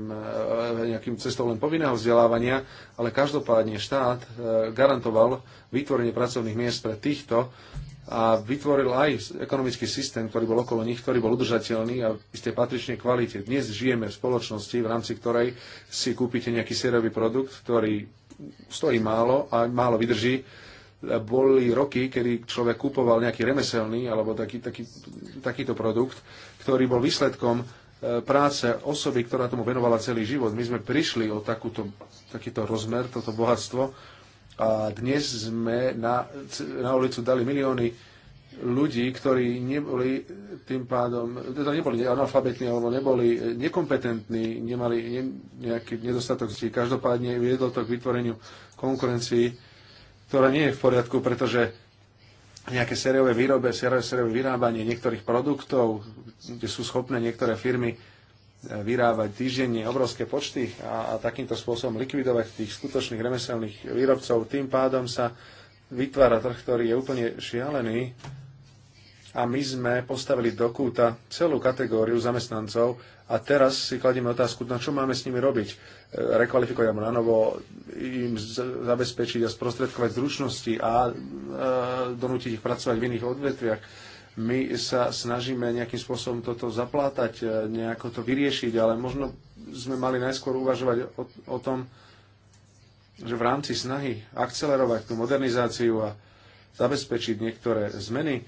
e, nejakým cestou len povinného vzdelávania, ale každopádne štát e, garantoval vytvorenie pracovných miest pre týchto a vytvoril aj ekonomický systém, ktorý bol okolo nich, ktorý bol udržateľný a v istej patričnej kvalite. Dnes žijeme v spoločnosti, v rámci ktorej si kúpite nejaký sérový produkt, ktorý stojí málo a málo vydrží. Boli roky, kedy človek kupoval nejaký remeselný alebo taký, taký, takýto produkt, ktorý bol výsledkom e, práce osoby, ktorá tomu venovala celý život. My sme prišli o takúto, takýto rozmer, toto bohatstvo a dnes sme na, na ulicu dali milióny ľudí, ktorí neboli tým pádom, teda neboli analfabetní alebo neboli nekompetentní, nemali ne, nejaký nedostatok zdi. Každopádne viedlo to k vytvoreniu konkurencii, ktorá nie je v poriadku, pretože nejaké sériové výrobe, sériové, sériové vyrábanie niektorých produktov, kde sú schopné niektoré firmy vyrábať týždenne obrovské počty a, a takýmto spôsobom likvidovať tých skutočných remeselných výrobcov. Tým pádom sa vytvára trh, ktorý je úplne šialený a my sme postavili do kúta celú kategóriu zamestnancov a teraz si kladieme otázku, na čo máme s nimi robiť. E, rekvalifikujeme na novo, im zabezpečiť a sprostredkovať zručnosti a e, donútiť ich pracovať v iných odvetviach my sa snažíme nejakým spôsobom toto zaplátať, e, nejako to vyriešiť, ale možno sme mali najskôr uvažovať o, o tom, že v rámci snahy akcelerovať tú modernizáciu a zabezpečiť niektoré zmeny,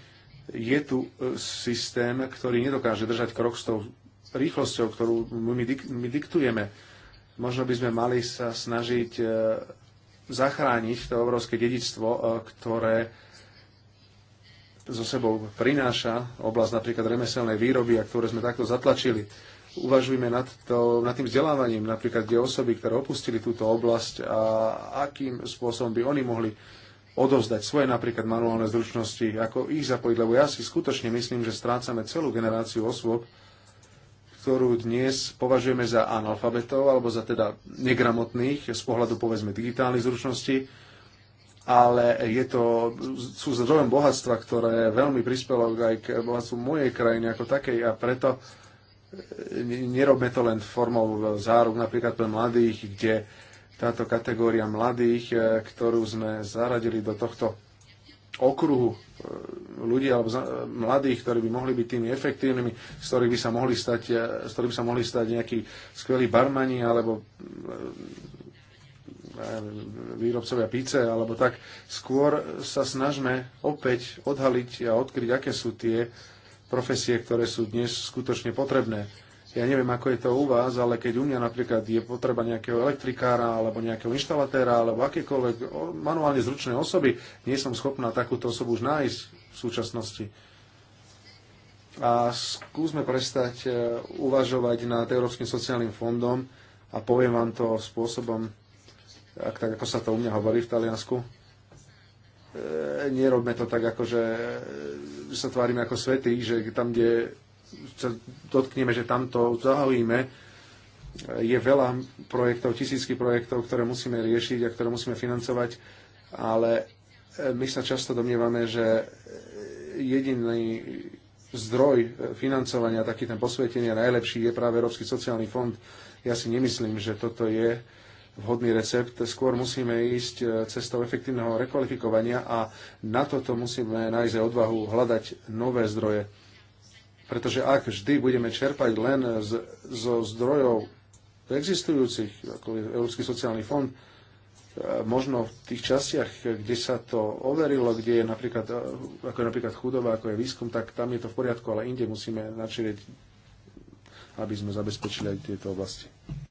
je tu e, systém, ktorý nedokáže držať krok s tou rýchlosťou, ktorú my, dik- my diktujeme. Možno by sme mali sa snažiť e, zachrániť to obrovské dedictvo, ktoré zo sebou prináša oblasť napríklad remeselnej výroby, a ktoré sme takto zatlačili. Uvažujme nad, to, nad tým vzdelávaním, napríklad tie osoby, ktoré opustili túto oblasť a akým spôsobom by oni mohli odovzdať svoje napríklad manuálne zručnosti, ako ich zapojiť, lebo ja si skutočne myslím, že strácame celú generáciu osôb, ktorú dnes považujeme za analfabetov alebo za teda negramotných z pohľadu povedzme digitálnych zručností, ale je to, sú zdrojom bohatstva, ktoré veľmi prispelo aj k bohatstvu mojej krajiny ako takej a preto e, nerobme to len formou záruk napríklad pre mladých, kde táto kategória mladých, e, ktorú sme zaradili do tohto okruhu e, ľudí alebo mladých, ktorí by mohli byť tými efektívnymi, z ktorých by sa mohli stať, z ktorých by sa mohli stať nejakí skvelí barmani alebo E, výrobcovia píce alebo tak. Skôr sa snažme opäť odhaliť a odkryť, aké sú tie profesie, ktoré sú dnes skutočne potrebné. Ja neviem, ako je to u vás, ale keď u mňa napríklad je potreba nejakého elektrikára alebo nejakého inštalatéra alebo akékoľvek manuálne zručné osoby, nie som schopná takúto osobu už nájsť v súčasnosti. A skúsme prestať e, uvažovať nad Európskym sociálnym fondom a poviem vám to spôsobom, ak tak ako sa to u mňa hovorí v Taliansku, e, nerobme to tak, ako že e, sa tvárime ako svety, že tam, kde sa dotkneme, že tamto zahojíme, e, je veľa projektov, tisícky projektov, ktoré musíme riešiť a ktoré musíme financovať, ale my sa často domnievame, že jediný zdroj financovania, taký ten posvetenie najlepší je práve Európsky sociálny fond. Ja si nemyslím, že toto je vhodný recept. Skôr musíme ísť e, cestou efektívneho rekvalifikovania a na toto musíme nájsť aj odvahu hľadať nové zdroje. Pretože ak vždy budeme čerpať len z, zo zdrojov existujúcich, ako je Európsky sociálny fond, e, možno v tých častiach, kde sa to overilo, kde je napríklad, e, ako je napríklad chudoba, ako je výskum, tak tam je to v poriadku, ale inde musíme načrieť, aby sme zabezpečili aj tieto oblasti.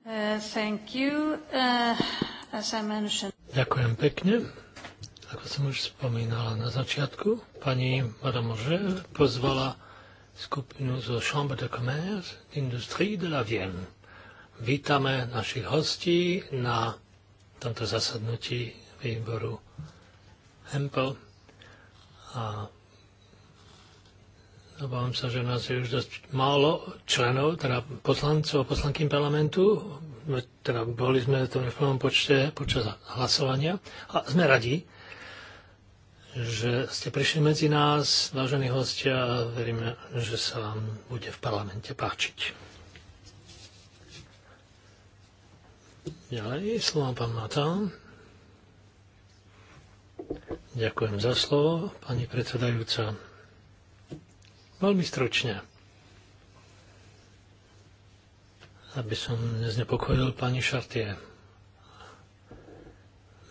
Uh, uh, mentioned... Ďakujem pekne. Ako som už spomínala na začiatku, pani Madame Roger pozvala skupinu zo Chambre de commerce d'Industrie de la Vienne. Vítame našich hostí na tomto zasadnutí výboru Hempel a Obávam sa, že nás je už dosť málo členov, teda poslancov a poslanky parlamentu. Teda boli sme to v plnom počte počas hlasovania. A sme radi, že ste prišli medzi nás, vážení hostia, a veríme, že sa vám bude v parlamente páčiť. Ďalej, slovo pán Mata. Ďakujem za slovo, pani predsedajúca. Veľmi stručne. Aby som neznepokojil pani Šartie.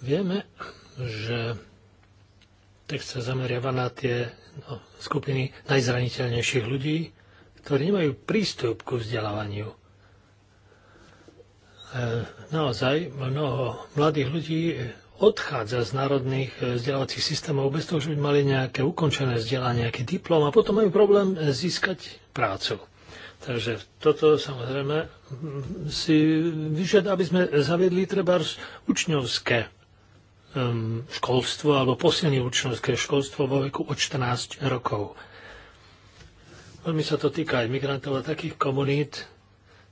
Vieme, že text sa zameriava na tie no, skupiny najzraniteľnejších ľudí, ktorí nemajú prístup ku vzdelávaniu. E, naozaj mnoho mladých ľudí odchádza z národných e, vzdelávacích systémov bez toho, že by mali nejaké ukončené vzdelanie, nejaký diplom a potom majú problém e, získať prácu. Takže toto samozrejme si vyžiada, aby sme zaviedli treba učňovské školstvo alebo posilní učňovské školstvo vo veku od 14 rokov. Veľmi sa to týka aj migrantov a takých komunít,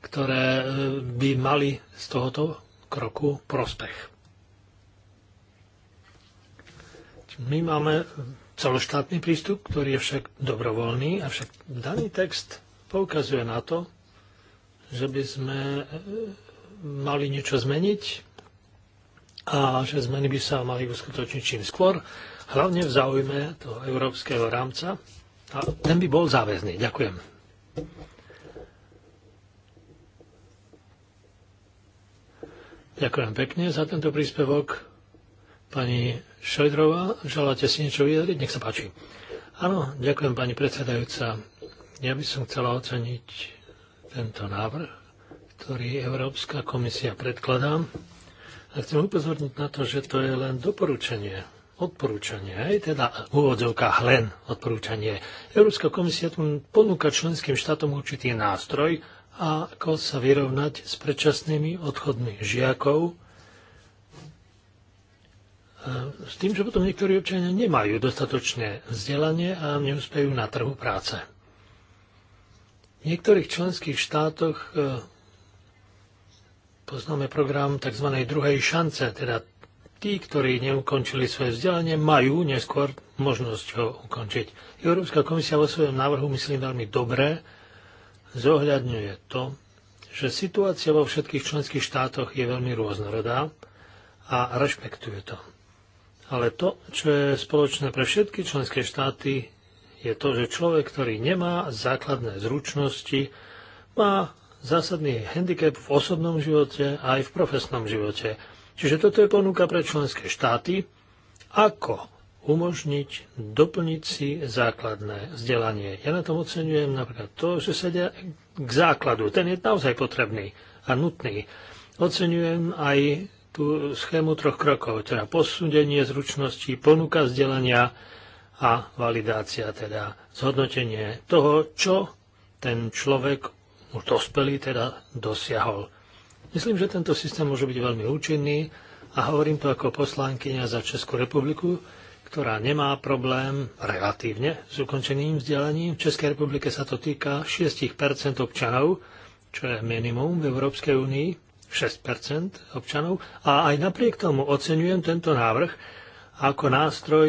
ktoré e, by mali z tohoto kroku prospech. My máme celoštátny prístup, ktorý je však dobrovoľný, avšak daný text poukazuje na to, že by sme e, mali niečo zmeniť a že zmeny by sa mali uskutočniť čím skôr, hlavne v záujme toho európskeho rámca. A ten by bol záväzný. Ďakujem. Ďakujem pekne za tento príspevok. Pani Šojdrová, želáte si niečo vyjadriť? Nech sa páči. Áno, ďakujem pani predsedajúca. Ja by som chcela oceniť tento návrh, ktorý Európska komisia predkladá. A chcem upozorniť na to, že to je len doporučenie, odporúčanie, hej, teda v úvodzovkách len odporúčanie. Európska komisia tu ponúka členským štátom určitý nástroj, ako sa vyrovnať s predčasnými odchodmi žiakov s tým, že potom niektorí občania nemajú dostatočné vzdelanie a neúspejú na trhu práce. V niektorých členských štátoch e, poznáme program tzv. druhej šance, teda tí, ktorí neukončili svoje vzdelanie, majú neskôr možnosť ho ukončiť. Európska komisia vo svojom návrhu, myslím, veľmi dobre zohľadňuje to, že situácia vo všetkých členských štátoch je veľmi rôznorodá a rešpektuje to. Ale to, čo je spoločné pre všetky členské štáty, je to, že človek, ktorý nemá základné zručnosti, má zásadný handicap v osobnom živote a aj v profesnom živote. Čiže toto je ponuka pre členské štáty, ako umožniť doplniť si základné vzdelanie. Ja na tom oceňujem napríklad to, že sa ide k základu. Ten je naozaj potrebný a nutný. Oceňujem aj tú schému troch krokov, teda posúdenie zručnosti, ponuka vzdelania a validácia, teda zhodnotenie toho, čo ten človek, už dospelý, teda dosiahol. Myslím, že tento systém môže byť veľmi účinný a hovorím to ako poslankyňa za Českú republiku, ktorá nemá problém relatívne s ukončeným vzdelaním. V Českej republike sa to týka 6 občanov, čo je minimum v Európskej únii. 6 občanov. A aj napriek tomu oceňujem tento návrh ako nástroj,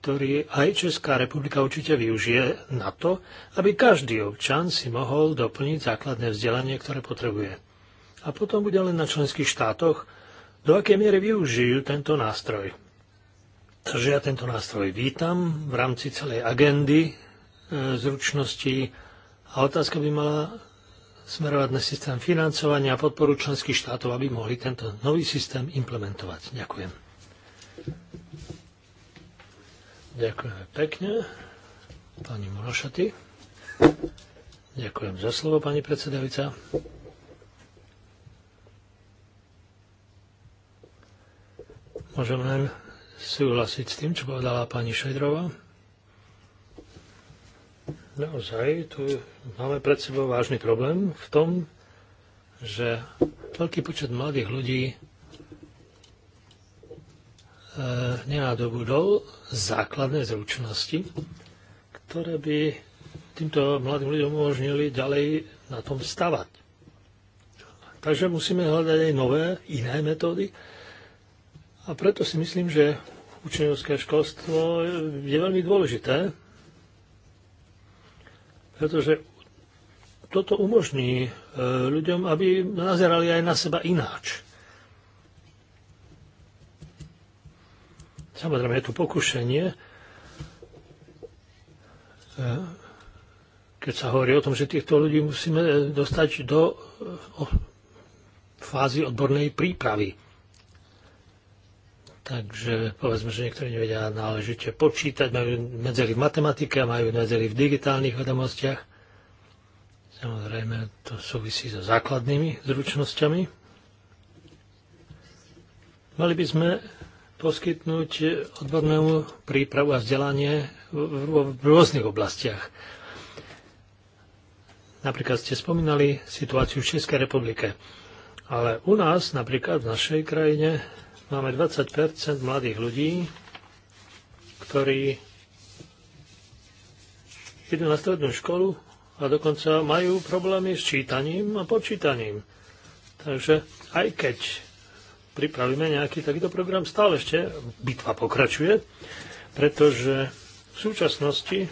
ktorý aj Česká republika určite využije na to, aby každý občan si mohol doplniť základné vzdelanie, ktoré potrebuje. A potom bude len na členských štátoch, do akej miery využijú tento nástroj. Takže ja tento nástroj vítam v rámci celej agendy e, zručnosti a otázka by mala smerovať na systém financovania a podporu členských štátov, aby mohli tento nový systém implementovať. Ďakujem. Ďakujeme pekne. Pani Morošaty. Ďakujem za slovo, pani predsedajúca. Môžem len súhlasiť s tým, čo povedala pani Šajdrova naozaj tu máme pred sebou vážny problém v tom, že veľký počet mladých ľudí e, nenadobudol základné zručnosti, ktoré by týmto mladým ľuďom umožnili ďalej na tom stavať. Takže musíme hľadať aj nové, iné metódy. A preto si myslím, že učňovské školstvo je veľmi dôležité pretože toto umožní e, ľuďom, aby nazerali aj na seba ináč. Samozrejme, je tu pokušenie, e, keď sa hovorí o tom, že týchto ľudí musíme dostať do e, fázy odbornej prípravy. Takže povedzme, že niektorí nevedia náležite počítať, majú medzery v matematike a majú medzery v digitálnych vedomostiach. Samozrejme, to súvisí so základnými zručnosťami. Mali by sme poskytnúť odbornému prípravu a vzdelanie v rôznych oblastiach. Napríklad ste spomínali situáciu v Českej republike. Ale u nás, napríklad v našej krajine, Máme 20 mladých ľudí, ktorí idú na strednú školu a dokonca majú problémy s čítaním a počítaním. Takže aj keď pripravíme nejaký takýto program, stále ešte bitva pokračuje, pretože v súčasnosti e,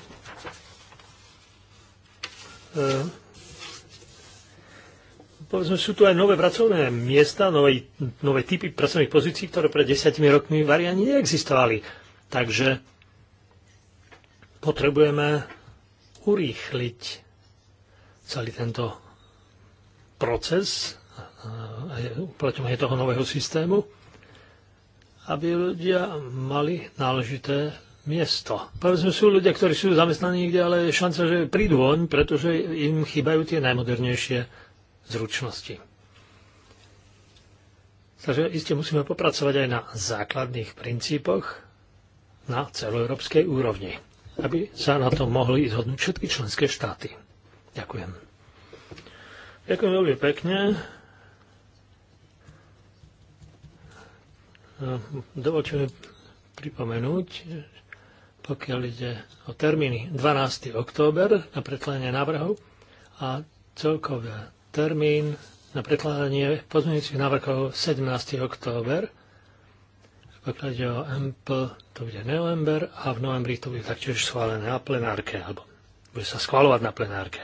povedzme, sú tu aj nové pracovné miesta, nové, nové typy pracovných pozícií, ktoré pred desiatimi rokmi v ani neexistovali. Takže potrebujeme urýchliť celý tento proces uplatňovanie toho nového systému, aby ľudia mali náležité miesto. Povedzme, sú ľudia, ktorí sú zamestnaní niekde, ale je šanca, že prídu oň, pretože im chýbajú tie najmodernejšie zručnosti. Takže iste musíme popracovať aj na základných princípoch na celoeurópskej úrovni, aby sa na to mohli zhodnúť všetky členské štáty. Ďakujem. Ďakujem veľmi pekne. Dovolte mi pripomenúť, pokiaľ ide o termíny 12. október na pretlenie návrhov a celkové termín na prekladanie pozmeňujúcich návrhov 17. október. V preklade o MP, to bude november a v novembri to bude taktiež schválené na plenárke, alebo bude sa schváľovať na plenárke.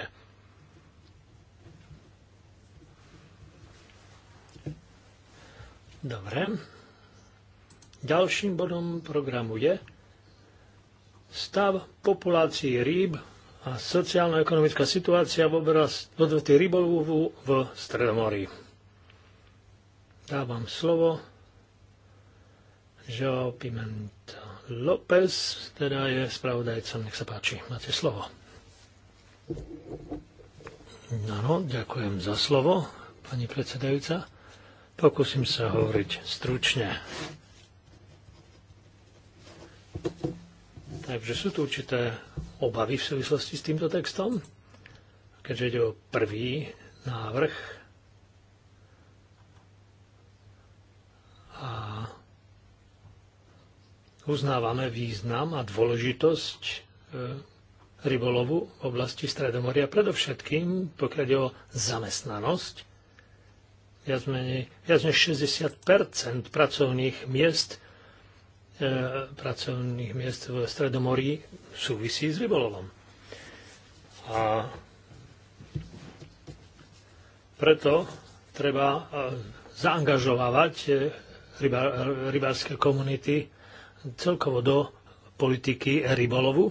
Dobre. Ďalším bodom programu je stav populácií rýb a sociálno-ekonomická situácia v odvetví rybolovu v Stredomorí. Dávam slovo João Pimenta López, teda je spravodajcom. Nech sa páči, máte slovo. No, ďakujem za slovo, pani predsedajúca. Pokúsim sa hovoriť stručne. Takže sú tu určité obavy v súvislosti s týmto textom, keďže ide o prvý návrh. A uznávame význam a dôležitosť e, rybolovu v oblasti Stredomoria, predovšetkým pokiaľ ide o zamestnanosť. Viac, menej, viac než 60 pracovných miest E, pracovných miest v Stredomorí súvisí s rybolovom. A preto treba e, zaangažovať e, rybárske komunity celkovo do politiky rybolovu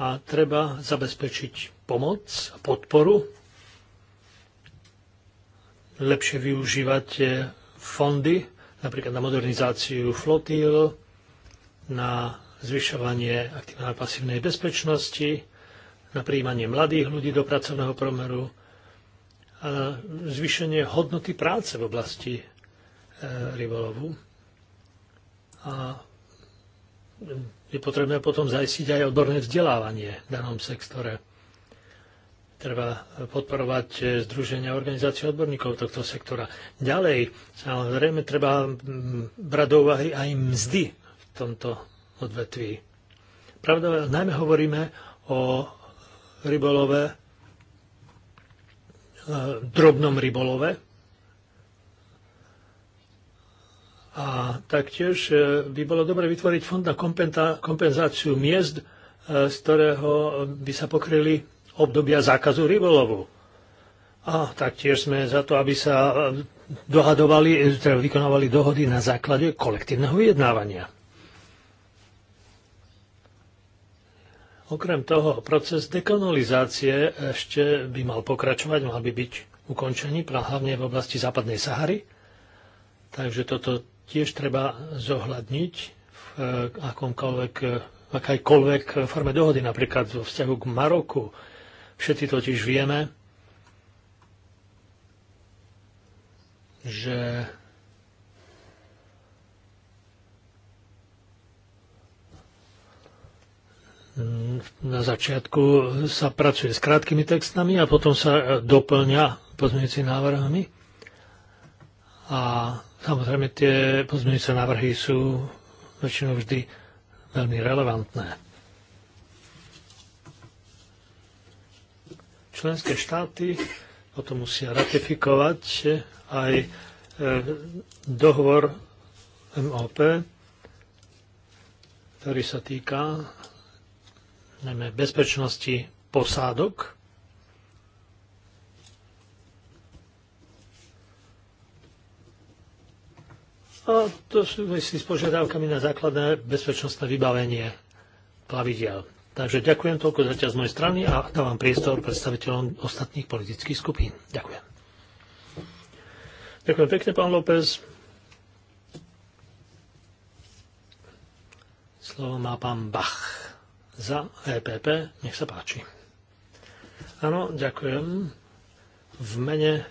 a treba zabezpečiť pomoc a podporu, lepšie využívať fondy napríklad na modernizáciu flotíl, na zvyšovanie aktívnej a pasívnej bezpečnosti, na príjmanie mladých ľudí do pracovného promeru a na zvýšenie hodnoty práce v oblasti e, rybolovu. A je potrebné potom zajistiť aj odborné vzdelávanie v danom sektore treba podporovať eh, Združenia organizácií odborníkov tohto sektora. Ďalej, samozrejme, treba mm, brať do úvahy aj mzdy v tomto odvetví. Pravda, najmä hovoríme o rybolove, eh, drobnom rybolove, a taktiež eh, by bolo dobre vytvoriť fond na kompenzáciu miest, z ktorého by sa pokryli obdobia zákazu rybolovu. A taktiež sme za to, aby sa e, dohadovali, e, teda vykonávali dohody na základe kolektívneho vyjednávania. Okrem toho, proces dekolonizácie ešte by mal pokračovať, mal by byť ukončený, hlavne v oblasti západnej Sahary. Takže toto tiež treba zohľadniť v e, akomkoľvek v akajkoľvek forme dohody, napríklad vo vzťahu k Maroku, Všetci totiž vieme, že na začiatku sa pracuje s krátkými textami a potom sa doplňa pozmeňujúci návrhmi. A samozrejme tie pozmeňujúce návrhy sú väčšinou vždy veľmi relevantné. členské štáty potom musia ratifikovať eh, aj eh, dohovor MOP, ktorý sa týka najmä bezpečnosti posádok. A to súvisí s požiadavkami na základné bezpečnostné vybavenie plavidel. Takže ďakujem toľko zatiaľ z mojej strany a dávam priestor predstaviteľom ostatných politických skupín. Ďakujem. Ďakujem pekne, pán López. Slovo má pán Bach za EPP. Nech sa páči. Áno, ďakujem. V mene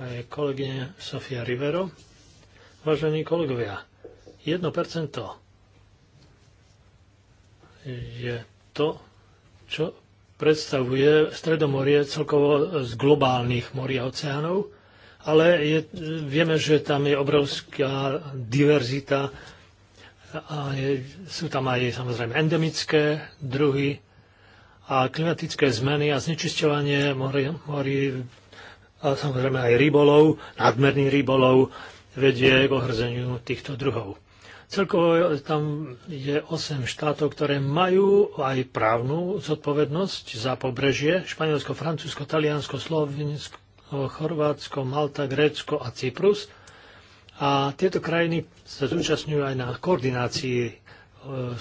mojej kolegyne Sofia Rivero. Vážení kolegovia, 1% je to, čo predstavuje Stredomorie celkovo z globálnych morí a oceánov, ale je, vieme, že tam je obrovská diverzita a je, sú tam aj samozrejme endemické druhy a klimatické zmeny a znečisťovanie morí, morí a samozrejme aj rybolov, nadmerný rybolov vedie k ohrzeniu týchto druhov. Celkovo e, tam je 8 štátov, ktoré majú aj právnu zodpovednosť za pobrežie. Španielsko, Francúzsko, Taliansko, Slovinsko, Chorvátsko, Malta, Grécko a Cyprus. A tieto krajiny sa zúčastňujú aj na koordinácii e,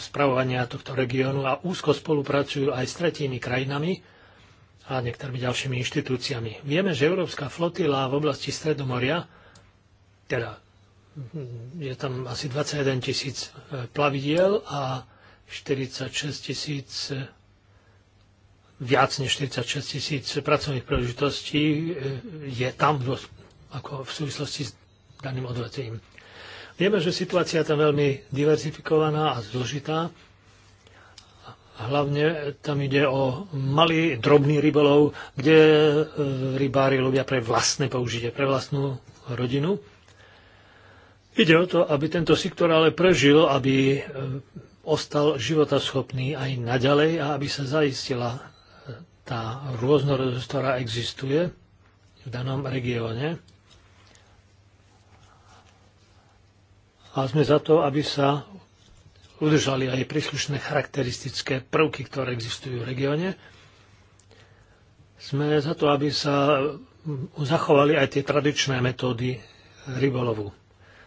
spravovania tohto regiónu a úzko spolupracujú aj s tretími krajinami, a niektorými ďalšími inštitúciami. Vieme, že Európska flotila v oblasti Stredomoria, teda je tam asi 21 tisíc e, plavidiel a 46 tisíc e, viac než 46 tisíc pracovných príležitostí e, je tam ako v súvislosti s daným odvetvím. Vieme, že situácia je tam veľmi diverzifikovaná a zložitá. Hlavne tam ide o malý, drobný rybolov, kde rybári ľudia pre vlastné použitie, pre vlastnú rodinu. Ide o to, aby tento sektor ale prežil, aby e, ostal životaschopný aj naďalej a aby sa zaistila e, tá rôznorodosť, ktorá existuje v danom regióne. A sme za to, aby sa udržali aj príslušné charakteristické prvky, ktoré existujú v regióne. Sme za to, aby sa zachovali aj tie tradičné metódy rybolovu.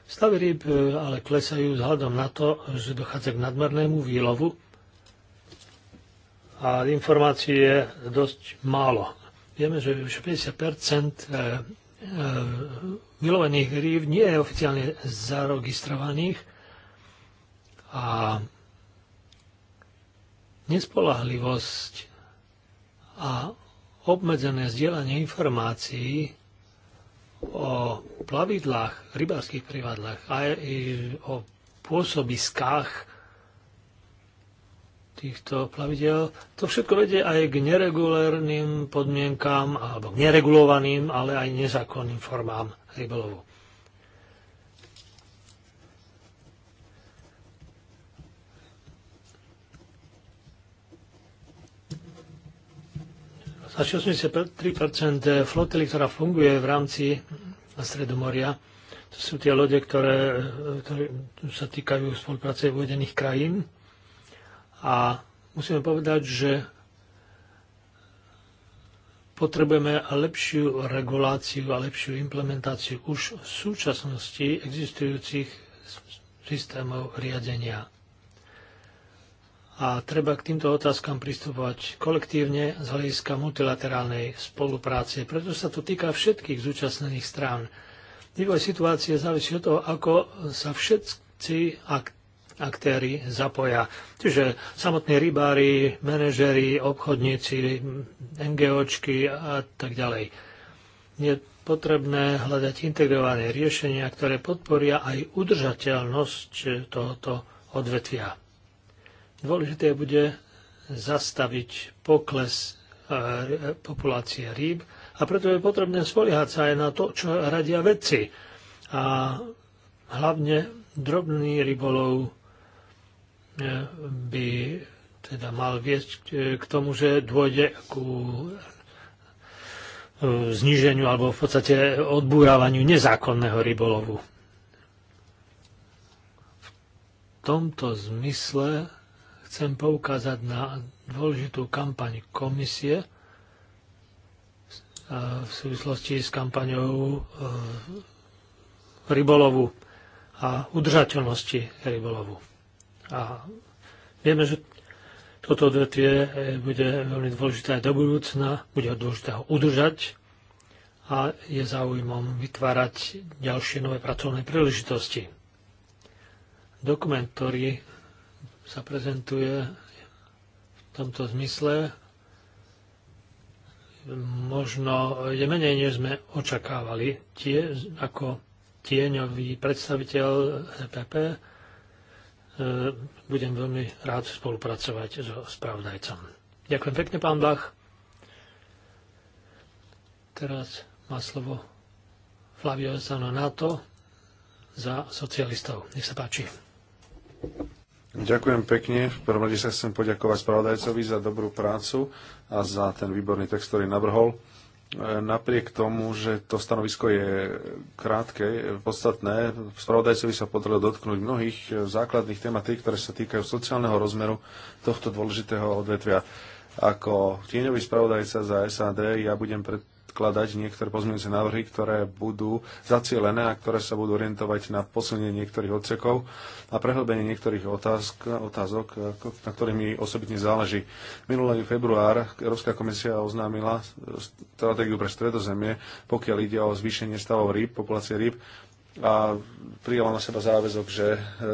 Stavy rýb e, ale klesajú vzhľadom na to, že dochádza k nadmernému výlovu a informácií je dosť málo. Vieme, že 50 e, e, vylovených rýb nie je oficiálne zaregistrovaných a nespolahlivosť a obmedzené zdieľanie informácií o plavidlách, rybárských privadlách a o pôsobiskách týchto plavidel. To všetko vedie aj k neregulárnym podmienkám alebo k neregulovaným, ale aj nezákonným formám rybolovu. Až 83 flotily, ktorá funguje v rámci Stredomoria, to sú tie lode, ktoré, ktoré sa týkajú spolupráce uvedených krajín. A musíme povedať, že potrebujeme lepšiu reguláciu a lepšiu implementáciu už v súčasnosti existujúcich systémov riadenia a treba k týmto otázkam pristupovať kolektívne z hľadiska multilaterálnej spolupráce, preto sa to týka všetkých zúčastnených strán. Vývoj situácie závisí od toho, ako sa všetci ak- aktéry zapoja. Čiže samotní rybári, manažeri, obchodníci, NGOčky a tak ďalej. Je potrebné hľadať integrované riešenia, ktoré podporia aj udržateľnosť tohoto odvetvia. Dôležité bude zastaviť pokles e, e, populácie rýb a preto je potrebné spoliehať sa aj na to, čo radia vedci. A hlavne drobný rybolov e, by teda mal viesť k tomu, že dôjde ku zniženiu alebo v podstate odbúravaniu nezákonného rybolovu. V tomto zmysle chcem poukázať na dôležitú kampaň komisie e, v súvislosti s kampaňou e, rybolovu a udržateľnosti rybolovu. A vieme, že toto odvetvie e, bude veľmi dôležité aj do budúcna, bude dôležité ho udržať a je záujmom vytvárať ďalšie nové pracovné príležitosti. Dokument, ktorý sa prezentuje v tomto zmysle, možno je menej, než sme očakávali. Tie, ako tieňový predstaviteľ EPP e, budem veľmi rád spolupracovať so spravodajcom. Ďakujem pekne, pán Bach. Teraz má slovo Flavio NATO za socialistov. Nech sa páči. Ďakujem pekne. V prvom rade sa chcem poďakovať spravodajcovi za dobrú prácu a za ten výborný text, ktorý navrhol. E, napriek tomu, že to stanovisko je krátke, podstatné, spravodajcovi sa podarilo dotknúť mnohých e, základných tematík, ktoré sa týkajú sociálneho rozmeru tohto dôležitého odvetvia. Ako tieňový spravodajca za SAD ja budem pred predkladať niektoré pozmeňujúce návrhy, ktoré budú zacielené a ktoré sa budú orientovať na posunenie niektorých odsekov a prehlbenie niektorých otázk, otázok, na ktorými osobitne záleží. Minulý február Európska komisia oznámila stratégiu pre stredozemie, pokiaľ ide o zvýšenie stavov rýb, populácie rýb a prijala na seba záväzok, že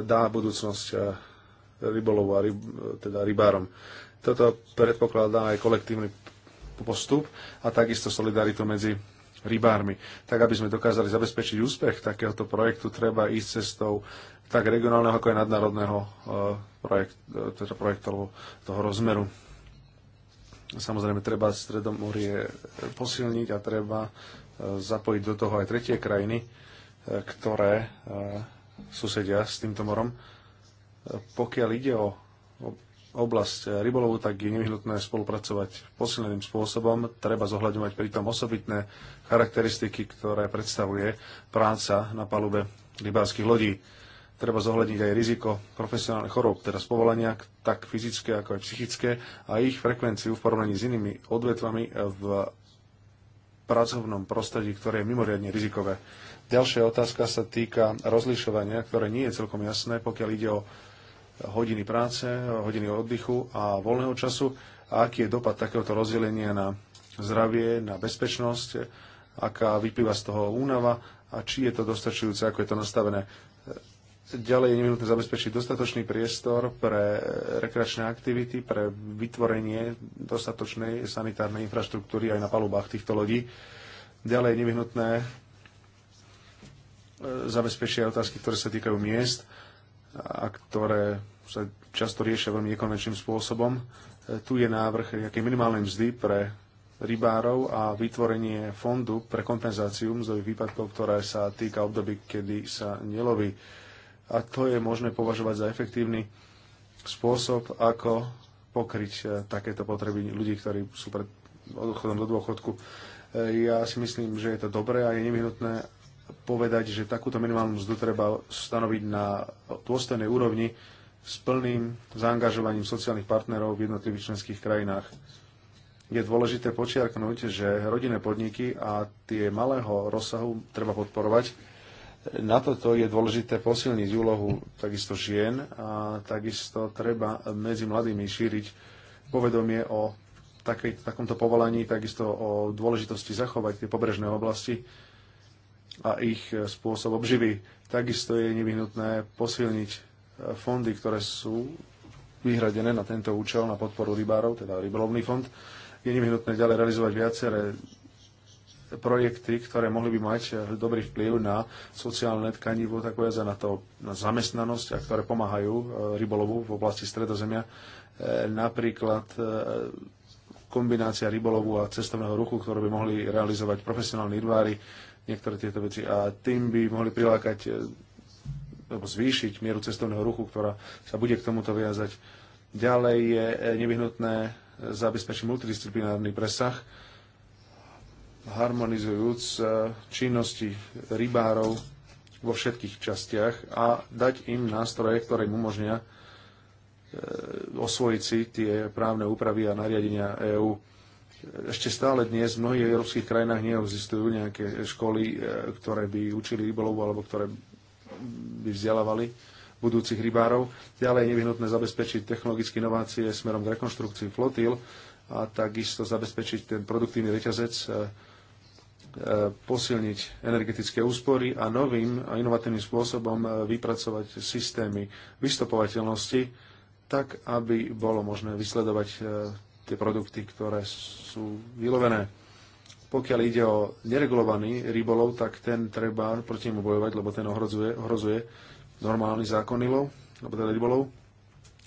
dá budúcnosť rybolovu a ryb, teda rybárom. Toto predpokladá aj kolektívny postup a takisto solidaritu medzi rybármi. Tak, aby sme dokázali zabezpečiť úspech takéhoto projektu, treba ísť cestou tak regionálneho, ako aj nadnárodného eh, projektu, eh, teda projektov toho rozmeru. Samozrejme, treba Stredomorie eh, posilniť a treba zapojiť do toho aj tretie krajiny, ktoré susedia s týmto morom. Pokiaľ ide o oblasť rybolovu, tak je nevyhnutné spolupracovať posilným spôsobom. Treba zohľadňovať pritom osobitné charakteristiky, ktoré predstavuje práca na palube rybárskych lodí. Treba zohľadniť aj riziko profesionálnych chorób, teda z povolenia, tak fyzické ako aj psychické, a ich frekvenciu v porovnaní s inými odvetvami v pracovnom prostredí, ktoré je mimoriadne rizikové. Ďalšia otázka sa týka rozlišovania, ktoré nie je celkom jasné, pokiaľ ide o hodiny práce, hodiny oddychu a voľného času a aký je dopad takéhoto rozdelenia na zdravie, na bezpečnosť, aká vyplýva z toho únava a či je to dostačujúce, ako je to nastavené. Ďalej je nevyhnutné zabezpečiť dostatočný priestor pre rekreačné aktivity, pre vytvorenie dostatočnej sanitárnej infraštruktúry aj na palubách týchto lodí. Ďalej je nevyhnutné zabezpečiť aj otázky, ktoré sa týkajú miest, a ktoré sa často riešia veľmi nekonečným spôsobom. E, tu je návrh nejakej minimálnej mzdy pre rybárov a vytvorenie fondu pre kompenzáciu mzdových výpadkov, ktoré sa týka období, kedy sa neloví. A to je možné považovať za efektívny spôsob, ako pokryť e, takéto potreby ľudí, ktorí sú pred odchodom do dôchodku. E, ja si myslím, že je to dobré a je nevyhnutné, povedať, že takúto minimálnu mzdu treba stanoviť na dôstojnej úrovni s plným zaangažovaním sociálnych partnerov v jednotlivých členských krajinách. Je dôležité počiarknúť, že rodinné podniky a tie malého rozsahu treba podporovať. Na toto je dôležité posilniť úlohu takisto žien a takisto treba medzi mladými šíriť povedomie o takej, takomto povolaní, takisto o dôležitosti zachovať tie pobrežné oblasti a ich e, spôsob obživy. Takisto je nevyhnutné posilniť e, fondy, ktoré sú vyhradené na tento účel, na podporu rybárov, teda rybolovný fond. Je nevyhnutné ďalej realizovať viaceré projekty, ktoré mohli by mať e, dobrý vplyv na sociálne tkanivo, takové za na to na zamestnanosť a ktoré pomáhajú rybolovu v oblasti stredozemia. Napríklad kombinácia rybolovu a cestovného ruchu, ktoré by mohli realizovať profesionálni rybári, niektoré tieto veci a tým by mohli prilákať e, alebo zvýšiť mieru cestovného ruchu, ktorá sa bude k tomuto viazať. Ďalej je e, nevyhnutné zabezpečiť multidisciplinárny presah, harmonizujúc e, činnosti rybárov vo všetkých častiach a dať im nástroje, ktoré im umožnia osvojiť si tie právne úpravy a nariadenia EÚ ešte stále dnes v mnohých európskych krajinách neexistujú nejaké školy, e, ktoré by učili rybolovu alebo ktoré by vzdelávali budúcich rybárov. Ďalej je nevyhnutné zabezpečiť technologické inovácie smerom k rekonštrukcii flotil a takisto zabezpečiť ten produktívny reťazec, e, e, posilniť energetické úspory a novým a inovatívnym spôsobom vypracovať systémy vystopovateľnosti, tak aby bolo možné vysledovať tie produkty, ktoré sú vylovené. Pokiaľ ide o neregulovaný rybolov, tak ten treba proti nemu bojovať, lebo ten ohrozuje, ohrozuje normálny zákon rybolov, alebo teda rybolov.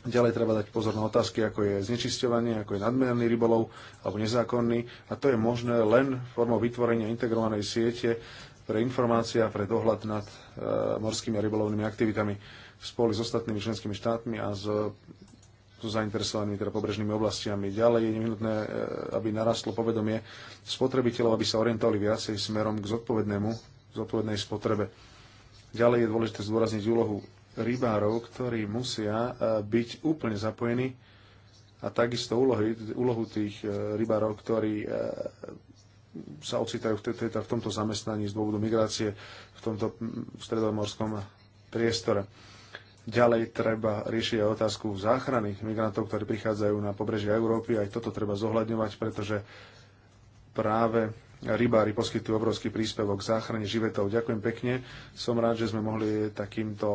Ďalej treba dať pozor na otázky, ako je znečisťovanie, ako je nadmerný rybolov alebo nezákonný. A to je možné len formou vytvorenia integrovanej siete pre informácie a pre dohľad nad e, morskými a rybolovnými aktivitami spolu s ostatnými členskými štátmi a s so zainteresovanými teda pobrežnými oblastiami. Ďalej je nevyhnutné, e, aby narastlo povedomie spotrebiteľov, aby sa orientovali viacej smerom k zodpovednému, zodpovednej spotrebe. Ďalej je dôležité zdôrazniť úlohu rybárov, ktorí musia e, byť úplne zapojení a takisto úlohy, úlohu tých e, rybárov, ktorí sa ocitajú teda v tomto zamestnaní z dôvodu migrácie v tomto stredomorskom priestore Ďalej treba riešiť aj otázku záchrany migrantov, ktorí prichádzajú na pobrežie Európy. Aj toto treba zohľadňovať, pretože práve rybári poskytujú obrovský príspevok k záchrane živetov. Ďakujem pekne. Som rád, že sme mohli takýmto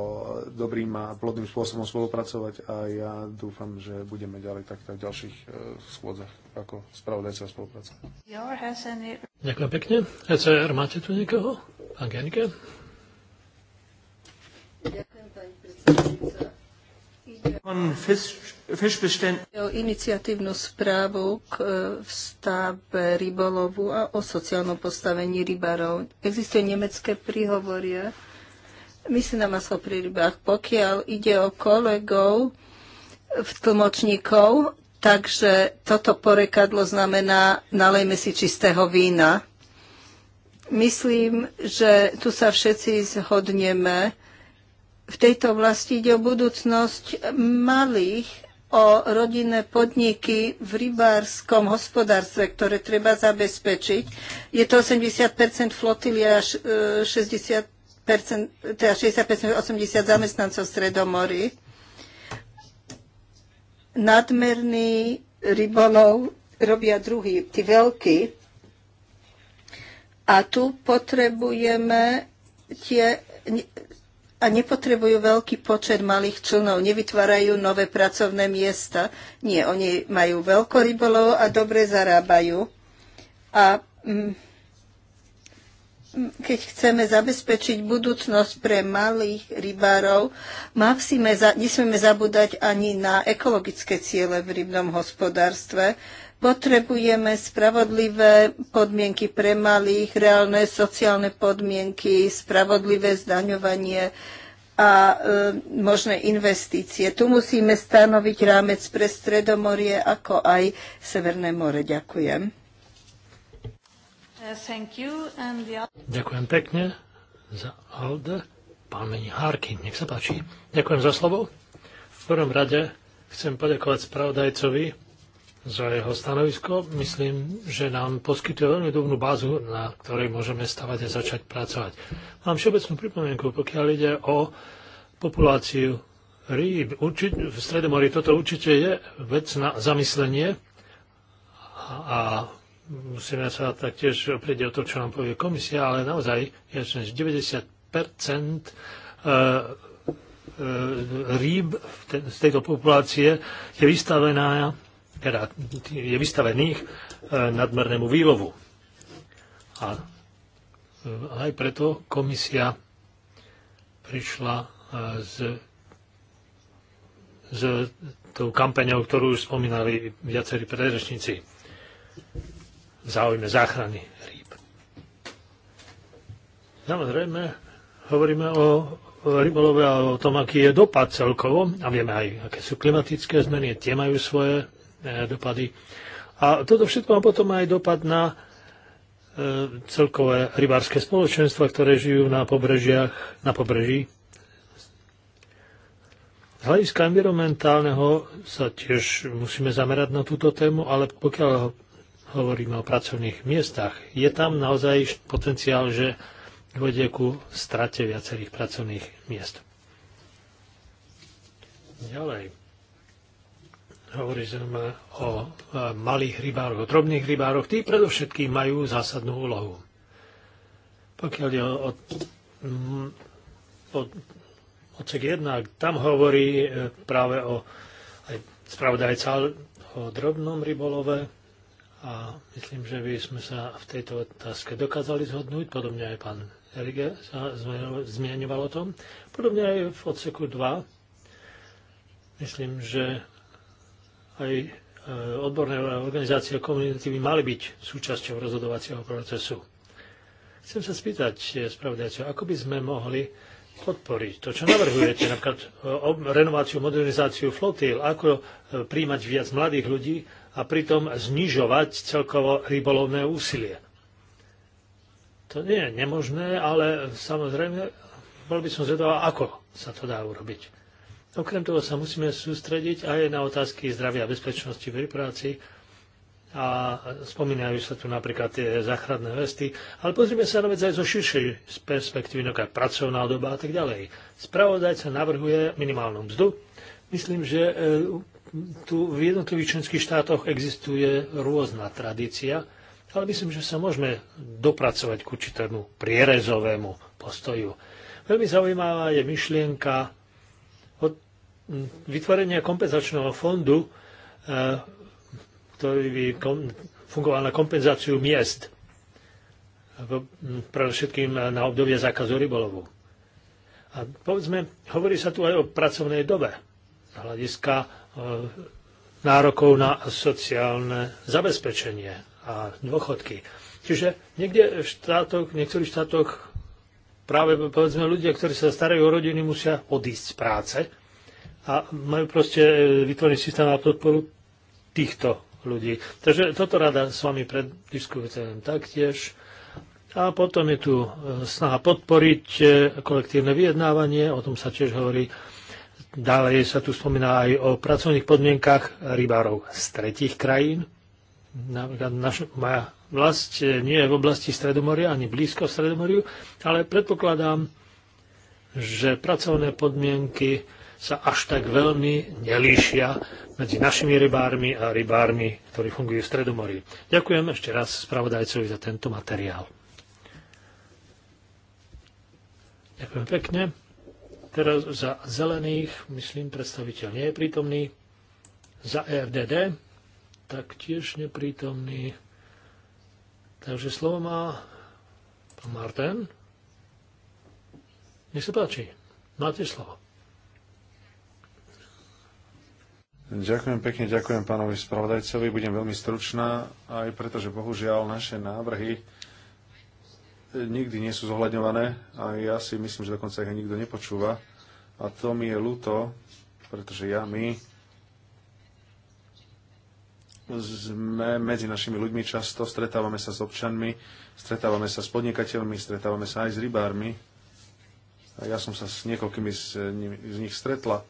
dobrým a plodným spôsobom spolupracovať a ja dúfam, že budeme ďalej takto v ďalších e, schôdzach ako spravodajca spolupráca. Ďakujem pekne. ECR, máte tu niekoho? Genke? iniciatívnu správu k e, stave rybolovu a o sociálnom postavení rybárov. Existuje nemecké príhovorie, myslím na maslo pri rybách, pokiaľ ide o kolegov, v tlmočníkov, takže toto porekadlo znamená nalejme si čistého vína. Myslím, že tu sa všetci zhodneme, v tejto oblasti ide o budúcnosť malých, o rodinné podniky v rybárskom hospodárstve, ktoré treba zabezpečiť. Je to 80 až 60 teda 60 80 zamestnancov stredomory. Nadmerný rybolov robia druhý, tí veľkí. A tu potrebujeme tie a nepotrebujú veľký počet malých člnov, nevytvárajú nové pracovné miesta. Nie, oni majú veľko rybolov a dobre zarábajú. A mm, mm, keď chceme zabezpečiť budúcnosť pre malých rybárov, nesmieme zabúdať ani na ekologické ciele v rybnom hospodárstve. Potrebujeme spravodlivé podmienky pre malých, reálne sociálne podmienky, spravodlivé zdaňovanie a e, možné investície. Tu musíme stanoviť rámec pre Stredomorie, ako aj Severné more. Ďakujem. Uh, the... Ďakujem pekne za Alde. Pán Meni Harkin, nech sa páči. Ďakujem za slovo. V prvom rade chcem poďakovať spravodajcovi za jeho stanovisko. Myslím, že nám poskytuje veľmi dobrú bázu, na ktorej môžeme stavať a začať pracovať. Mám všeobecnú pripomienku, pokiaľ ide o populáciu rýb. Určite, v Stredomorí toto určite je vec na zamyslenie a musíme sa taktiež oprieť o to, čo nám povie komisia, ale naozaj je 90 e, e, rýb z tejto populácie je vystavená teda je vystavených e, nadmernému výlovu. A e, aj preto komisia prišla e, s, s tou kampaňou, ktorú už spomínali viacerí predrečníci v záujme záchrany rýb. Samozrejme, hovoríme o rybolove a o tom, aký je dopad celkovo a vieme aj, aké sú klimatické zmeny, tie majú svoje Eh, dopady. A toto všetko má potom aj dopad na eh, celkové rybárske spoločenstva, ktoré žijú na, pobrežiach, na pobreží. Z hľadiska environmentálneho sa tiež musíme zamerať na túto tému, ale pokiaľ hovoríme o pracovných miestach, je tam naozaj potenciál, že dôjde ku strate viacerých pracovných miest. Ďalej hovorí ma o e, malých rybároch, o drobných rybároch, tí predovšetkým majú zásadnú úlohu. Pokiaľ je o, o, odsek 1, tam hovorí e, práve o aj spravodajca o drobnom rybolove a myslím, že by sme sa v tejto otázke dokázali zhodnúť, podobne aj pán Erige sa zmieňoval o tom, podobne aj v odseku 2. Myslím, že aj e, odborné organizácie a komunity by mali byť súčasťou rozhodovacieho procesu. Chcem sa spýtať, e, spravodajcov, ako by sme mohli podporiť to, čo navrhujete, napríklad e, renováciu, modernizáciu flotil, ako príjmať viac mladých ľudí a pritom znižovať celkovo rybolovné úsilie. To nie je nemožné, ale samozrejme, bol by som zvedavá, ako sa to dá urobiť. Okrem toho sa musíme sústrediť aj na otázky zdravia a bezpečnosti pri práci. A spomínajú sa tu napríklad tie záchranné vesty. Ale pozrime sa na vec aj zo širšej perspektívy, ako pracovná doba a tak ďalej. Spravodajca navrhuje minimálnu mzdu. Myslím, že e, tu v jednotlivých členských štátoch existuje rôzna tradícia, ale myslím, že sa môžeme dopracovať k určitému prierezovému postoju. Veľmi zaujímavá je myšlienka vytvorenie kompenzačného fondu, eh, ktorý by fungoval na kompenzáciu miest, eh, predovšetkým eh, na obdobie zákazu rybolovu. A povedzme, hovorí sa tu aj o pracovnej dobe z hľadiska nárokov na sociálne zabezpečenie a dôchodky. Čiže niekde v, štátoch, v niektorých štátoch práve povedzme ľudia, ktorí sa starajú o rodiny, musia odísť z práce a majú proste e, vytvorený systém na podporu týchto ľudí. Takže toto rada s vami prediskutujem taktiež. A potom je tu e, snaha podporiť e, kolektívne vyjednávanie, o tom sa tiež hovorí. Ďalej sa tu spomína aj o pracovných podmienkach rybárov z tretich krajín. Napríklad naš, moja vlast nie je v oblasti Stredomoria, ani blízko Stredomoriu, ale predpokladám, že pracovné podmienky sa až tak veľmi nelíšia medzi našimi rybármi a rybármi, ktorí fungujú v Stredomorí. Ďakujem ešte raz spravodajcovi za tento materiál. Ďakujem pekne. Teraz za zelených, myslím, predstaviteľ nie je prítomný. Za RDD e taktiež neprítomný. Takže slovo má pán Martin. Nech sa páči, máte slovo. Ďakujem pekne, ďakujem pánovi spravodajcovi. Budem veľmi stručná, aj preto, že bohužiaľ naše návrhy nikdy nie sú zohľadňované a ja si myslím, že dokonca ich nikto nepočúva. A to mi je ľúto, pretože ja, my sme medzi našimi ľuďmi často, stretávame sa s občanmi, stretávame sa s podnikateľmi, stretávame sa aj s rybármi. A ja som sa s niekoľkými z nich stretla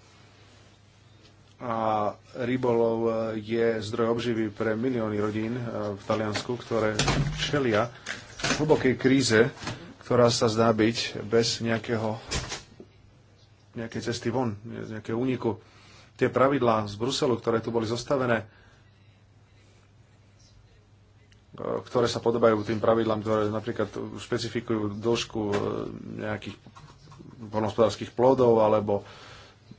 a rybolov e, je zdroj obživy pre milióny rodín e, v Taliansku, ktoré čelia hlbokej kríze, ktorá sa zdá byť bez nejakého, nejakej cesty von, nejakého úniku. Tie pravidlá z Bruselu, ktoré tu boli zostavené, e, ktoré sa podobajú tým pravidlám, ktoré napríklad špecifikujú dĺžku nejakých polnohospodárských plodov alebo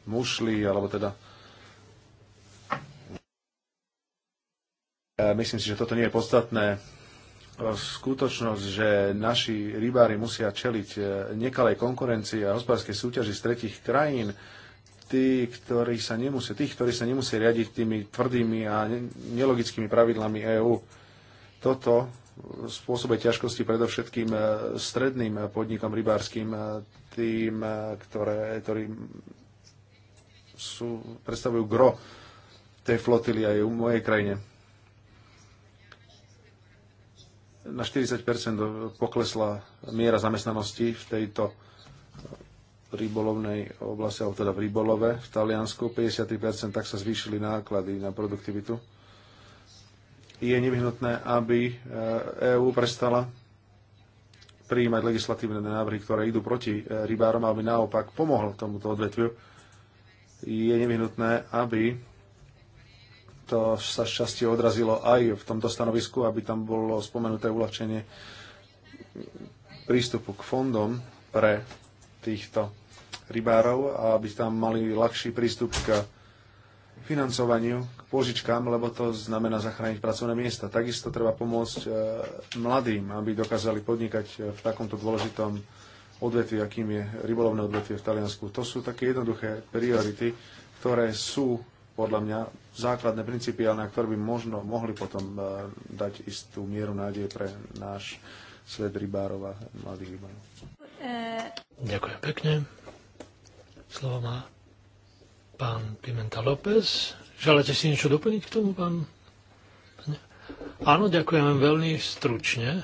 mušli, alebo teda Myslím si, že toto nie je podstatné. Skutočnosť, že naši rybári musia čeliť e, nekalej konkurencii a hospodárskej súťaži z tretich krajín, tí, ktorí sa nemusia, tých, ktorí sa nemusia riadiť tými tvrdými a nelogickými pravidlami EÚ. Toto spôsobuje ťažkosti predovšetkým e, stredným podnikom rybárským, e, tým, ktoré, ktorí sú, predstavujú gro tej flotily aj v mojej krajine. na 40 poklesla miera zamestnanosti v tejto rybolovnej oblasti, alebo teda v rybolove v Taliansku, 50 tak sa zvýšili náklady na produktivitu. Je nevyhnutné, aby EÚ e prestala prijímať legislatívne návrhy, ktoré idú proti e, rybárom, aby naopak pomohlo tomuto odvetviu. Je nevyhnutné, aby to sa šťastie odrazilo aj v tomto stanovisku, aby tam bolo spomenuté uľahčenie prístupu k fondom pre týchto rybárov a aby tam mali ľahší prístup k financovaniu, k požičkám, lebo to znamená zachrániť pracovné miesta. Takisto treba pomôcť e, mladým, aby dokázali podnikať v takomto dôležitom odvetvi, akým je rybolovné odvetvie v Taliansku. To sú také jednoduché priority, ktoré sú podľa mňa základné principiálne, ktoré by možno mohli potom e, dať istú mieru nádeje pre náš svet rybárov a mladých rybárov. E- ďakujem pekne. Slovo má pán Pimenta López. Želáte si niečo doplniť k tomu, pán? Áno, ďakujem veľmi stručne.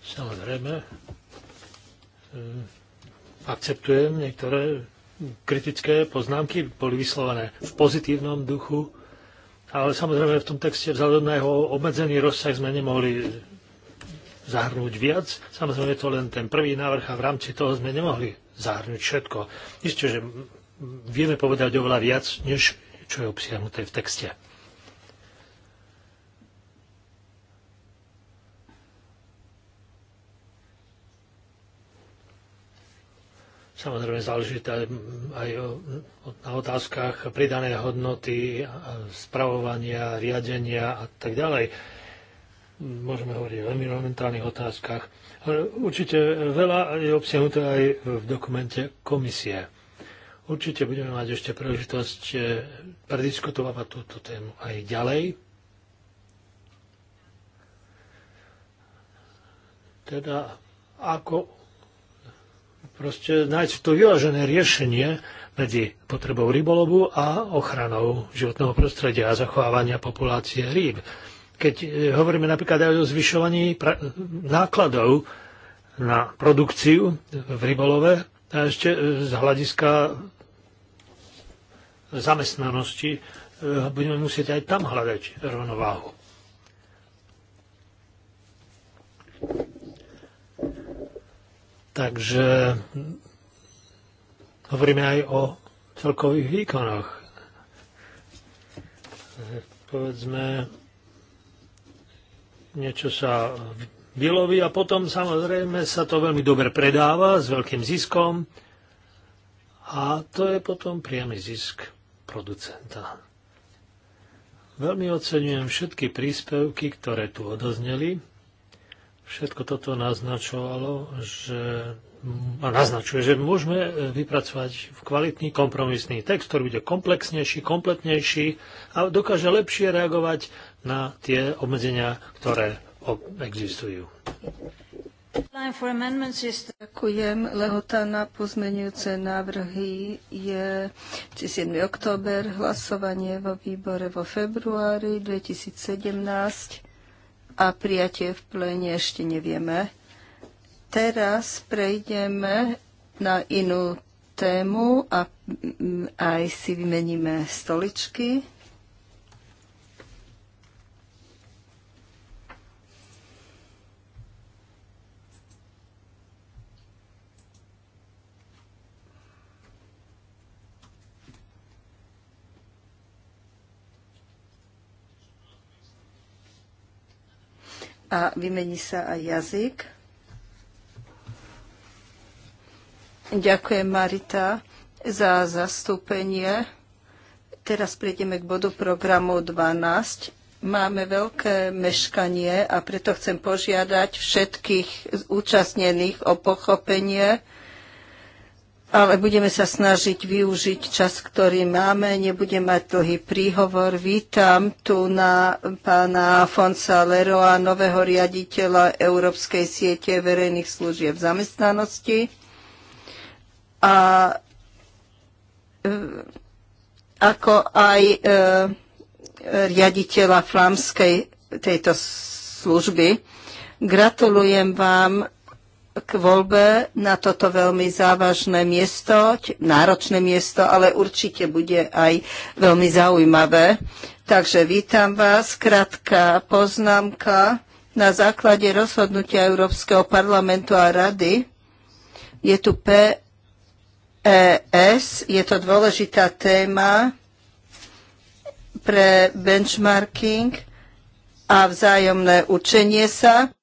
Samozrejme, e, akceptujem niektoré kritické poznámky boli vyslovené v pozitívnom duchu, ale samozrejme v tom texte vzhľadom na jeho obmedzený rozsah sme nemohli zahrnúť viac. Samozrejme je to len ten prvý návrh a v rámci toho sme nemohli zahrnúť všetko. Isté, že vieme povedať oveľa viac, než čo je obsiahnuté v texte. Samozrejme záleží aj na otázkach pridanej hodnoty, spravovania, riadenia a tak ďalej. Môžeme hovoriť o environmentálnych otázkach, ale určite veľa je obsiahnuté aj v dokumente komisie. Určite budeme mať ešte príležitosť e, prediskutovať túto tému aj ďalej. Teda ako proste nájsť to vyvážené riešenie medzi potrebou rybolovu a ochranou životného prostredia a zachovávania populácie rýb. Keď e, hovoríme napríklad aj o zvyšovaní nákladov na produkciu v rybolove a ešte e, z hľadiska zamestnanosti e, budeme musieť aj tam hľadať rovnováhu. Takže hovoríme aj o celkových výkonoch. Povedzme, niečo sa vyloví a potom samozrejme sa to veľmi dobre predáva s veľkým ziskom a to je potom priamy zisk producenta. Veľmi oceňujem všetky príspevky, ktoré tu odozneli Všetko toto naznačovalo, že a naznačuje, že môžeme vypracovať kvalitný kompromisný text, ktorý bude komplexnejší, kompletnejší a dokáže lepšie reagovať na tie obmedzenia, ktoré existujú. Ďakujem. Lehota na pozmenujúce návrhy je 7. október, hlasovanie vo výbore vo februári 2017 a prijatie v plene ešte nevieme. Teraz prejdeme na inú tému a mm, aj si vymeníme stoličky. a vymení sa aj jazyk. Ďakujem, Marita, za zastúpenie. Teraz prejdeme k bodu programu 12. Máme veľké meškanie a preto chcem požiadať všetkých účastnených o pochopenie ale budeme sa snažiť využiť čas, ktorý máme. Nebudem mať dlhý príhovor. Vítam tu na pána Fonsa Leroa, nového riaditeľa Európskej siete verejných služieb zamestnanosti. A e, ako aj e, riaditeľa flámskej tejto služby. Gratulujem vám k voľbe na toto veľmi závažné miesto, náročné miesto, ale určite bude aj veľmi zaujímavé. Takže vítam vás. Krátka poznámka na základe rozhodnutia Európskeho parlamentu a rady. Je tu PES, je to dôležitá téma pre benchmarking a vzájomné učenie sa.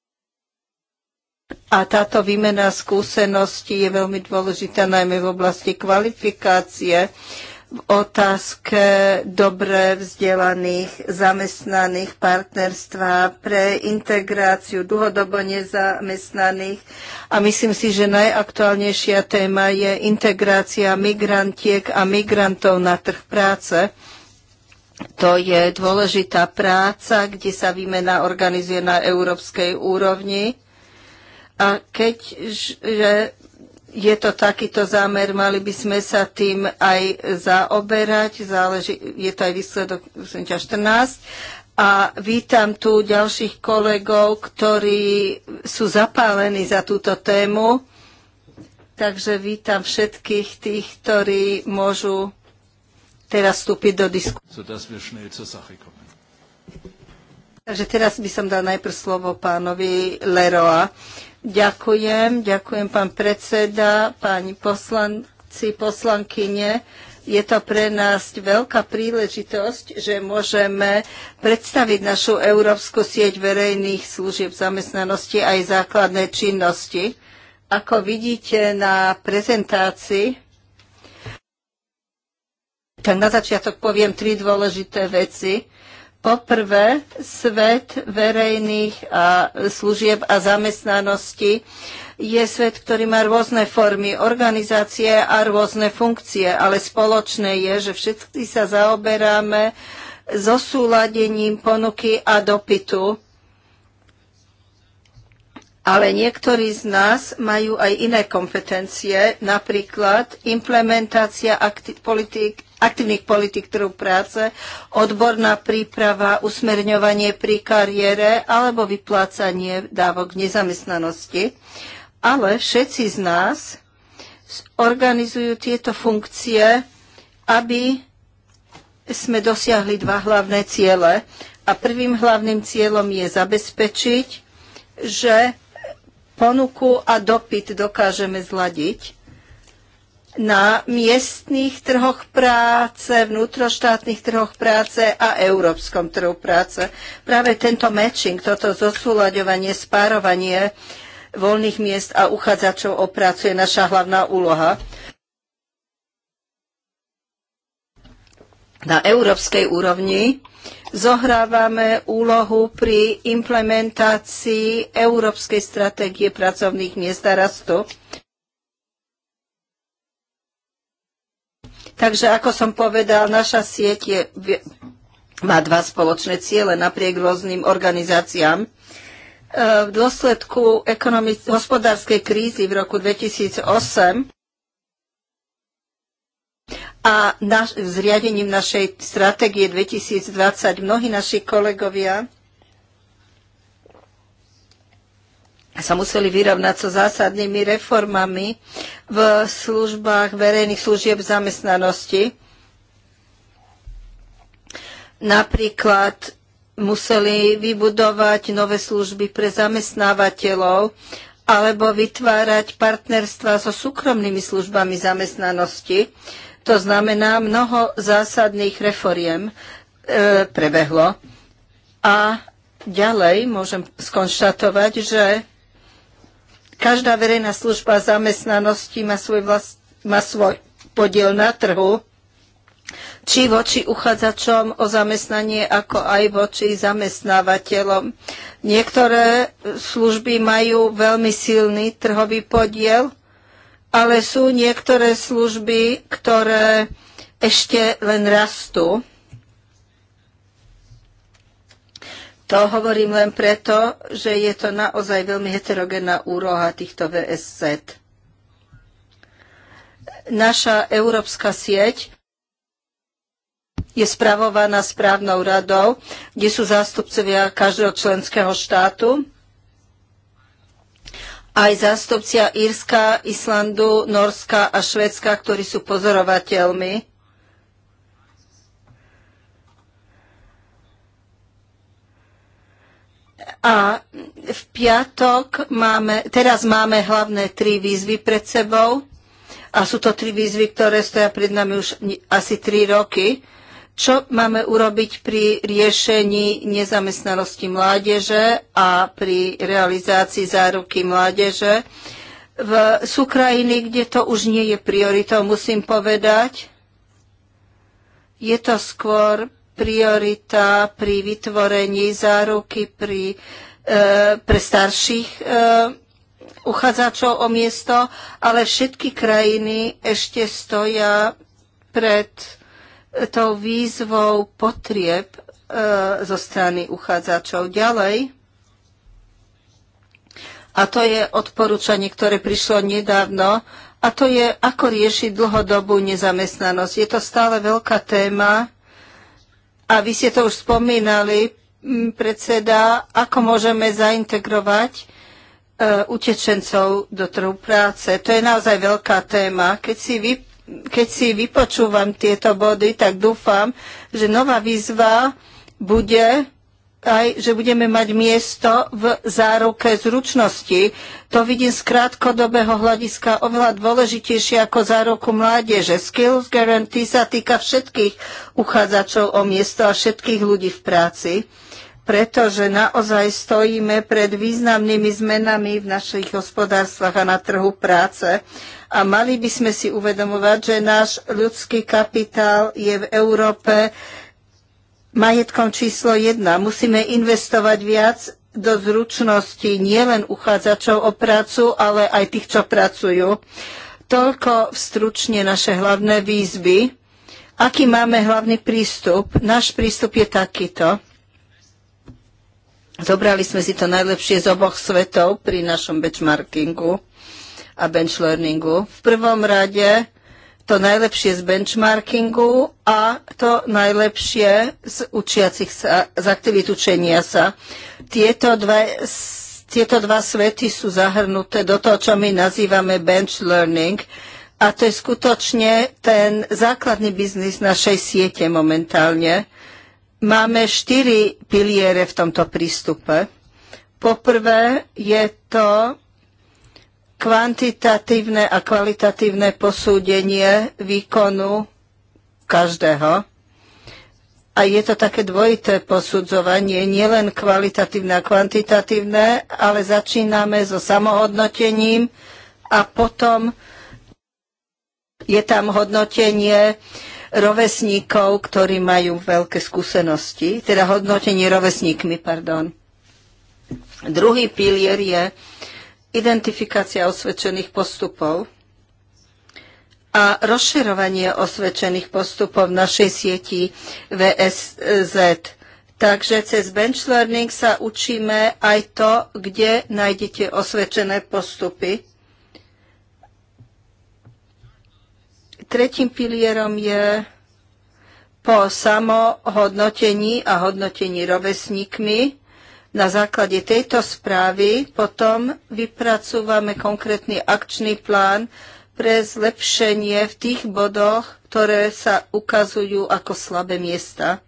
A táto výmena skúseností je veľmi dôležitá najmä v oblasti kvalifikácie, v otázke dobre vzdelaných, zamestnaných partnerstva pre integráciu dlhodobo nezamestnaných. A myslím si, že najaktuálnejšia téma je integrácia migrantiek a migrantov na trh práce. To je dôležitá práca, kde sa výmena organizuje na európskej úrovni a že je to takýto zámer, mali by sme sa tým aj zaoberať, záleží, je to aj výsledok 14. A vítam tu ďalších kolegov, ktorí sú zapálení za túto tému. Takže vítam všetkých tých, ktorí môžu teraz vstúpiť do diskusie. Takže teraz by som dal najprv slovo pánovi Leroa. Ďakujem, ďakujem pán predseda, pani poslanci, poslankyne. Je to pre nás veľká príležitosť, že môžeme predstaviť našu európsku sieť verejných služieb zamestnanosti aj základné činnosti. Ako vidíte na prezentácii, tak na začiatok poviem tri dôležité veci. Poprvé, svet verejných a služieb a zamestnanosti je svet, ktorý má rôzne formy organizácie a rôzne funkcie, ale spoločné je, že všetci sa zaoberáme so súladením ponuky a dopytu. Ale niektorí z nás majú aj iné kompetencie, napríklad implementácia akti- aktívnych politik trhu práce, odborná príprava, usmerňovanie pri kariére alebo vyplácanie dávok nezamestnanosti. Ale všetci z nás organizujú tieto funkcie, aby sme dosiahli dva hlavné ciele. A prvým hlavným cieľom je zabezpečiť, že ponuku a dopyt dokážeme zladiť na miestných trhoch práce, vnútroštátnych trhoch práce a európskom trhu práce. Práve tento matching, toto zosúľaďovanie, spárovanie voľných miest a uchádzačov o prácu je naša hlavná úloha. Na európskej úrovni zohrávame úlohu pri implementácii Európskej stratégie pracovných miest a rastu. Takže ako som povedal, naša sieť je, má dva spoločné ciele napriek rôznym organizáciám. E, v dôsledku ekonomic- hospodárskej krízy v roku 2008 a naš- zriadením našej stratégie 2020 mnohí naši kolegovia sa museli vyrovnať so zásadnými reformami v službách verejných služieb zamestnanosti. Napríklad museli vybudovať nové služby pre zamestnávateľov alebo vytvárať partnerstva so súkromnými službami zamestnanosti. To znamená, mnoho zásadných reforiem e, prebehlo. A ďalej môžem skonštatovať, že Každá verejná služba zamestnanosti má svoj, vlast, má svoj podiel na trhu, či voči uchádzačom o zamestnanie, ako aj voči zamestnávateľom. Niektoré služby majú veľmi silný trhový podiel, ale sú niektoré služby, ktoré ešte len rastú. To hovorím len preto, že je to naozaj veľmi heterogénna úroha týchto VSZ. Naša európska sieť je spravovaná správnou radou, kde sú zástupcovia každého členského štátu, aj zástupcia Írska, Islandu, Norska a Švedska, ktorí sú pozorovateľmi A v piatok máme, teraz máme hlavné tri výzvy pred sebou. A sú to tri výzvy, ktoré stoja pred nami už asi tri roky. Čo máme urobiť pri riešení nezamestnanosti mládeže a pri realizácii záruky mládeže? V, sú krajiny, kde to už nie je prioritou, musím povedať. Je to skôr priorita pri vytvorení záruky pri, e, pre starších e, uchádzačov o miesto, ale všetky krajiny ešte stoja pred e, tou výzvou potrieb e, zo strany uchádzačov. Ďalej, a to je odporúčanie, ktoré prišlo nedávno, a to je, ako riešiť dlhodobú nezamestnanosť. Je to stále veľká téma a vy ste to už spomínali, mm, predseda, ako môžeme zaintegrovať e, utečencov do trhu práce. To je naozaj veľká téma. Keď si, vy, keď si vypočúvam tieto body, tak dúfam, že nová výzva bude aj, že budeme mať miesto v záruke zručnosti. To vidím z krátkodobého hľadiska oveľa dôležitejšie ako záruku mládeže. Skills Guarantee sa týka všetkých uchádzačov o miesto a všetkých ľudí v práci pretože naozaj stojíme pred významnými zmenami v našich hospodárstvach a na trhu práce. A mali by sme si uvedomovať, že náš ľudský kapitál je v Európe majetkom číslo jedna. Musíme investovať viac do zručnosti nielen uchádzačov o prácu, ale aj tých, čo pracujú. Toľko stručne naše hlavné výzvy. Aký máme hlavný prístup? Náš prístup je takýto. Zobrali sme si to najlepšie z oboch svetov pri našom benchmarkingu a benchlearningu. V prvom rade to najlepšie z benchmarkingu a to najlepšie z učiacich sa, z aktivít učenia sa. Tieto dva, tieto dva svety sú zahrnuté do toho, čo my nazývame bench learning. A to je skutočne ten základný biznis našej siete momentálne. Máme štyri piliere v tomto prístupe. Poprvé je to kvantitatívne a kvalitatívne posúdenie výkonu každého. A je to také dvojité posudzovanie, nielen kvalitatívne a kvantitatívne, ale začíname so samohodnotením a potom je tam hodnotenie rovesníkov, ktorí majú veľké skúsenosti, teda hodnotenie rovesníkmi, pardon. Druhý pilier je identifikácia osvedčených postupov a rozširovanie osvedčených postupov v našej sieti VSZ. Takže cez bench learning sa učíme aj to, kde nájdete osvedčené postupy. Tretím pilierom je po samohodnotení a hodnotení rovesníkmi na základe tejto správy potom vypracúvame konkrétny akčný plán pre zlepšenie v tých bodoch, ktoré sa ukazujú ako slabé miesta.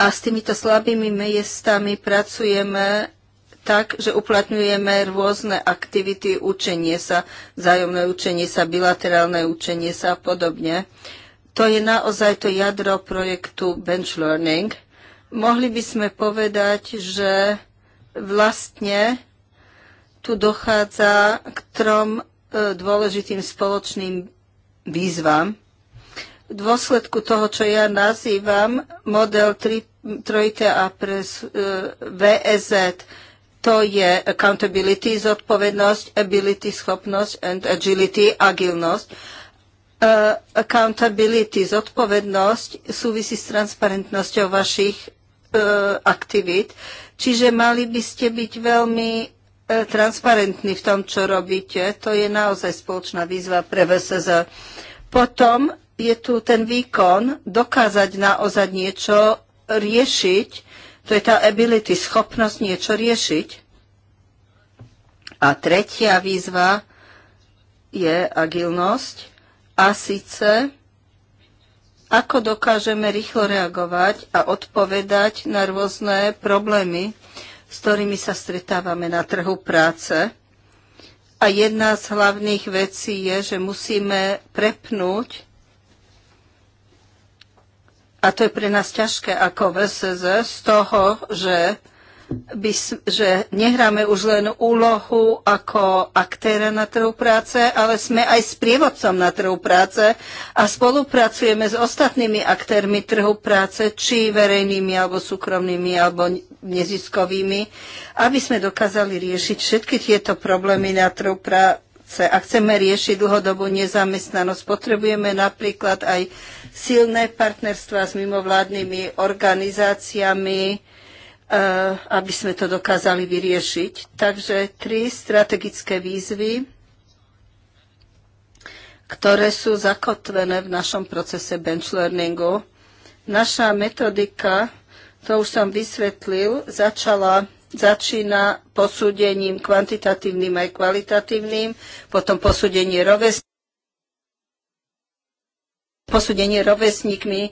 A s týmito slabými miestami pracujeme tak, že uplatňujeme rôzne aktivity, učenie sa, vzájomné učenie sa, bilaterálne učenie sa a podobne. To je naozaj to jadro projektu Bench Learning – Mohli by sme povedať, že vlastne tu dochádza k trom e, dôležitým spoločným výzvam. V dôsledku toho, čo ja nazývam model 3, 3 a pres, e, VEZ, to je accountability, zodpovednosť, ability, schopnosť and agility, agilnosť. Uh, accountability, zodpovednosť súvisí s transparentnosťou vašich E, aktivít. Čiže mali by ste byť veľmi e, transparentní v tom, čo robíte. To je naozaj spoločná výzva pre VSZ. Potom je tu ten výkon, dokázať naozaj niečo riešiť. To je tá ability, schopnosť niečo riešiť. A tretia výzva je agilnosť. A síce ako dokážeme rýchlo reagovať a odpovedať na rôzne problémy, s ktorými sa stretávame na trhu práce. A jedna z hlavných vecí je, že musíme prepnúť, a to je pre nás ťažké ako VSZ, z toho, že by, že nehráme už len úlohu ako aktéra na trhu práce, ale sme aj sprievodcom na trhu práce a spolupracujeme s ostatnými aktérmi trhu práce, či verejnými, alebo súkromnými, alebo neziskovými, aby sme dokázali riešiť všetky tieto problémy na trhu práce Ak a chceme riešiť dlhodobú nezamestnanosť, potrebujeme napríklad aj silné partnerstva s mimovládnymi organizáciami, Eh, aby sme to dokázali vyriešiť. Takže tri strategické výzvy, ktoré sú zakotvené v našom procese bench learningu. Naša metodika, to už som vysvetlil, začala začína posúdením kvantitatívnym aj kvalitatívnym, potom posúdenie rovesníkmi, posúdenie rovesníkmi,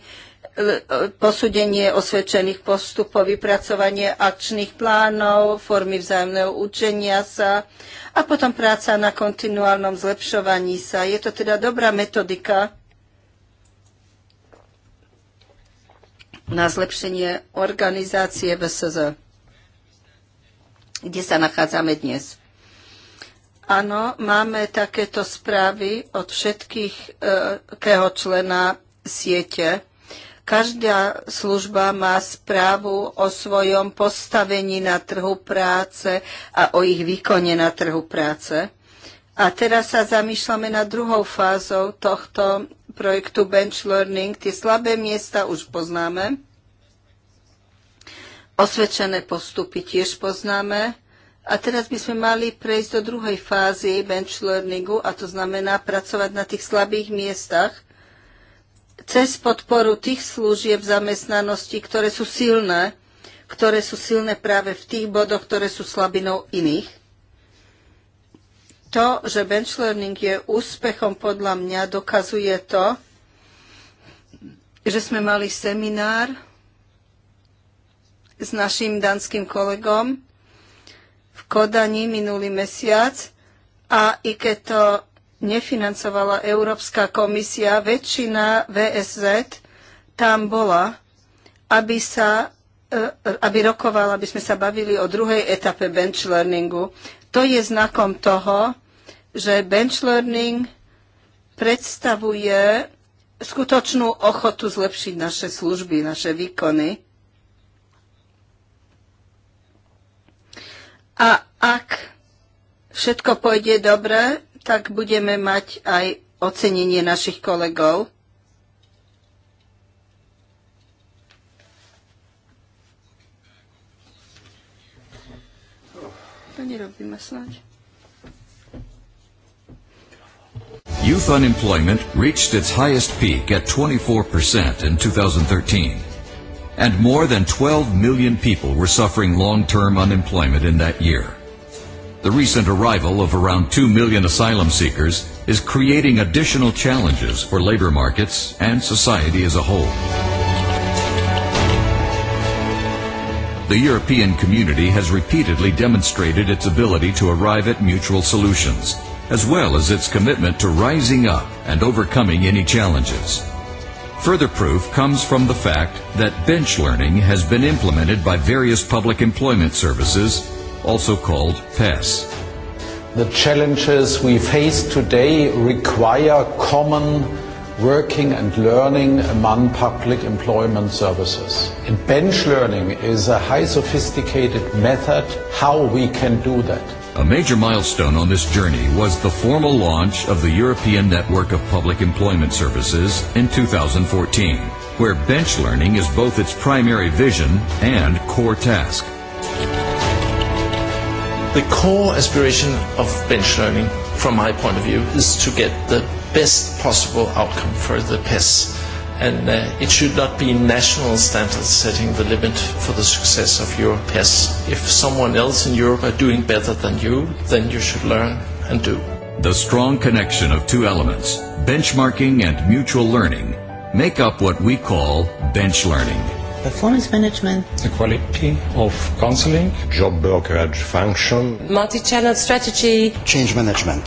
E, posúdenie osvedčených postupov, vypracovanie akčných plánov, formy vzájomného učenia sa a potom práca na kontinuálnom zlepšovaní sa. Je to teda dobrá metodika na zlepšenie organizácie VSZ, kde sa nachádzame dnes. Áno, máme takéto správy od všetkých e, člena siete Každá služba má správu o svojom postavení na trhu práce a o ich výkone na trhu práce. A teraz sa zamýšľame na druhou fázou tohto projektu Bench Learning. Tie slabé miesta už poznáme. Osvedčené postupy tiež poznáme. A teraz by sme mali prejsť do druhej fázy bench learningu, a to znamená pracovať na tých slabých miestach cez podporu tých služieb zamestnanosti, ktoré sú silné, ktoré sú silné práve v tých bodoch, ktoré sú slabinou iných. To, že bench learning je úspechom podľa mňa, dokazuje to, že sme mali seminár s našim danským kolegom v Kodani minulý mesiac a i keď to nefinancovala Európska komisia, väčšina VSZ tam bola, aby sa e, e, aby rokovala, aby sme sa bavili o druhej etape bench learningu, To je znakom toho, že bench learning predstavuje skutočnú ochotu zlepšiť naše služby, naše výkony. A ak všetko pôjde dobre, tak budeme mať aj ocenenie našich kolegov. To nerobíme snáď. Youth unemployment reached its highest peak at 24% in 2013, and more than 12 million people were suffering long-term unemployment in that year. The recent arrival of around 2 million asylum seekers is creating additional challenges for labor markets and society as a whole. The European community has repeatedly demonstrated its ability to arrive at mutual solutions, as well as its commitment to rising up and overcoming any challenges. Further proof comes from the fact that bench learning has been implemented by various public employment services also called PES. The challenges we face today require common working and learning among public employment services. And bench learning is a high sophisticated method how we can do that. A major milestone on this journey was the formal launch of the European Network of Public Employment Services in 2014, where bench learning is both its primary vision and core task. The core aspiration of bench learning, from my point of view, is to get the best possible outcome for the PES. And uh, it should not be national standards setting the limit for the success of your PES. If someone else in Europe are doing better than you, then you should learn and do. The strong connection of two elements, benchmarking and mutual learning, make up what we call bench learning performance management, the quality of counseling, job brokerage function, multi-channel strategy, change management.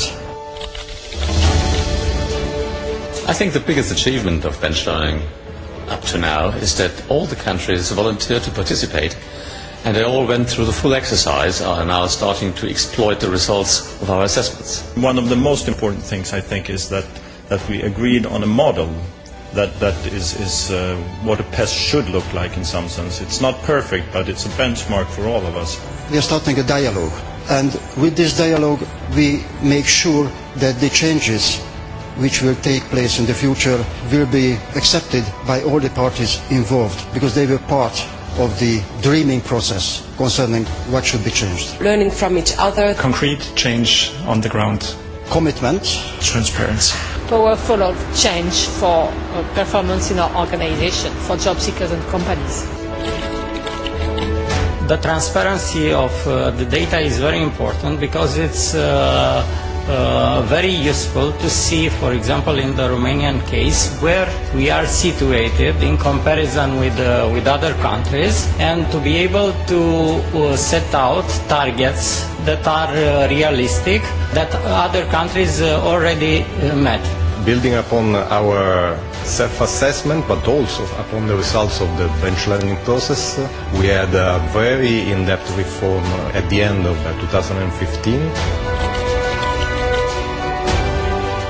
I think the biggest achievement of benchlearning up to now is that all the countries volunteered to participate and they all went through the full exercise and are now starting to exploit the results of our assessments. One of the most important things I think is that, that we agreed on a model that that is, is uh, what a pest should look like in some sense. It's not perfect, but it's a benchmark for all of us. We are starting a dialogue, and with this dialogue, we make sure that the changes which will take place in the future will be accepted by all the parties involved because they were part of the dreaming process concerning what should be changed. Learning from each other. Concrete change on the ground. Commitment. Transparency powerful of change for uh, performance in our organization, for job seekers and companies. The transparency of uh, the data is very important because it's uh, uh, very useful to see, for example, in the Romanian case, where we are situated in comparison with, uh, with other countries, and to be able to uh, set out targets that are uh, realistic, that other countries uh, already uh, met building upon our self-assessment, but also upon the results of the bench learning process, we had a very in-depth reform at the end of 2015. Uh,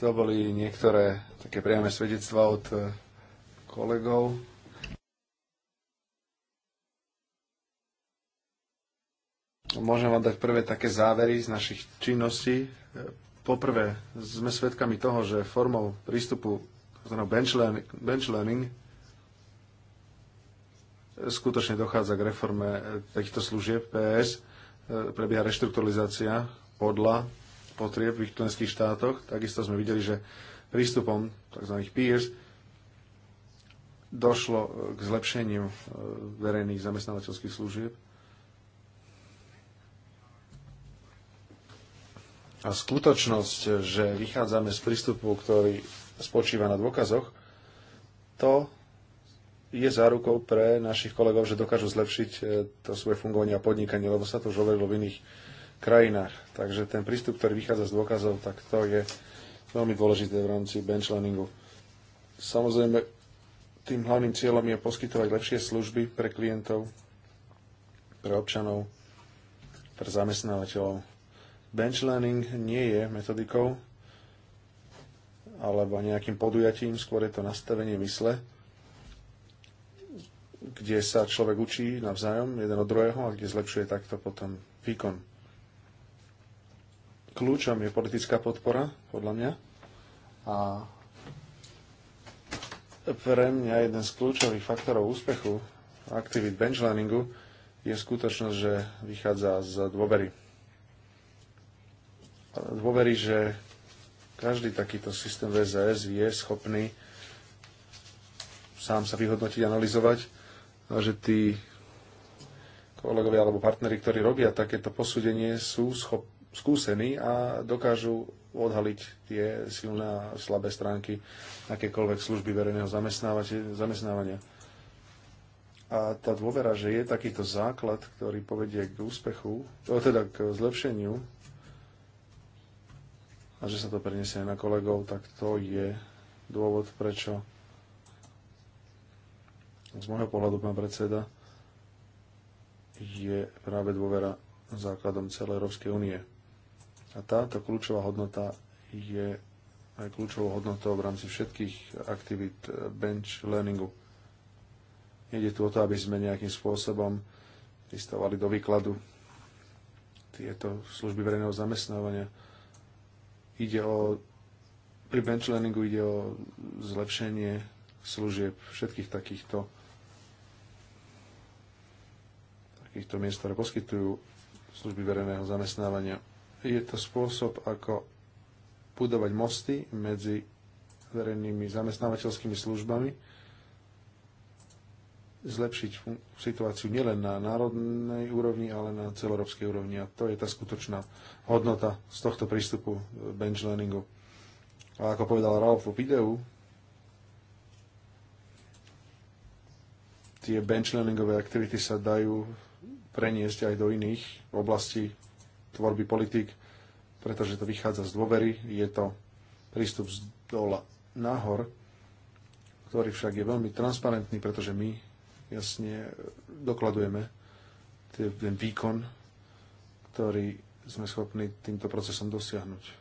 to boli niektoré také priame svedectvá od eh, kolegov. Môžem vám dať prvé také závery z našich činností. Eh, poprvé, sme svedkami toho, že formou prístupu bench learning, bench learning skutočne dochádza k reforme eh, takýchto služieb PS. Prebieha reštrukturalizácia podľa potrieb v ich členských štátoch. Takisto sme videli, že prístupom tzv. peers došlo e, k zlepšeniu e, verejných zamestnávateľských služieb. A skutočnosť, že vychádzame z prístupu, ktorý spočíva na dôkazoch, to je zárukou pre našich kolegov, že dokážu zlepšiť e, to svoje fungovanie a podnikanie, lebo sa to už overilo v iných krajinách. Takže ten prístup, ktorý vychádza z dôkazov, tak to je veľmi dôležité v rámci benchlearningu. Samozrejme, tým hlavným cieľom je poskytovať lepšie služby pre klientov, pre občanov, pre zamestnávateľov. Benchlearning nie je metodikou alebo nejakým podujatím, skôr je to nastavenie mysle, kde sa človek učí navzájom jeden od druhého a kde zlepšuje takto potom výkon. Kľúčom je politická podpora, podľa mňa. A pre mňa jeden z kľúčových faktorov úspechu aktivít benchlearningu je skutočnosť, že vychádza z dôvery. Dôvery, že každý takýto systém VZS je schopný sám sa vyhodnotiť, analyzovať a že tí kolegovia alebo partnery, ktorí robia takéto posúdenie, sú schopní skúsení a dokážu odhaliť tie silné a slabé stránky akékoľvek služby verejného zamestnávania. A tá dôvera, že je takýto základ, ktorý povedie k úspechu, teda k zlepšeniu a že sa to preniesie aj na kolegov, tak to je dôvod, prečo z môjho pohľadu, pán predseda, je práve dôvera základom celej Európskej únie. A táto kľúčová hodnota je aj kľúčovou hodnotou v rámci všetkých aktivít bench learningu. Ide tu o to, aby sme nejakým spôsobom pristavali do výkladu tieto služby verejného zamestnávania. Ide o, pri learningu ide o zlepšenie služieb všetkých takýchto takýchto miest, ktoré poskytujú služby verejného zamestnávania. Je to spôsob, ako budovať mosty medzi verejnými zamestnávateľskými službami, zlepšiť situáciu nielen na národnej úrovni, ale na celoeurópskej úrovni. A to je tá skutočná hodnota z tohto prístupu eh, bench learningu. A ako povedal Ralf v videu, tie bench learningové aktivity sa dajú preniesť aj do iných oblastí tvorby politik, pretože to vychádza z dôvery, je to prístup z dola nahor, ktorý však je veľmi transparentný, pretože my jasne dokladujeme ten výkon, ktorý sme schopní týmto procesom dosiahnuť.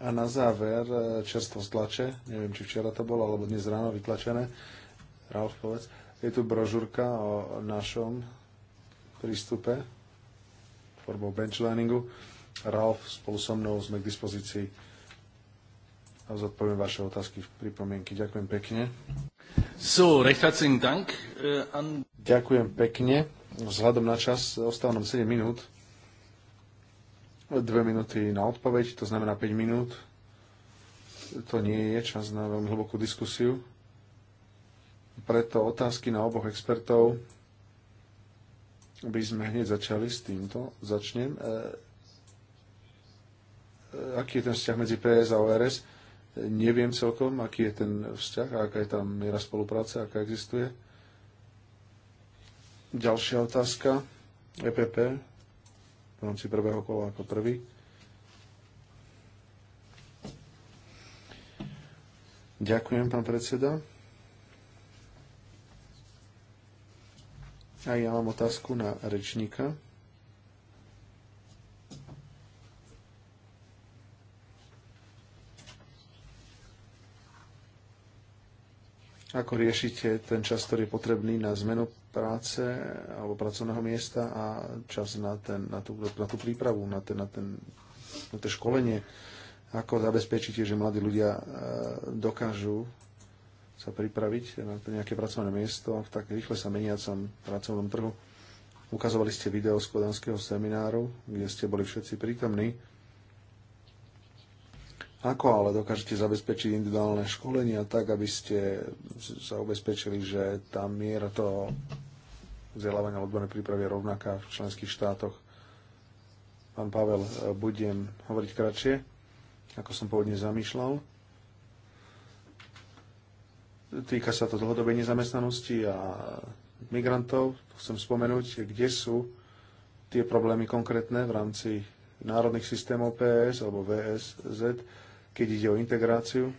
A na záver e, čerstvo tlače, neviem, či včera to bolo, alebo dnes ráno vytlačené, Ralf povedz, je tu brožúrka o našom prístupe formou benchlearningu. Ralf, spolu so mnou sme k dispozícii a zodpoviem vaše otázky, v pripomienky. Ďakujem pekne. So, recht herzlichen Dank. Uh, an... Ďakujem pekne. Vzhľadom na čas ostáva nám 7 minút. 2 minúty na odpoveď, to znamená 5 minút. To nie je čas na veľmi hlbokú diskusiu. Preto otázky na oboch expertov by sme hneď začali s týmto. Začnem. E, e, aký je ten vzťah medzi PS a ORS? E, neviem celkom, aký je ten vzťah, aká je tam miera spolupráce, aká existuje. Ďalšia otázka. EPP v rámci prvého kola ako prvý. Ďakujem, pán predseda. A ja mám otázku na rečníka. Ako riešite ten čas, ktorý je potrebný na zmenu práce alebo pracovného miesta a čas na, ten, na, tú, na tú prípravu, na, ten, na, ten, na to školenie? Ako zabezpečíte, že mladí ľudia eh, dokážu sa pripraviť na nejaké pracovné miesto v tak rýchle sa meniacom pracovnom trhu. Ukazovali ste video z kodanského semináru, kde ste boli všetci prítomní. Ako ale dokážete zabezpečiť individuálne školenia tak, aby ste sa ubezpečili, že tá miera to vzdelávania odbornej prípravy je rovnaká v členských štátoch? Pán Pavel, budem hovoriť kratšie, ako som pôvodne zamýšľal. Týka sa to dlhodobej nezamestnanosti a migrantov. Chcem spomenúť, kde sú tie problémy konkrétne v rámci národných systémov PS alebo VSZ, keď ide o integráciu.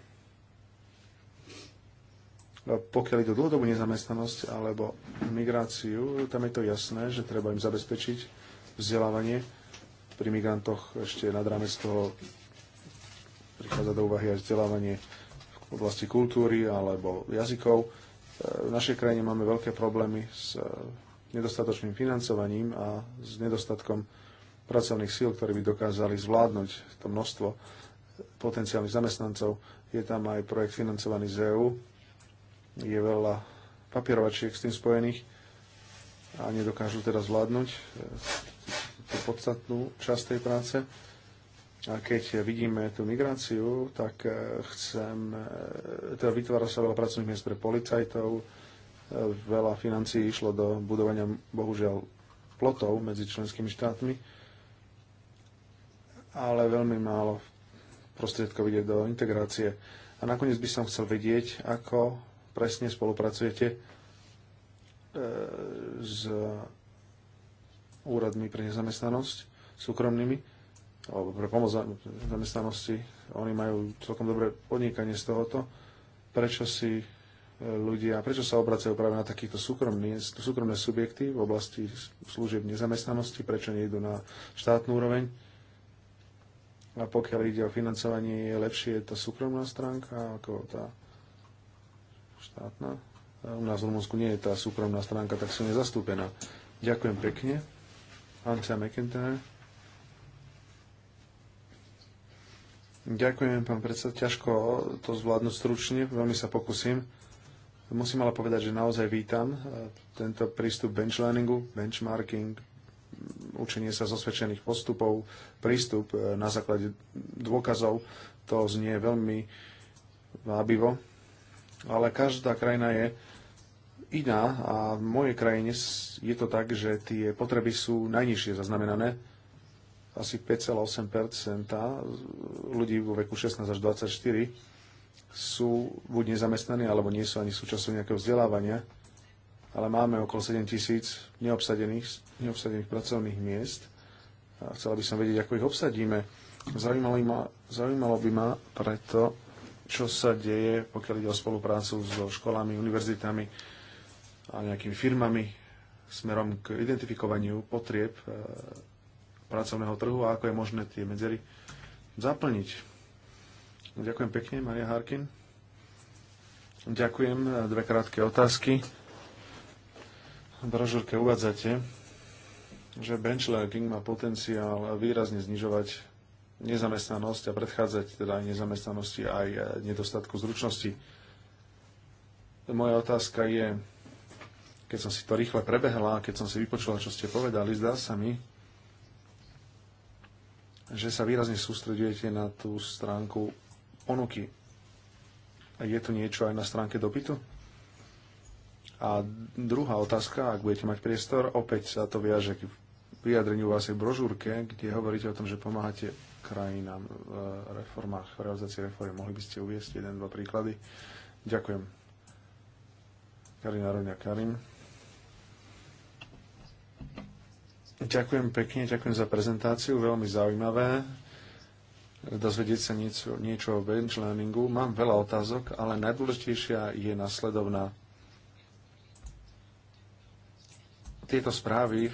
Pokiaľ ide o dlhodobú nezamestnanosť alebo migráciu, tam je to jasné, že treba im zabezpečiť vzdelávanie. Pri migrantoch ešte nad rámec toho prichádza do úvahy aj vzdelávanie v oblasti kultúry alebo jazykov. E, v našej krajine máme veľké problémy s e, nedostatočným financovaním a s nedostatkom pracovných síl, ktorí by dokázali zvládnuť to množstvo potenciálnych zamestnancov. Je tam aj projekt financovaný z EU. Je veľa papierovačiek s tým spojených a nedokážu teda zvládnuť e, tú podstatnú časť tej práce a keď vidíme tú migráciu, tak eh, chcem, eh, teda vytvára sa veľa pracovných miest pre policajtov, eh, veľa financií išlo do budovania, bohužiaľ, plotov medzi členskými štátmi, ale veľmi málo prostriedkov ide do integrácie. A nakoniec by som chcel vedieť, ako presne spolupracujete s úradmi pre nezamestnanosť súkromnými, alebo pre pomoc zamestnanosti, oni majú celkom dobré podnikanie z tohoto, prečo si e, ľudia, prečo sa obracajú práve na takýchto súkromné, subjekty v oblasti služieb nezamestnanosti, prečo nejdu na štátnu úroveň. A pokiaľ ide o financovanie, je lepšie tá súkromná stránka ako tá štátna. E, u nás v Rumunsku nie je tá súkromná stránka, tak sú nezastúpená. Ďakujem pekne. Anca McIntyre. Ďakujem, pán predseda. Ťažko to zvládnuť stručne, veľmi sa pokúsim. Musím ale povedať, že naozaj vítam e, tento prístup benchlearningu, benchmarking, učenie sa z osvedčených postupov, prístup e, na základe dôkazov. To znie veľmi vábivo, ale každá krajina je iná a v mojej krajine je to tak, že tie potreby sú najnižšie zaznamenané asi 5,8 ľudí vo veku 16 až 24 sú buď nezamestnaní, alebo nie sú ani súčasťou nejakého vzdelávania, ale máme okolo 7 tisíc neobsadených, neobsadených pracovných miest a chcela by som vedieť, ako ich obsadíme. Zaujímalo, ma, zaujímalo by ma preto, čo sa deje, pokiaľ ide o spoluprácu so školami, univerzitami a nejakými firmami smerom k identifikovaniu potrieb e, pracovného trhu a ako je možné tie medzery zaplniť. Ďakujem pekne, Maria Harkin. Ďakujem. Dve krátke otázky. V brožúrke uvádzate, že benchmarking má potenciál výrazne znižovať nezamestnanosť a predchádzať teda aj nezamestnanosti aj nedostatku zručnosti. Moja otázka je, keď som si to rýchle prebehla, keď som si vypočula, čo ste povedali, zdá sa mi, že sa výrazne sústredujete na tú stránku ponuky. Je tu niečo aj na stránke dopytu? A druhá otázka, ak budete mať priestor, opäť sa to viaže k vyjadreniu vašej brožúrke, kde hovoríte o tom, že pomáhate krajinám v reformách, v realizácii reformy. Mohli by ste uviesť jeden, dva príklady? Ďakujem. Karina Roňa Karim. Ďakujem pekne, ďakujem za prezentáciu, veľmi zaujímavé dozvedieť sa niečo, niečo o bench learningu. Mám veľa otázok, ale najdôležitejšia je nasledovná. Tieto správy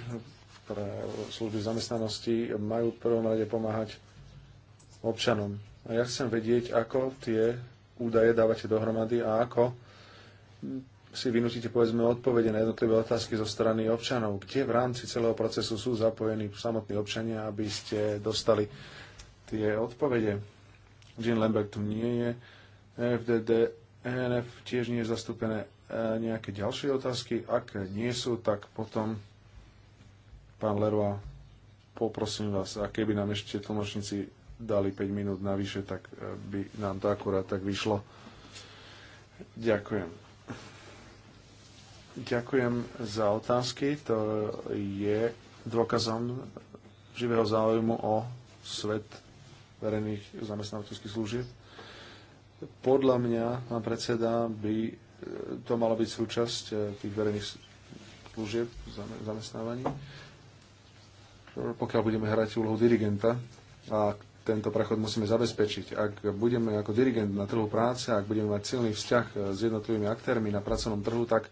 pre služby zamestnanosti majú v prvom rade pomáhať občanom. A ja chcem vedieť, ako tie údaje dávate dohromady a ako si vynútite povedzme odpovede na jednotlivé otázky zo strany občanov, kde v rámci celého procesu sú zapojení samotní občania, aby ste dostali tie odpovede. Jean Lambert tu nie je, FDD, ENF tiež nie je zastúpené e, nejaké ďalšie otázky. Ak nie sú, tak potom pán Leroy, poprosím vás, a keby nám ešte tlmočníci dali 5 minút navyše, tak e, by nám to akurát tak vyšlo. Ďakujem. Ďakujem za otázky. To je dôkazom živého záujmu o svet verejných zamestnávateľských služieb. Podľa mňa, pán predseda, by e, to malo byť súčasť e, tých verejných služieb zamestnávaní, pokiaľ budeme hrať úlohu dirigenta a tento prechod musíme zabezpečiť. Ak budeme ako dirigent na trhu práce, ak budeme mať silný vzťah e, s jednotlivými aktérmi na pracovnom trhu, tak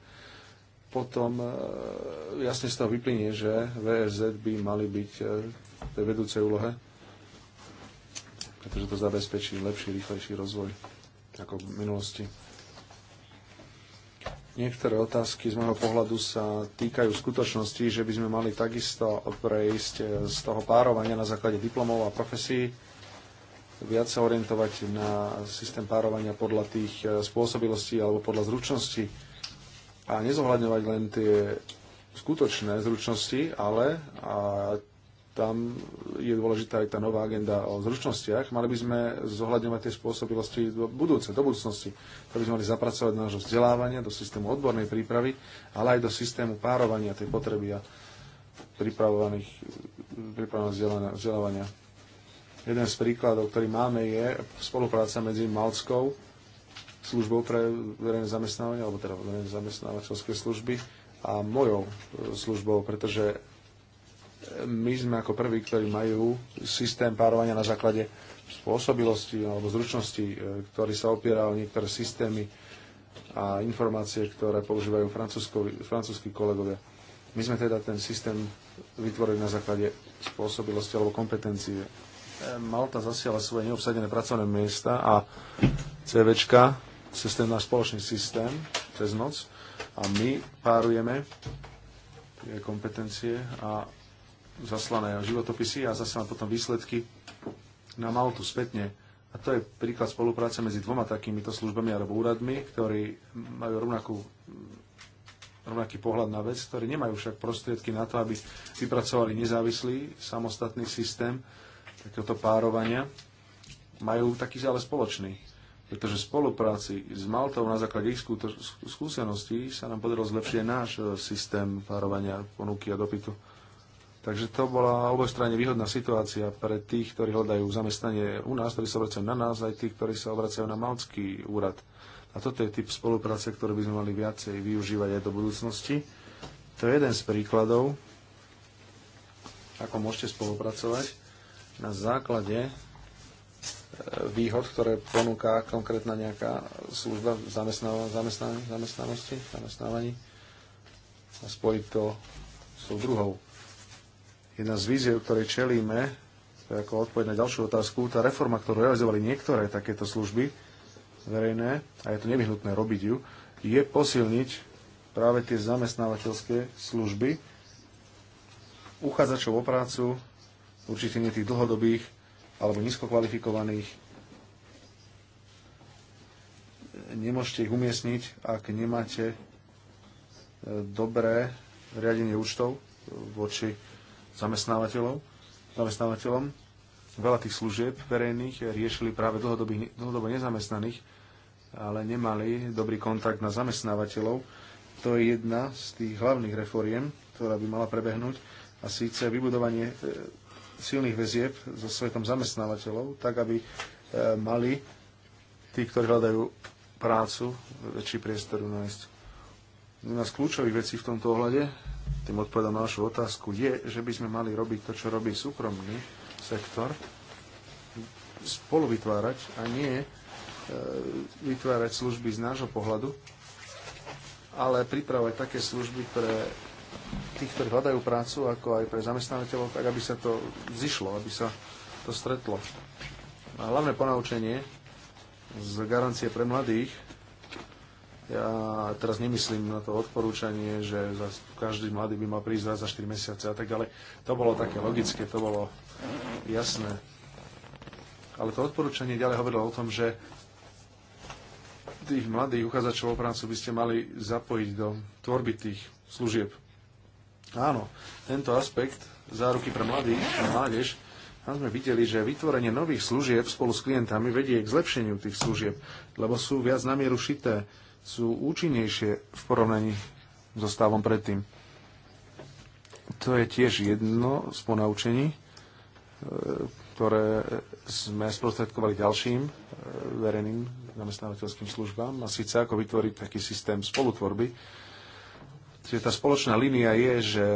potom e, jasne z toho vyplynie, že VSZ by mali byť v e, tej vedúcej úlohe, pretože to zabezpečí lepší, rýchlejší rozvoj ako v minulosti. Niektoré otázky z môjho pohľadu sa týkajú skutočnosti, že by sme mali takisto prejsť e, z toho párovania na základe diplomov a profesí, viac sa orientovať na systém párovania podľa tých spôsobilostí alebo podľa zručností, a nezohľadňovať len tie skutočné zručnosti, ale a tam je dôležitá aj tá nová agenda o zručnostiach. Mali by sme zohľadňovať tie spôsobilosti vlastne do budúce, do budúcnosti, To by sme mali zapracovať do nášho vzdelávania, do systému odbornej prípravy, ale aj do systému párovania tej potreby a pripravovaných, pripravovaných vzdelávania. Jeden z príkladov, ktorý máme, je spolupráca medzi Malckou službou pre verejné zamestnávanie, alebo teda verejné zamestnávateľské služby a mojou e, službou, pretože my sme ako prví, ktorí majú systém párovania na základe spôsobilosti alebo zručnosti, e, ktorý sa opiera o niektoré systémy a informácie, ktoré používajú francúzskí kolegovia. My sme teda ten systém vytvorili na základe spôsobilosti alebo kompetencie. E, Malta zasiala svoje neobsadené pracovné miesta a CVčka cez ten náš spoločný systém, cez noc a my párujeme tie kompetencie a zaslané životopisy a zase potom výsledky na Maltu spätne. A to je príklad spolupráce medzi dvoma takýmito službami alebo úradmi, ktorí majú rovnakú, rovnaký pohľad na vec, ktorí nemajú však prostriedky na to, aby vypracovali nezávislý, samostatný systém takéhoto párovania. Majú taký ale spoločný pretože v spolupráci s Maltou na základe ich skúseností sa nám podarilo zlepšiť náš e, systém párovania ponuky a dopytu. Takže to bola obojstranne výhodná situácia pre tých, ktorí hľadajú zamestnanie u nás, ktorí sa obracajú na nás, aj tých, ktorí sa obracajú na Maltský úrad. A toto je typ spolupráce, ktorý by sme mali viacej využívať aj do budúcnosti. To je jeden z príkladov, ako môžete spolupracovať na základe výhod, ktoré ponúka konkrétna nejaká služba v zamestnanosti, zamestnávaní a spojiť to s tou druhou. Jedna z víziev, ktorej čelíme, to je ako odpoveď na ďalšiu otázku, tá reforma, ktorú realizovali niektoré takéto služby verejné, a je to nevyhnutné robiť ju, je posilniť práve tie zamestnávateľské služby uchádzačov o prácu, určite nie tých dlhodobých, alebo nízko kvalifikovaných. Nemôžete ich umiestniť, ak nemáte e, dobré riadenie účtov voči zamestnávateľov, zamestnávateľom. Veľa tých služieb verejných riešili práve dlhodobo nezamestnaných, ale nemali dobrý kontakt na zamestnávateľov. To je jedna z tých hlavných reforiem, ktorá by mala prebehnúť, a síce vybudovanie e, silných väzieb so svetom zamestnávateľov, tak aby e, mali tí, ktorí hľadajú prácu, väčší priestor ju nájsť. Jedna z kľúčových vecí v tomto ohľade, tým odpovedám na vašu otázku, je, že by sme mali robiť to, čo robí súkromný sektor, spolu vytvárať a nie e, vytvárať služby z nášho pohľadu, ale pripravovať také služby pre tých, ktorí hľadajú prácu, ako aj pre zamestnávateľov, tak aby sa to zišlo, aby sa to stretlo. A hlavné ponaučenie z garancie pre mladých, ja teraz nemyslím na to odporúčanie, že za, každý mladý by mal prísť raz za 4 mesiace a tak ďalej. To bolo také logické, to bolo jasné. Ale to odporúčanie ďalej hovorilo o tom, že tých mladých uchádzačov o prácu by ste mali zapojiť do tvorby tých služieb Áno, tento aspekt záruky pre mladých a mládež, tam sme videli, že vytvorenie nových služieb spolu s klientami vedie k zlepšeniu tých služieb, lebo sú viac na mieru šité, sú účinnejšie v porovnaní so stavom predtým. To je tiež jedno z ponaučení, e, ktoré sme sprostredkovali ďalším e, verejným zamestnávateľským službám, a síce ako vytvoriť taký systém spolutvorby, Čiže tá spoločná línia je, že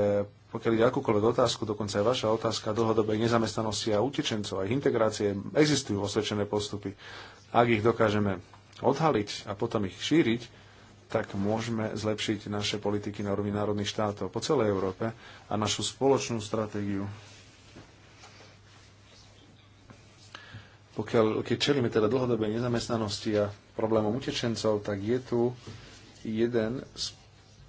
pokiaľ ide akúkoľvek otázku, dokonca aj vaša otázka dlhodobej nezamestnanosti a utečencov a ich integrácie, existujú osvedčené postupy. Ak ich dokážeme odhaliť a potom ich šíriť, tak môžeme zlepšiť naše politiky na úrovni národných štátov po celej Európe a našu spoločnú stratégiu. Pokiaľ, keď čelíme teda dlhodobej nezamestnanosti a problémom utečencov, tak je tu jeden z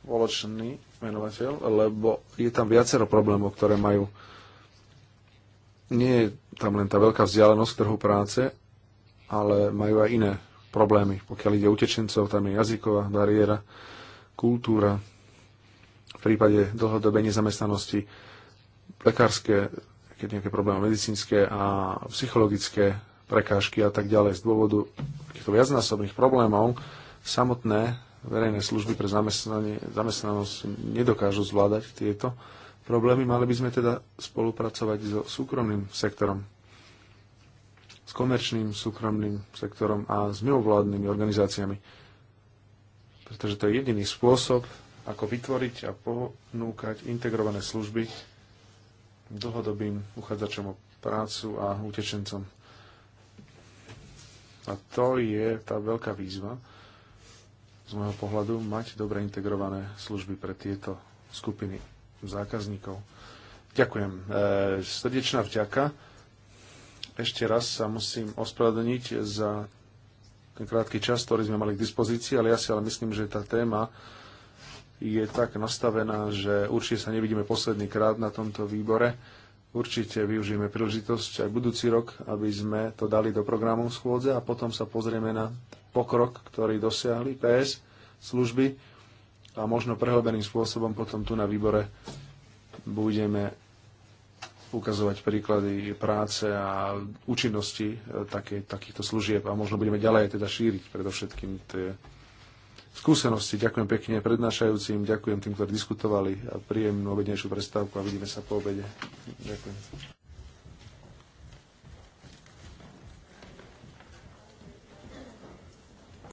spoločný menovateľ, lebo je tam viacero problémov, ktoré majú. Nie je tam len tá veľká vzdialenosť trhu práce, ale majú aj iné problémy. Pokiaľ ide utečencov, tam je jazyková bariéra, kultúra, v prípade dlhodobej nezamestnanosti, lekárske, keď nejaké problémy medicínske a psychologické prekážky a tak ďalej z dôvodu takýchto viacnásobných problémov samotné verejné služby pre zamestnanie zamestnanosť nedokážu zvládať tieto problémy, mali by sme teda spolupracovať so súkromným sektorom, s komerčným súkromným sektorom a s mimovládnymi organizáciami. Pretože to je jediný spôsob, ako vytvoriť a ponúkať integrované služby dlhodobým uchádzačom o prácu a utečencom. A to je tá veľká výzva, z môjho pohľadu mať dobre integrované služby pre tieto skupiny zákazníkov. Ďakujem. E, srdečná vďaka. Ešte raz sa musím ospravedlniť za ten krátky čas, ktorý sme mali k dispozícii, ale ja si ale myslím, že tá téma je tak nastavená, že určite sa nevidíme posledný krát na tomto výbore. Určite využijeme príležitosť aj budúci rok, aby sme to dali do programu schôdze a potom sa pozrieme na pokrok, ktorý dosiahli PS služby a možno prehlbeným spôsobom potom tu na výbore budeme ukazovať príklady práce a účinnosti e, také, takýchto služieb a možno budeme ďalej teda šíriť predovšetkým tie skúsenosti. Ďakujem pekne prednášajúcim, ďakujem tým, ktorí diskutovali a príjemnú obednejšiu prestávku a vidíme sa po obede. Ďakujem.